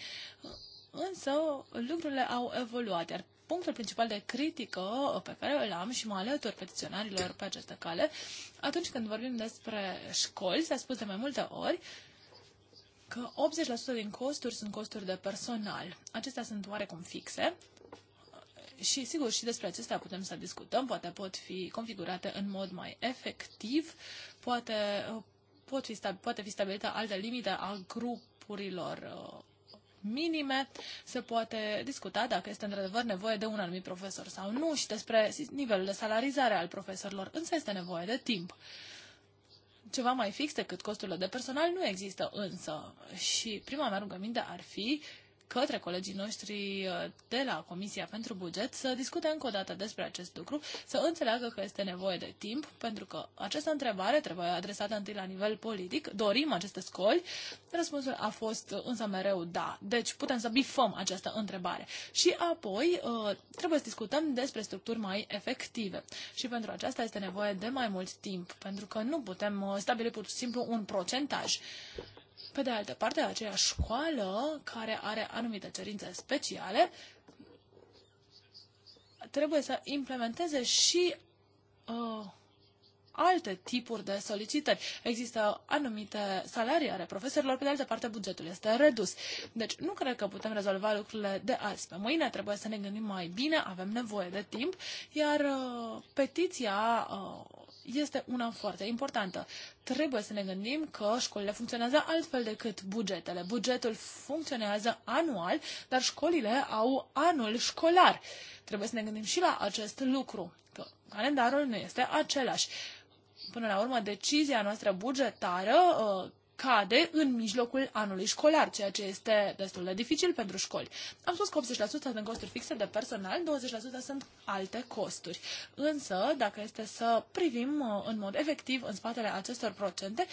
[SPEAKER 2] însă lucrurile au evoluat, iar punctul principal de critică pe care îl am și mă alătur petiționarilor pe această cale, atunci când vorbim despre școli, s-a spus de mai multe ori că 80% din costuri sunt costuri de personal. Acestea sunt oarecum fixe și, sigur, și despre acestea putem să discutăm, poate pot fi configurate în mod mai efectiv, poate, uh, pot fi, poate fi stabilită alte limite a grupurilor uh, minime, se poate discuta dacă este într-adevăr nevoie de un anumit profesor sau nu și despre nivelul de salarizare al profesorilor, însă este nevoie de timp. Ceva mai fix decât costurile de personal nu există însă și prima mea rugăminte ar fi către colegii noștri uh, de la Comisia pentru Buget să discute încă o dată despre acest lucru, să înțeleagă că este nevoie de timp, pentru că această întrebare trebuie adresată întâi la nivel politic. Dorim aceste scoli? Răspunsul a fost însă mereu da. Deci putem să bifăm această întrebare. Și apoi uh, trebuie să discutăm despre structuri mai efective. Și pentru aceasta este nevoie de mai mult timp, pentru că nu putem uh, stabili pur și simplu un procentaj. Pe de altă parte, aceeași școală care are anumite cerințe speciale trebuie să implementeze și uh, alte tipuri de solicitări. Există anumite salarii ale profesorilor, pe de altă parte bugetul este redus. Deci nu cred că putem rezolva lucrurile de azi pe mâine, trebuie să ne gândim mai bine, avem nevoie de timp, iar uh, petiția uh, este una foarte importantă. Trebuie să ne gândim că școlile funcționează altfel decât bugetele. Bugetul funcționează anual, dar școlile au anul școlar. Trebuie să ne gândim și la acest lucru, că calendarul nu este același până la urmă, decizia noastră bugetară uh, cade în mijlocul anului școlar, ceea ce este destul de dificil pentru școli. Am spus că 80% sunt costuri fixe de personal, 20% sunt alte costuri. Însă, dacă este să privim uh, în mod efectiv în spatele acestor procente,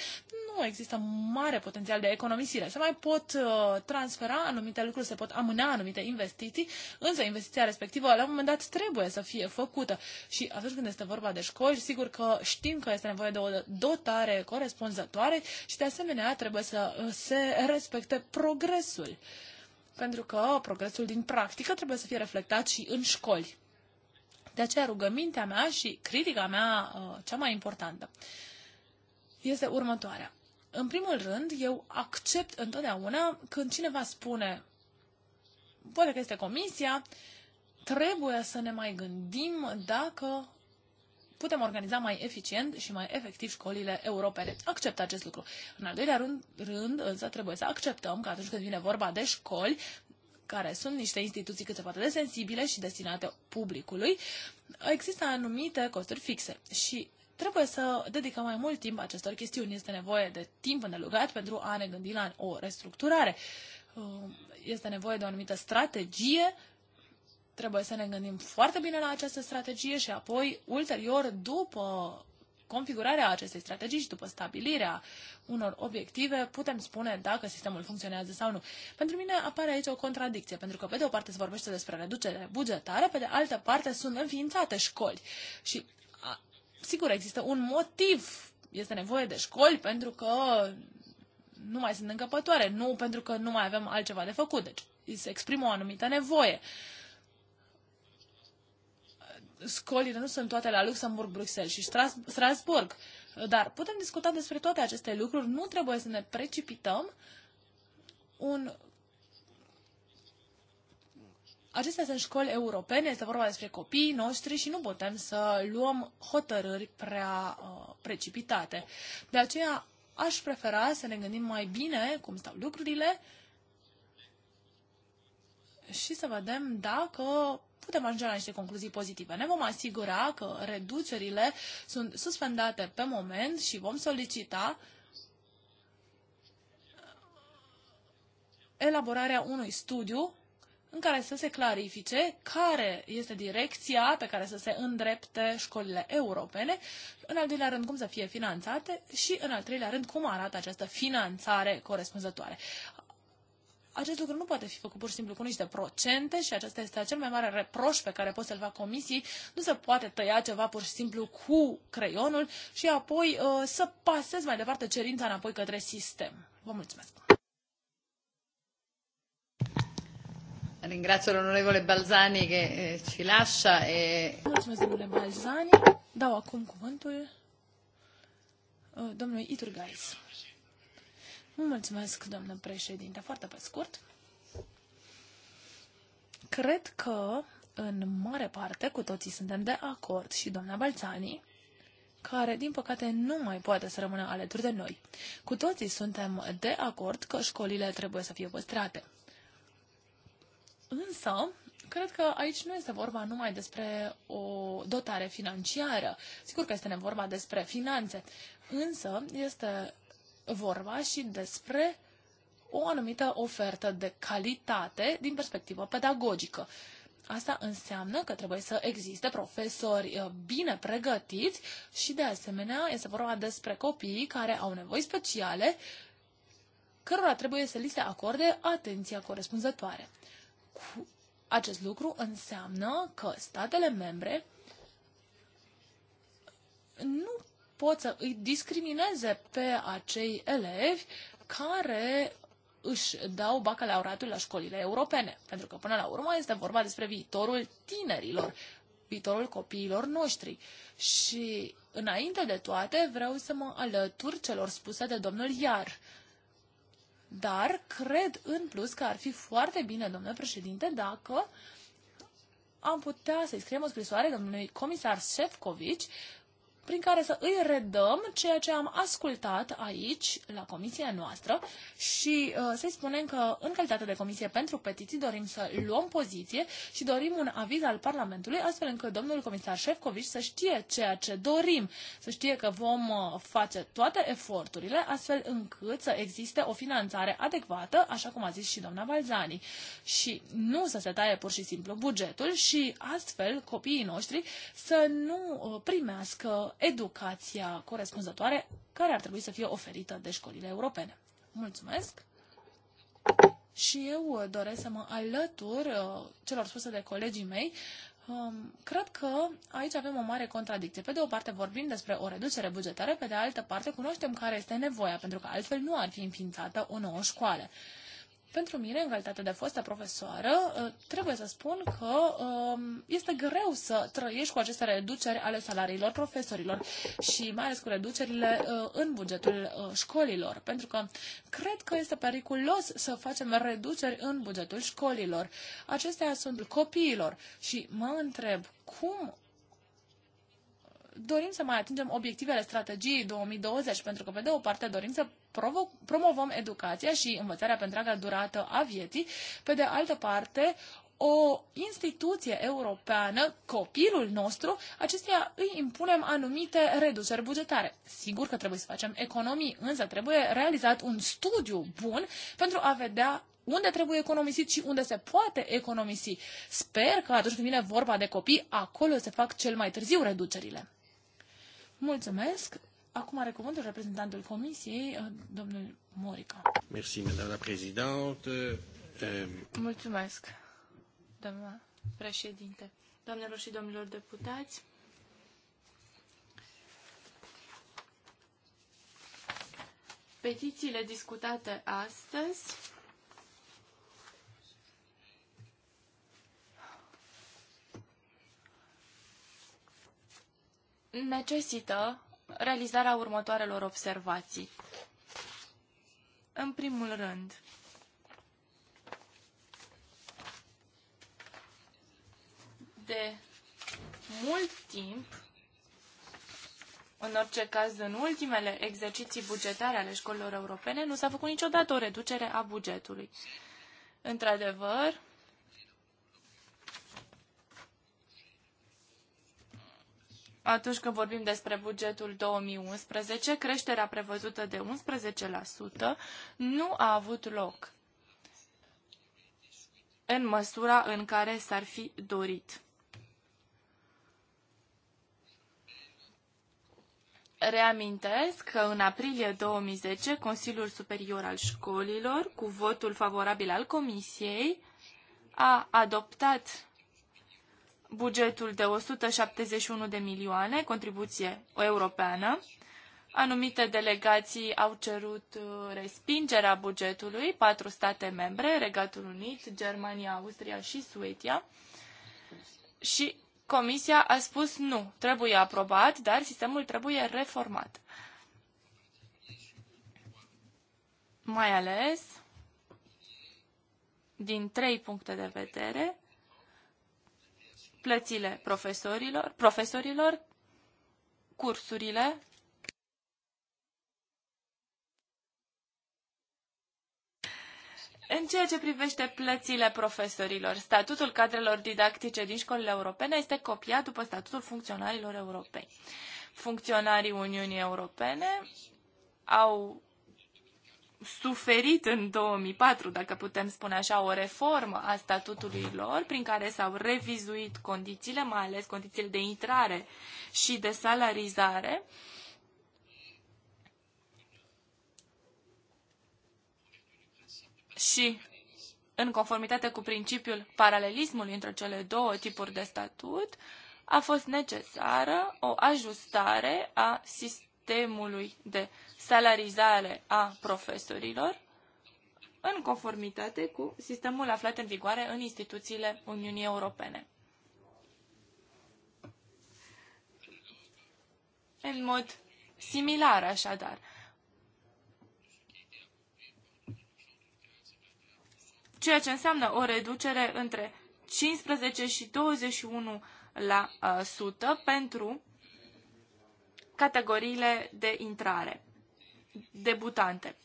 [SPEAKER 2] nu există mare potențial de economisire. Se mai pot uh, transfera anumite lucruri, se pot amâna anumite investiții, însă investiția respectivă la un moment dat trebuie să fie făcută. Și atunci când este vorba de școli, sigur că știm că este nevoie de o dotare corespunzătoare și de asemenea asemenea, trebuie să uh, se respecte progresul. Pentru că progresul din practică trebuie să fie reflectat și în școli. De aceea rugămintea mea și critica mea uh, cea mai importantă este următoarea. În primul rând, eu accept întotdeauna când cineva spune, poate că este comisia, trebuie să ne mai gândim dacă putem organiza mai eficient și mai efectiv școlile europene. Acceptă acest lucru. În al doilea rând, rând însă trebuie să acceptăm că atunci când vine vorba de școli, care sunt niște instituții cât se poate de sensibile și destinate publicului, există anumite costuri fixe și trebuie să dedicăm mai mult timp acestor chestiuni. Este nevoie de timp îndelugat pentru a ne gândi la o restructurare. Este nevoie de o anumită strategie Trebuie să ne gândim foarte bine la această strategie și apoi, ulterior, după configurarea acestei strategii și după stabilirea unor obiective, putem spune dacă sistemul funcționează sau nu. Pentru mine apare aici o contradicție, pentru că pe de o parte se vorbește despre reducere bugetară, pe de altă parte sunt înființate școli. Și a, sigur există un motiv, este nevoie de școli pentru că nu mai sunt încăpătoare, nu pentru că nu mai avem altceva de făcut. Deci se exprimă o anumită nevoie. Uh, scolile nu sunt toate la Luxemburg, Bruxelles și Strasburg. Dar putem discuta despre toate aceste lucruri, nu trebuie să ne precipităm. Un... Acestea sunt școli europene, este vorba despre copiii noștri și nu putem să luăm hotărâri prea uh, precipitate. De aceea aș prefera să ne gândim mai bine cum stau lucrurile și să vedem dacă putem ajunge la niște concluzii pozitive. Ne vom asigura că reducerile sunt suspendate pe moment și vom solicita elaborarea unui studiu în care să se clarifice care este direcția pe care să se îndrepte școlile europene, în al doilea rând cum să fie finanțate și în al treilea rând cum arată această finanțare corespunzătoare acest lucru nu poate fi făcut pur și simplu cu niște procente și acesta este cel mai mare reproș pe care poți să-l fac comisiei. Nu se poate tăia ceva pur și simplu cu creionul și apoi uh, să pasez mai departe cerința înapoi către sistem. Vă mulțumesc! Ringrazio
[SPEAKER 1] l'onorevole Balzani che eh, ci lascia e...
[SPEAKER 2] Mulțumesc, domnule Balzani. Dau acum cuvântul uh, domnului Iturgais. Mulțumesc, doamnă președinte. Foarte pe scurt. Cred că, în mare parte, cu toții suntem de acord și doamna Balțani, care, din păcate, nu mai poate să rămână alături de noi. Cu toții suntem de acord că școlile trebuie să fie păstrate. Însă, cred că aici nu este vorba numai despre o dotare financiară. Sigur că este vorba despre finanțe, însă este vorba și despre o anumită ofertă de calitate din perspectivă pedagogică. Asta înseamnă că trebuie să existe profesori uh, bine pregătiți și, de asemenea, este vorba despre copiii care au nevoi speciale, cărora trebuie să li se acorde atenția corespunzătoare. acest lucru înseamnă că statele membre nu pot să îi discrimineze pe acei elevi care își dau bacalaureatul la școlile europene. Pentru că, până la urmă, este vorba despre viitorul tinerilor, viitorul copiilor noștri. Și, înainte de toate, vreau să mă alătur celor spuse de domnul Iar. Dar cred, în plus, că ar fi foarte bine, domnule președinte, dacă am putea să-i scriem o scrisoare domnului comisar Șefcovici prin care să îi redăm ceea ce am ascultat aici, la comisia noastră, și uh, să-i spunem că, în calitate de comisie pentru petiții, dorim să luăm poziție și dorim un aviz al Parlamentului, astfel încât domnul comisar Șefcoviș să știe ceea ce dorim, să știe că vom uh, face toate eforturile, astfel încât să existe o finanțare adecvată, așa cum a zis și doamna Balzani, și nu să se taie pur și simplu bugetul și astfel copiii noștri să nu uh, primească educația corespunzătoare care ar trebui să fie oferită de școlile europene. Mulțumesc! Și eu uh, doresc să mă alătur uh, celor spuse de colegii mei. Um, cred că aici avem o mare contradicție. Pe de o parte vorbim despre o reducere bugetară, pe de altă parte cunoaștem care este nevoia, pentru că altfel nu ar fi înființată o nouă școală. Pentru mine, în calitate de fostă profesoară, ă, trebuie să spun că ă, este greu să trăiești cu aceste reduceri ale salariilor profesorilor și mai ales cu reducerile ă, în bugetul școlilor, pentru că cred că este periculos să facem reduceri în bugetul școlilor. Acestea sunt copiilor și mă întreb cum dorim să mai atingem obiectivele strategiei 2020, pentru că, pe de o parte, dorim să promovăm educația și învățarea pe întreaga durată a vieții, pe de altă parte, o instituție europeană, copilul nostru, acestuia îi impunem anumite reduceri bugetare. Sigur că trebuie să facem economii, însă trebuie realizat un studiu bun pentru a vedea unde trebuie economisit și unde se poate economisi. Sper că atunci când vine vorba de copii, acolo se fac cel mai târziu reducerile. Mulțumesc. Acum are cuvântul reprezentantul Comisiei, uh, domnul Morica.
[SPEAKER 1] Mersi, doamna prezidentă. Euh,
[SPEAKER 3] Mulțumesc, doamna președinte. Doamnelor și domnilor deputați, petițiile discutate astăzi necesită realizarea următoarelor observații. În primul rând, de mult timp, în orice caz în ultimele exerciții bugetare ale școlilor europene, nu s-a făcut niciodată o reducere a bugetului. Într-adevăr, atunci când vorbim despre bugetul 2011, creșterea prevăzută de 11% nu a avut loc în măsura în care s-ar fi dorit. Reamintesc că în aprilie 2010 Consiliul Superior al Școlilor, cu votul favorabil al Comisiei, a adoptat bugetul de 171 de milioane, contribuție europeană. Anumite delegații au cerut uh, respingerea bugetului, patru state membre, Regatul Unit, Germania, Austria și Suedia. Și Comisia a spus nu, trebuie aprobat, dar sistemul trebuie reformat. Mai ales din trei puncte de vedere, plățile profesorilor, profesorilor cursurile În ceea ce privește plățile profesorilor, statutul cadrelor didactice din școlile europene este copiat după statutul funcționarilor europeni. Funcționarii Uniunii Europene au suferit în 2004, dacă putem spune așa, o reformă a statutului lor, prin care s-au revizuit condițiile, mai ales condițiile de intrare și de salarizare. Și în conformitate cu principiul paralelismului între cele două tipuri de statut, a fost necesară o ajustare a sistemului de salarizare a profesorilor în conformitate cu sistemul aflat în vigoare în instituțiile Uniunii Europene. În mod similar, așadar. Ceea ce înseamnă o reducere între 15 și 21% la, uh, pentru categoriile de intrare debutante.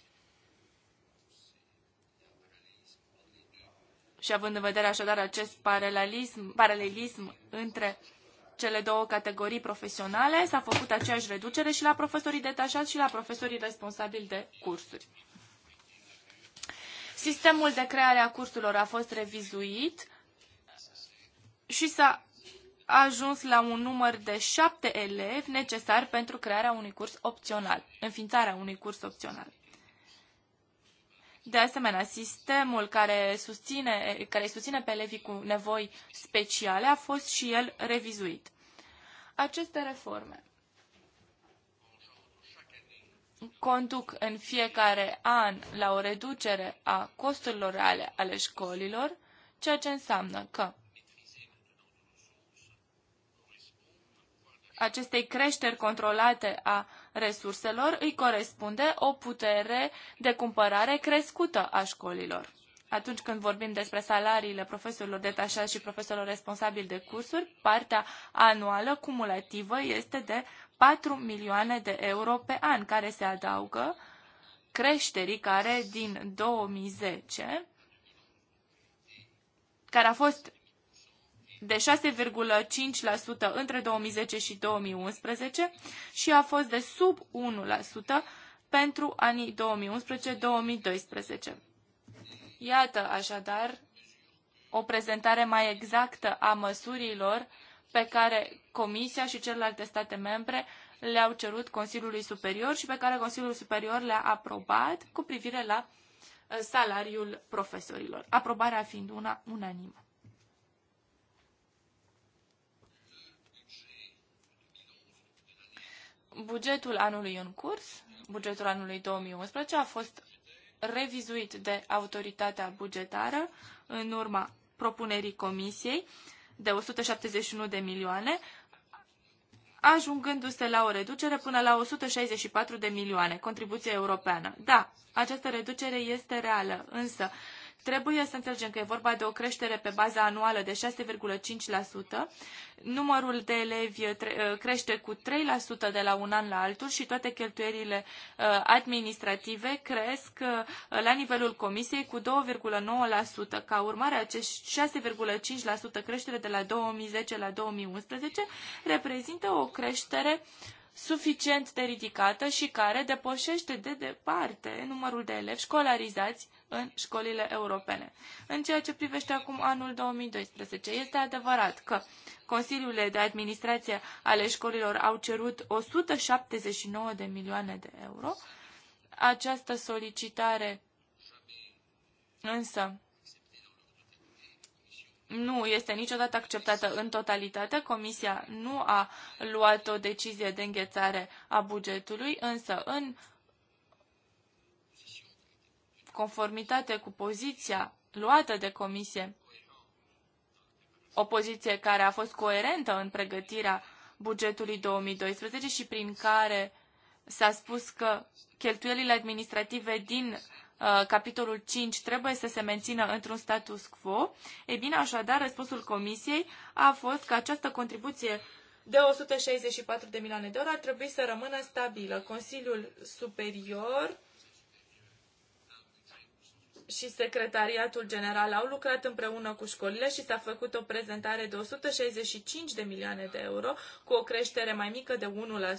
[SPEAKER 3] Și având în vedere așadar acest paralelism, paralelism între cele două categorii profesionale, s-a făcut aceeași reducere și la profesorii detașați și la profesorii responsabili de cursuri. Sistemul de creare a cursurilor a fost revizuit și s-a a ajuns la un număr de șapte elevi necesar pentru crearea unui curs opțional, înființarea unui curs opțional. De asemenea, sistemul care, susține, care susține pe elevii cu nevoi speciale a fost și el revizuit. Aceste reforme conduc în fiecare an la o reducere a costurilor reale ale școlilor, ceea ce înseamnă că acestei creșteri controlate a resurselor îi corespunde o putere de cumpărare crescută a școlilor. Atunci când vorbim despre salariile profesorilor detașați și profesorilor responsabili de cursuri, partea anuală cumulativă este de 4 milioane de euro pe an, care se adaugă creșterii care din 2010, care a fost de 6,5% între 2010 și 2011 și a fost de sub 1% pentru anii 2011-2012. Iată așadar o prezentare mai exactă a măsurilor pe care Comisia și celelalte state membre le-au cerut Consiliului Superior și pe care Consiliul Superior le-a aprobat cu privire la uh, salariul profesorilor, aprobarea fiind una unanimă. Bugetul anului în curs, bugetul anului 2011, a fost revizuit de autoritatea bugetară în urma propunerii comisiei de 171 de milioane, ajungându-se la o reducere până la 164 de milioane, contribuție europeană. Da, această reducere este reală, însă Trebuie să înțelegem că e vorba de o creștere pe baza anuală de 6,5%. Numărul de elevi uh, uh, crește cu 3% de la un an la altul și toate cheltuielile uh, administrative cresc la nivelul comisiei cu 2,9%. Ca urmare, acești 6,5% creștere de la 2010 la 2011 reprezintă o creștere uh, suficient de ridicată și care depășește de departe numărul de elevi școlarizați în școlile europene. În ceea ce privește acum anul 2012, este adevărat că Consiliile de Administrație ale școlilor au cerut 179 de milioane de euro. Această solicitare însă nu este niciodată acceptată în totalitate. Comisia nu a luat o decizie de înghețare a bugetului, însă în conformitate cu poziția luată de comisie, o poziție care a fost coerentă în pregătirea bugetului 2012 și prin care s-a spus că cheltuielile administrative din Uh, capitolul 5 trebuie să se mențină într-un status quo, e bine, așadar, răspunsul Comisiei a fost că această contribuție de 164 de milioane de euro ar trebui să rămână stabilă. Consiliul Superior și Secretariatul General au lucrat împreună cu școlile și s-a făcut o prezentare de 165 de milioane de euro, cu o creștere mai mică de 1%.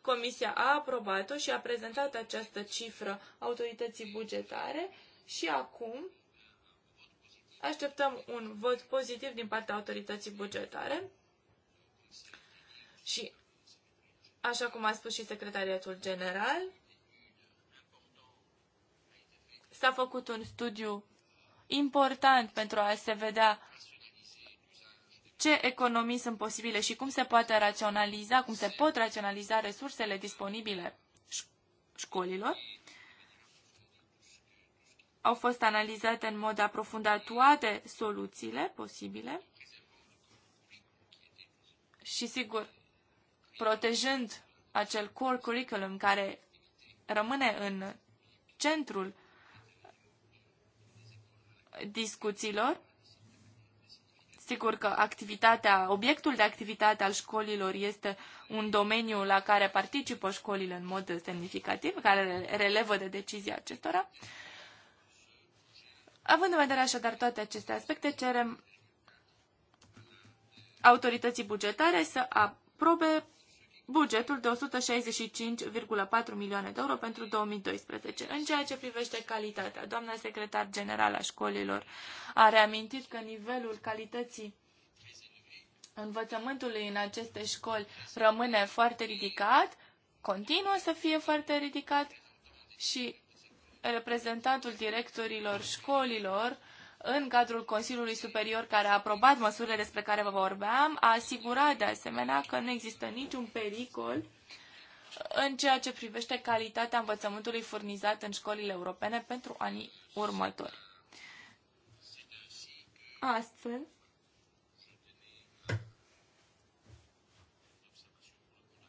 [SPEAKER 3] Comisia a aprobat-o și a prezentat această cifră autorității bugetare și acum așteptăm un vot pozitiv din partea autorității bugetare. Și, așa cum a spus și Secretariatul General, S-a făcut un studiu important pentru a se vedea ce economii sunt posibile și cum se poate raționaliza, cum se pot raționaliza resursele disponibile școlilor. Au fost analizate în mod aprofundat toate soluțiile posibile și, sigur, protejând acel core curriculum care rămâne în centrul discuțiilor. Sigur că activitatea, obiectul de activitate al școlilor este un domeniu la care participă școlile în mod semnificativ, care relevă de decizia acestora. Având în vedere așadar toate aceste aspecte, cerem autorității bugetare să aprobe bugetul de 165,4 milioane de euro pentru 2012. În ceea ce privește calitatea, doamna secretar general a școlilor a reamintit că nivelul calității învățământului în aceste școli rămâne foarte ridicat, continuă să fie foarte ridicat și reprezentantul directorilor școlilor în cadrul Consiliului Superior care a aprobat măsurile despre care vă vorbeam, a asigurat de asemenea că nu există niciun pericol în ceea ce privește calitatea învățământului furnizat în școlile europene pentru anii
[SPEAKER 1] următori.
[SPEAKER 3] Astfel,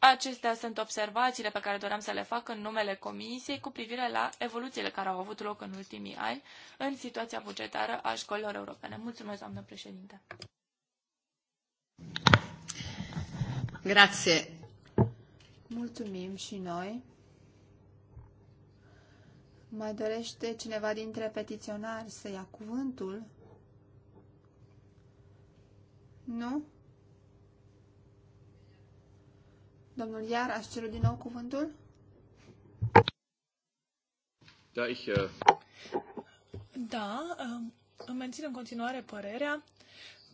[SPEAKER 3] Acestea sunt observațiile pe care doream să le fac în numele Comisiei cu privire la evoluțiile care au avut loc în ultimii ani în situația bugetară a școlilor europene. Mulțumesc, doamnă președinte!
[SPEAKER 1] Grazie! Mulțumim și noi! Mai dorește cineva dintre petiționari să ia cuvântul? Nu? Domnul Iar, aș cere din nou cuvântul?
[SPEAKER 3] Da, ich, uh...
[SPEAKER 2] da um, îmi mențin în continuare părerea.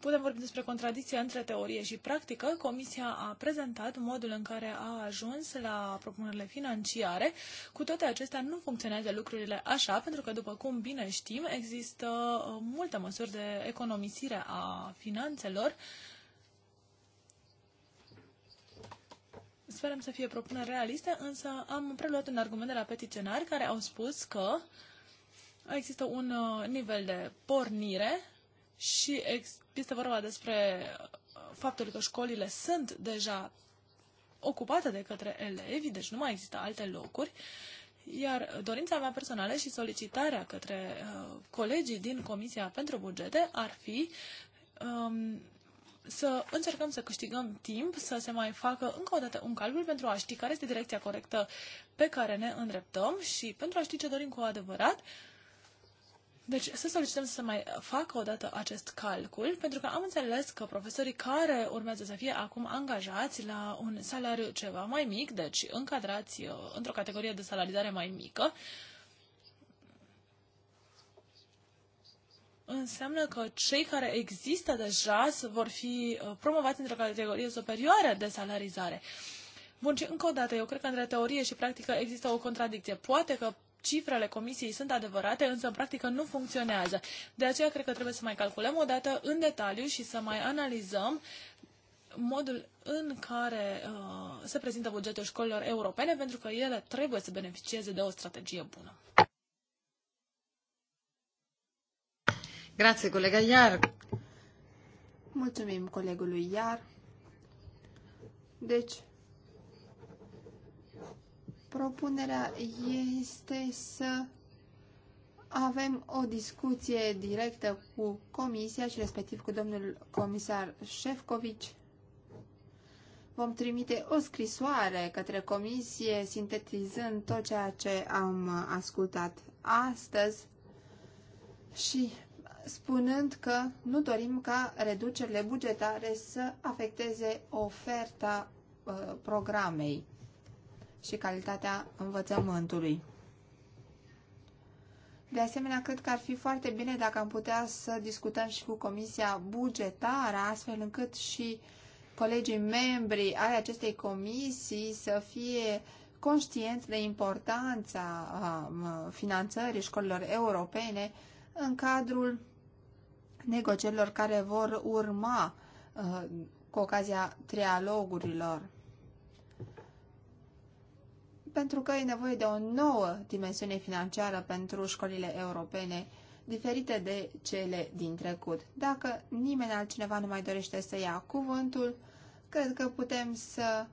[SPEAKER 2] Putem vorbi despre contradicția între teorie și practică. Comisia a prezentat modul în care a ajuns la propunerile financiare. Cu toate acestea, nu funcționează lucrurile așa, pentru că, după cum bine știm, există uh, multe măsuri de economisire a finanțelor Sperăm să fie propuneri realiste, însă am preluat un argument de la peticionari care au spus că există un uh, nivel de pornire și este vorba despre uh, faptul că școlile sunt deja ocupate de către elevi, deci nu mai există alte locuri, iar dorința mea personală și solicitarea către uh, colegii din Comisia pentru Bugete ar fi um, să încercăm să câștigăm timp, să se mai facă încă o dată un calcul pentru a ști care este direcția corectă pe care ne îndreptăm și pentru a ști ce dorim cu adevărat. Deci să solicităm să mai facă o dată acest calcul, pentru că am înțeles că profesorii care urmează să fie acum angajați la un salariu ceva mai mic, deci încadrați uh, într-o categorie de salarizare mai mică, uh, înseamnă că cei care există deja vor fi uh, promovați într-o categorie superioară de salarizare. Bun, și încă o dată, eu cred că între teorie și practică există o contradicție. Poate că cifrele comisiei sunt adevărate, însă în practică nu funcționează. De aceea cred că trebuie să mai calculăm o dată în detaliu și să mai analizăm modul în care uh, se prezintă bugetul școlilor europene, pentru că ele trebuie să beneficieze de o strategie bună.
[SPEAKER 1] Grazie colega Iar. Mulțumim colegului Iar. Deci, propunerea este să avem o discuție directă cu comisia și respectiv cu domnul comisar Șefcovici. Vom trimite o scrisoare către comisie sintetizând tot ceea ce am ascultat astăzi și spunând că nu dorim ca reducerile bugetare să afecteze oferta uh, programei și calitatea învățământului. De asemenea, cred că ar fi foarte bine dacă am putea să discutăm și cu Comisia Bugetară, astfel încât și colegii membri ai acestei comisii să fie conștienți de importanța uh, finanțării școlilor europene în cadrul negocierilor care vor urma uh, cu ocazia trialogurilor. Pentru că e nevoie de o nouă dimensiune financiară pentru școlile europene, diferite de cele din trecut. Dacă nimeni altcineva nu mai dorește să ia cuvântul, cred că putem să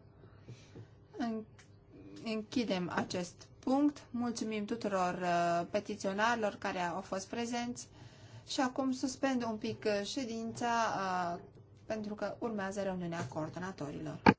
[SPEAKER 1] închidem acest punct. Mulțumim tuturor uh, petiționarilor care au fost prezenți și acum suspend un pic uh, ședința uh, pentru că urmează reuniunea coordonatorilor.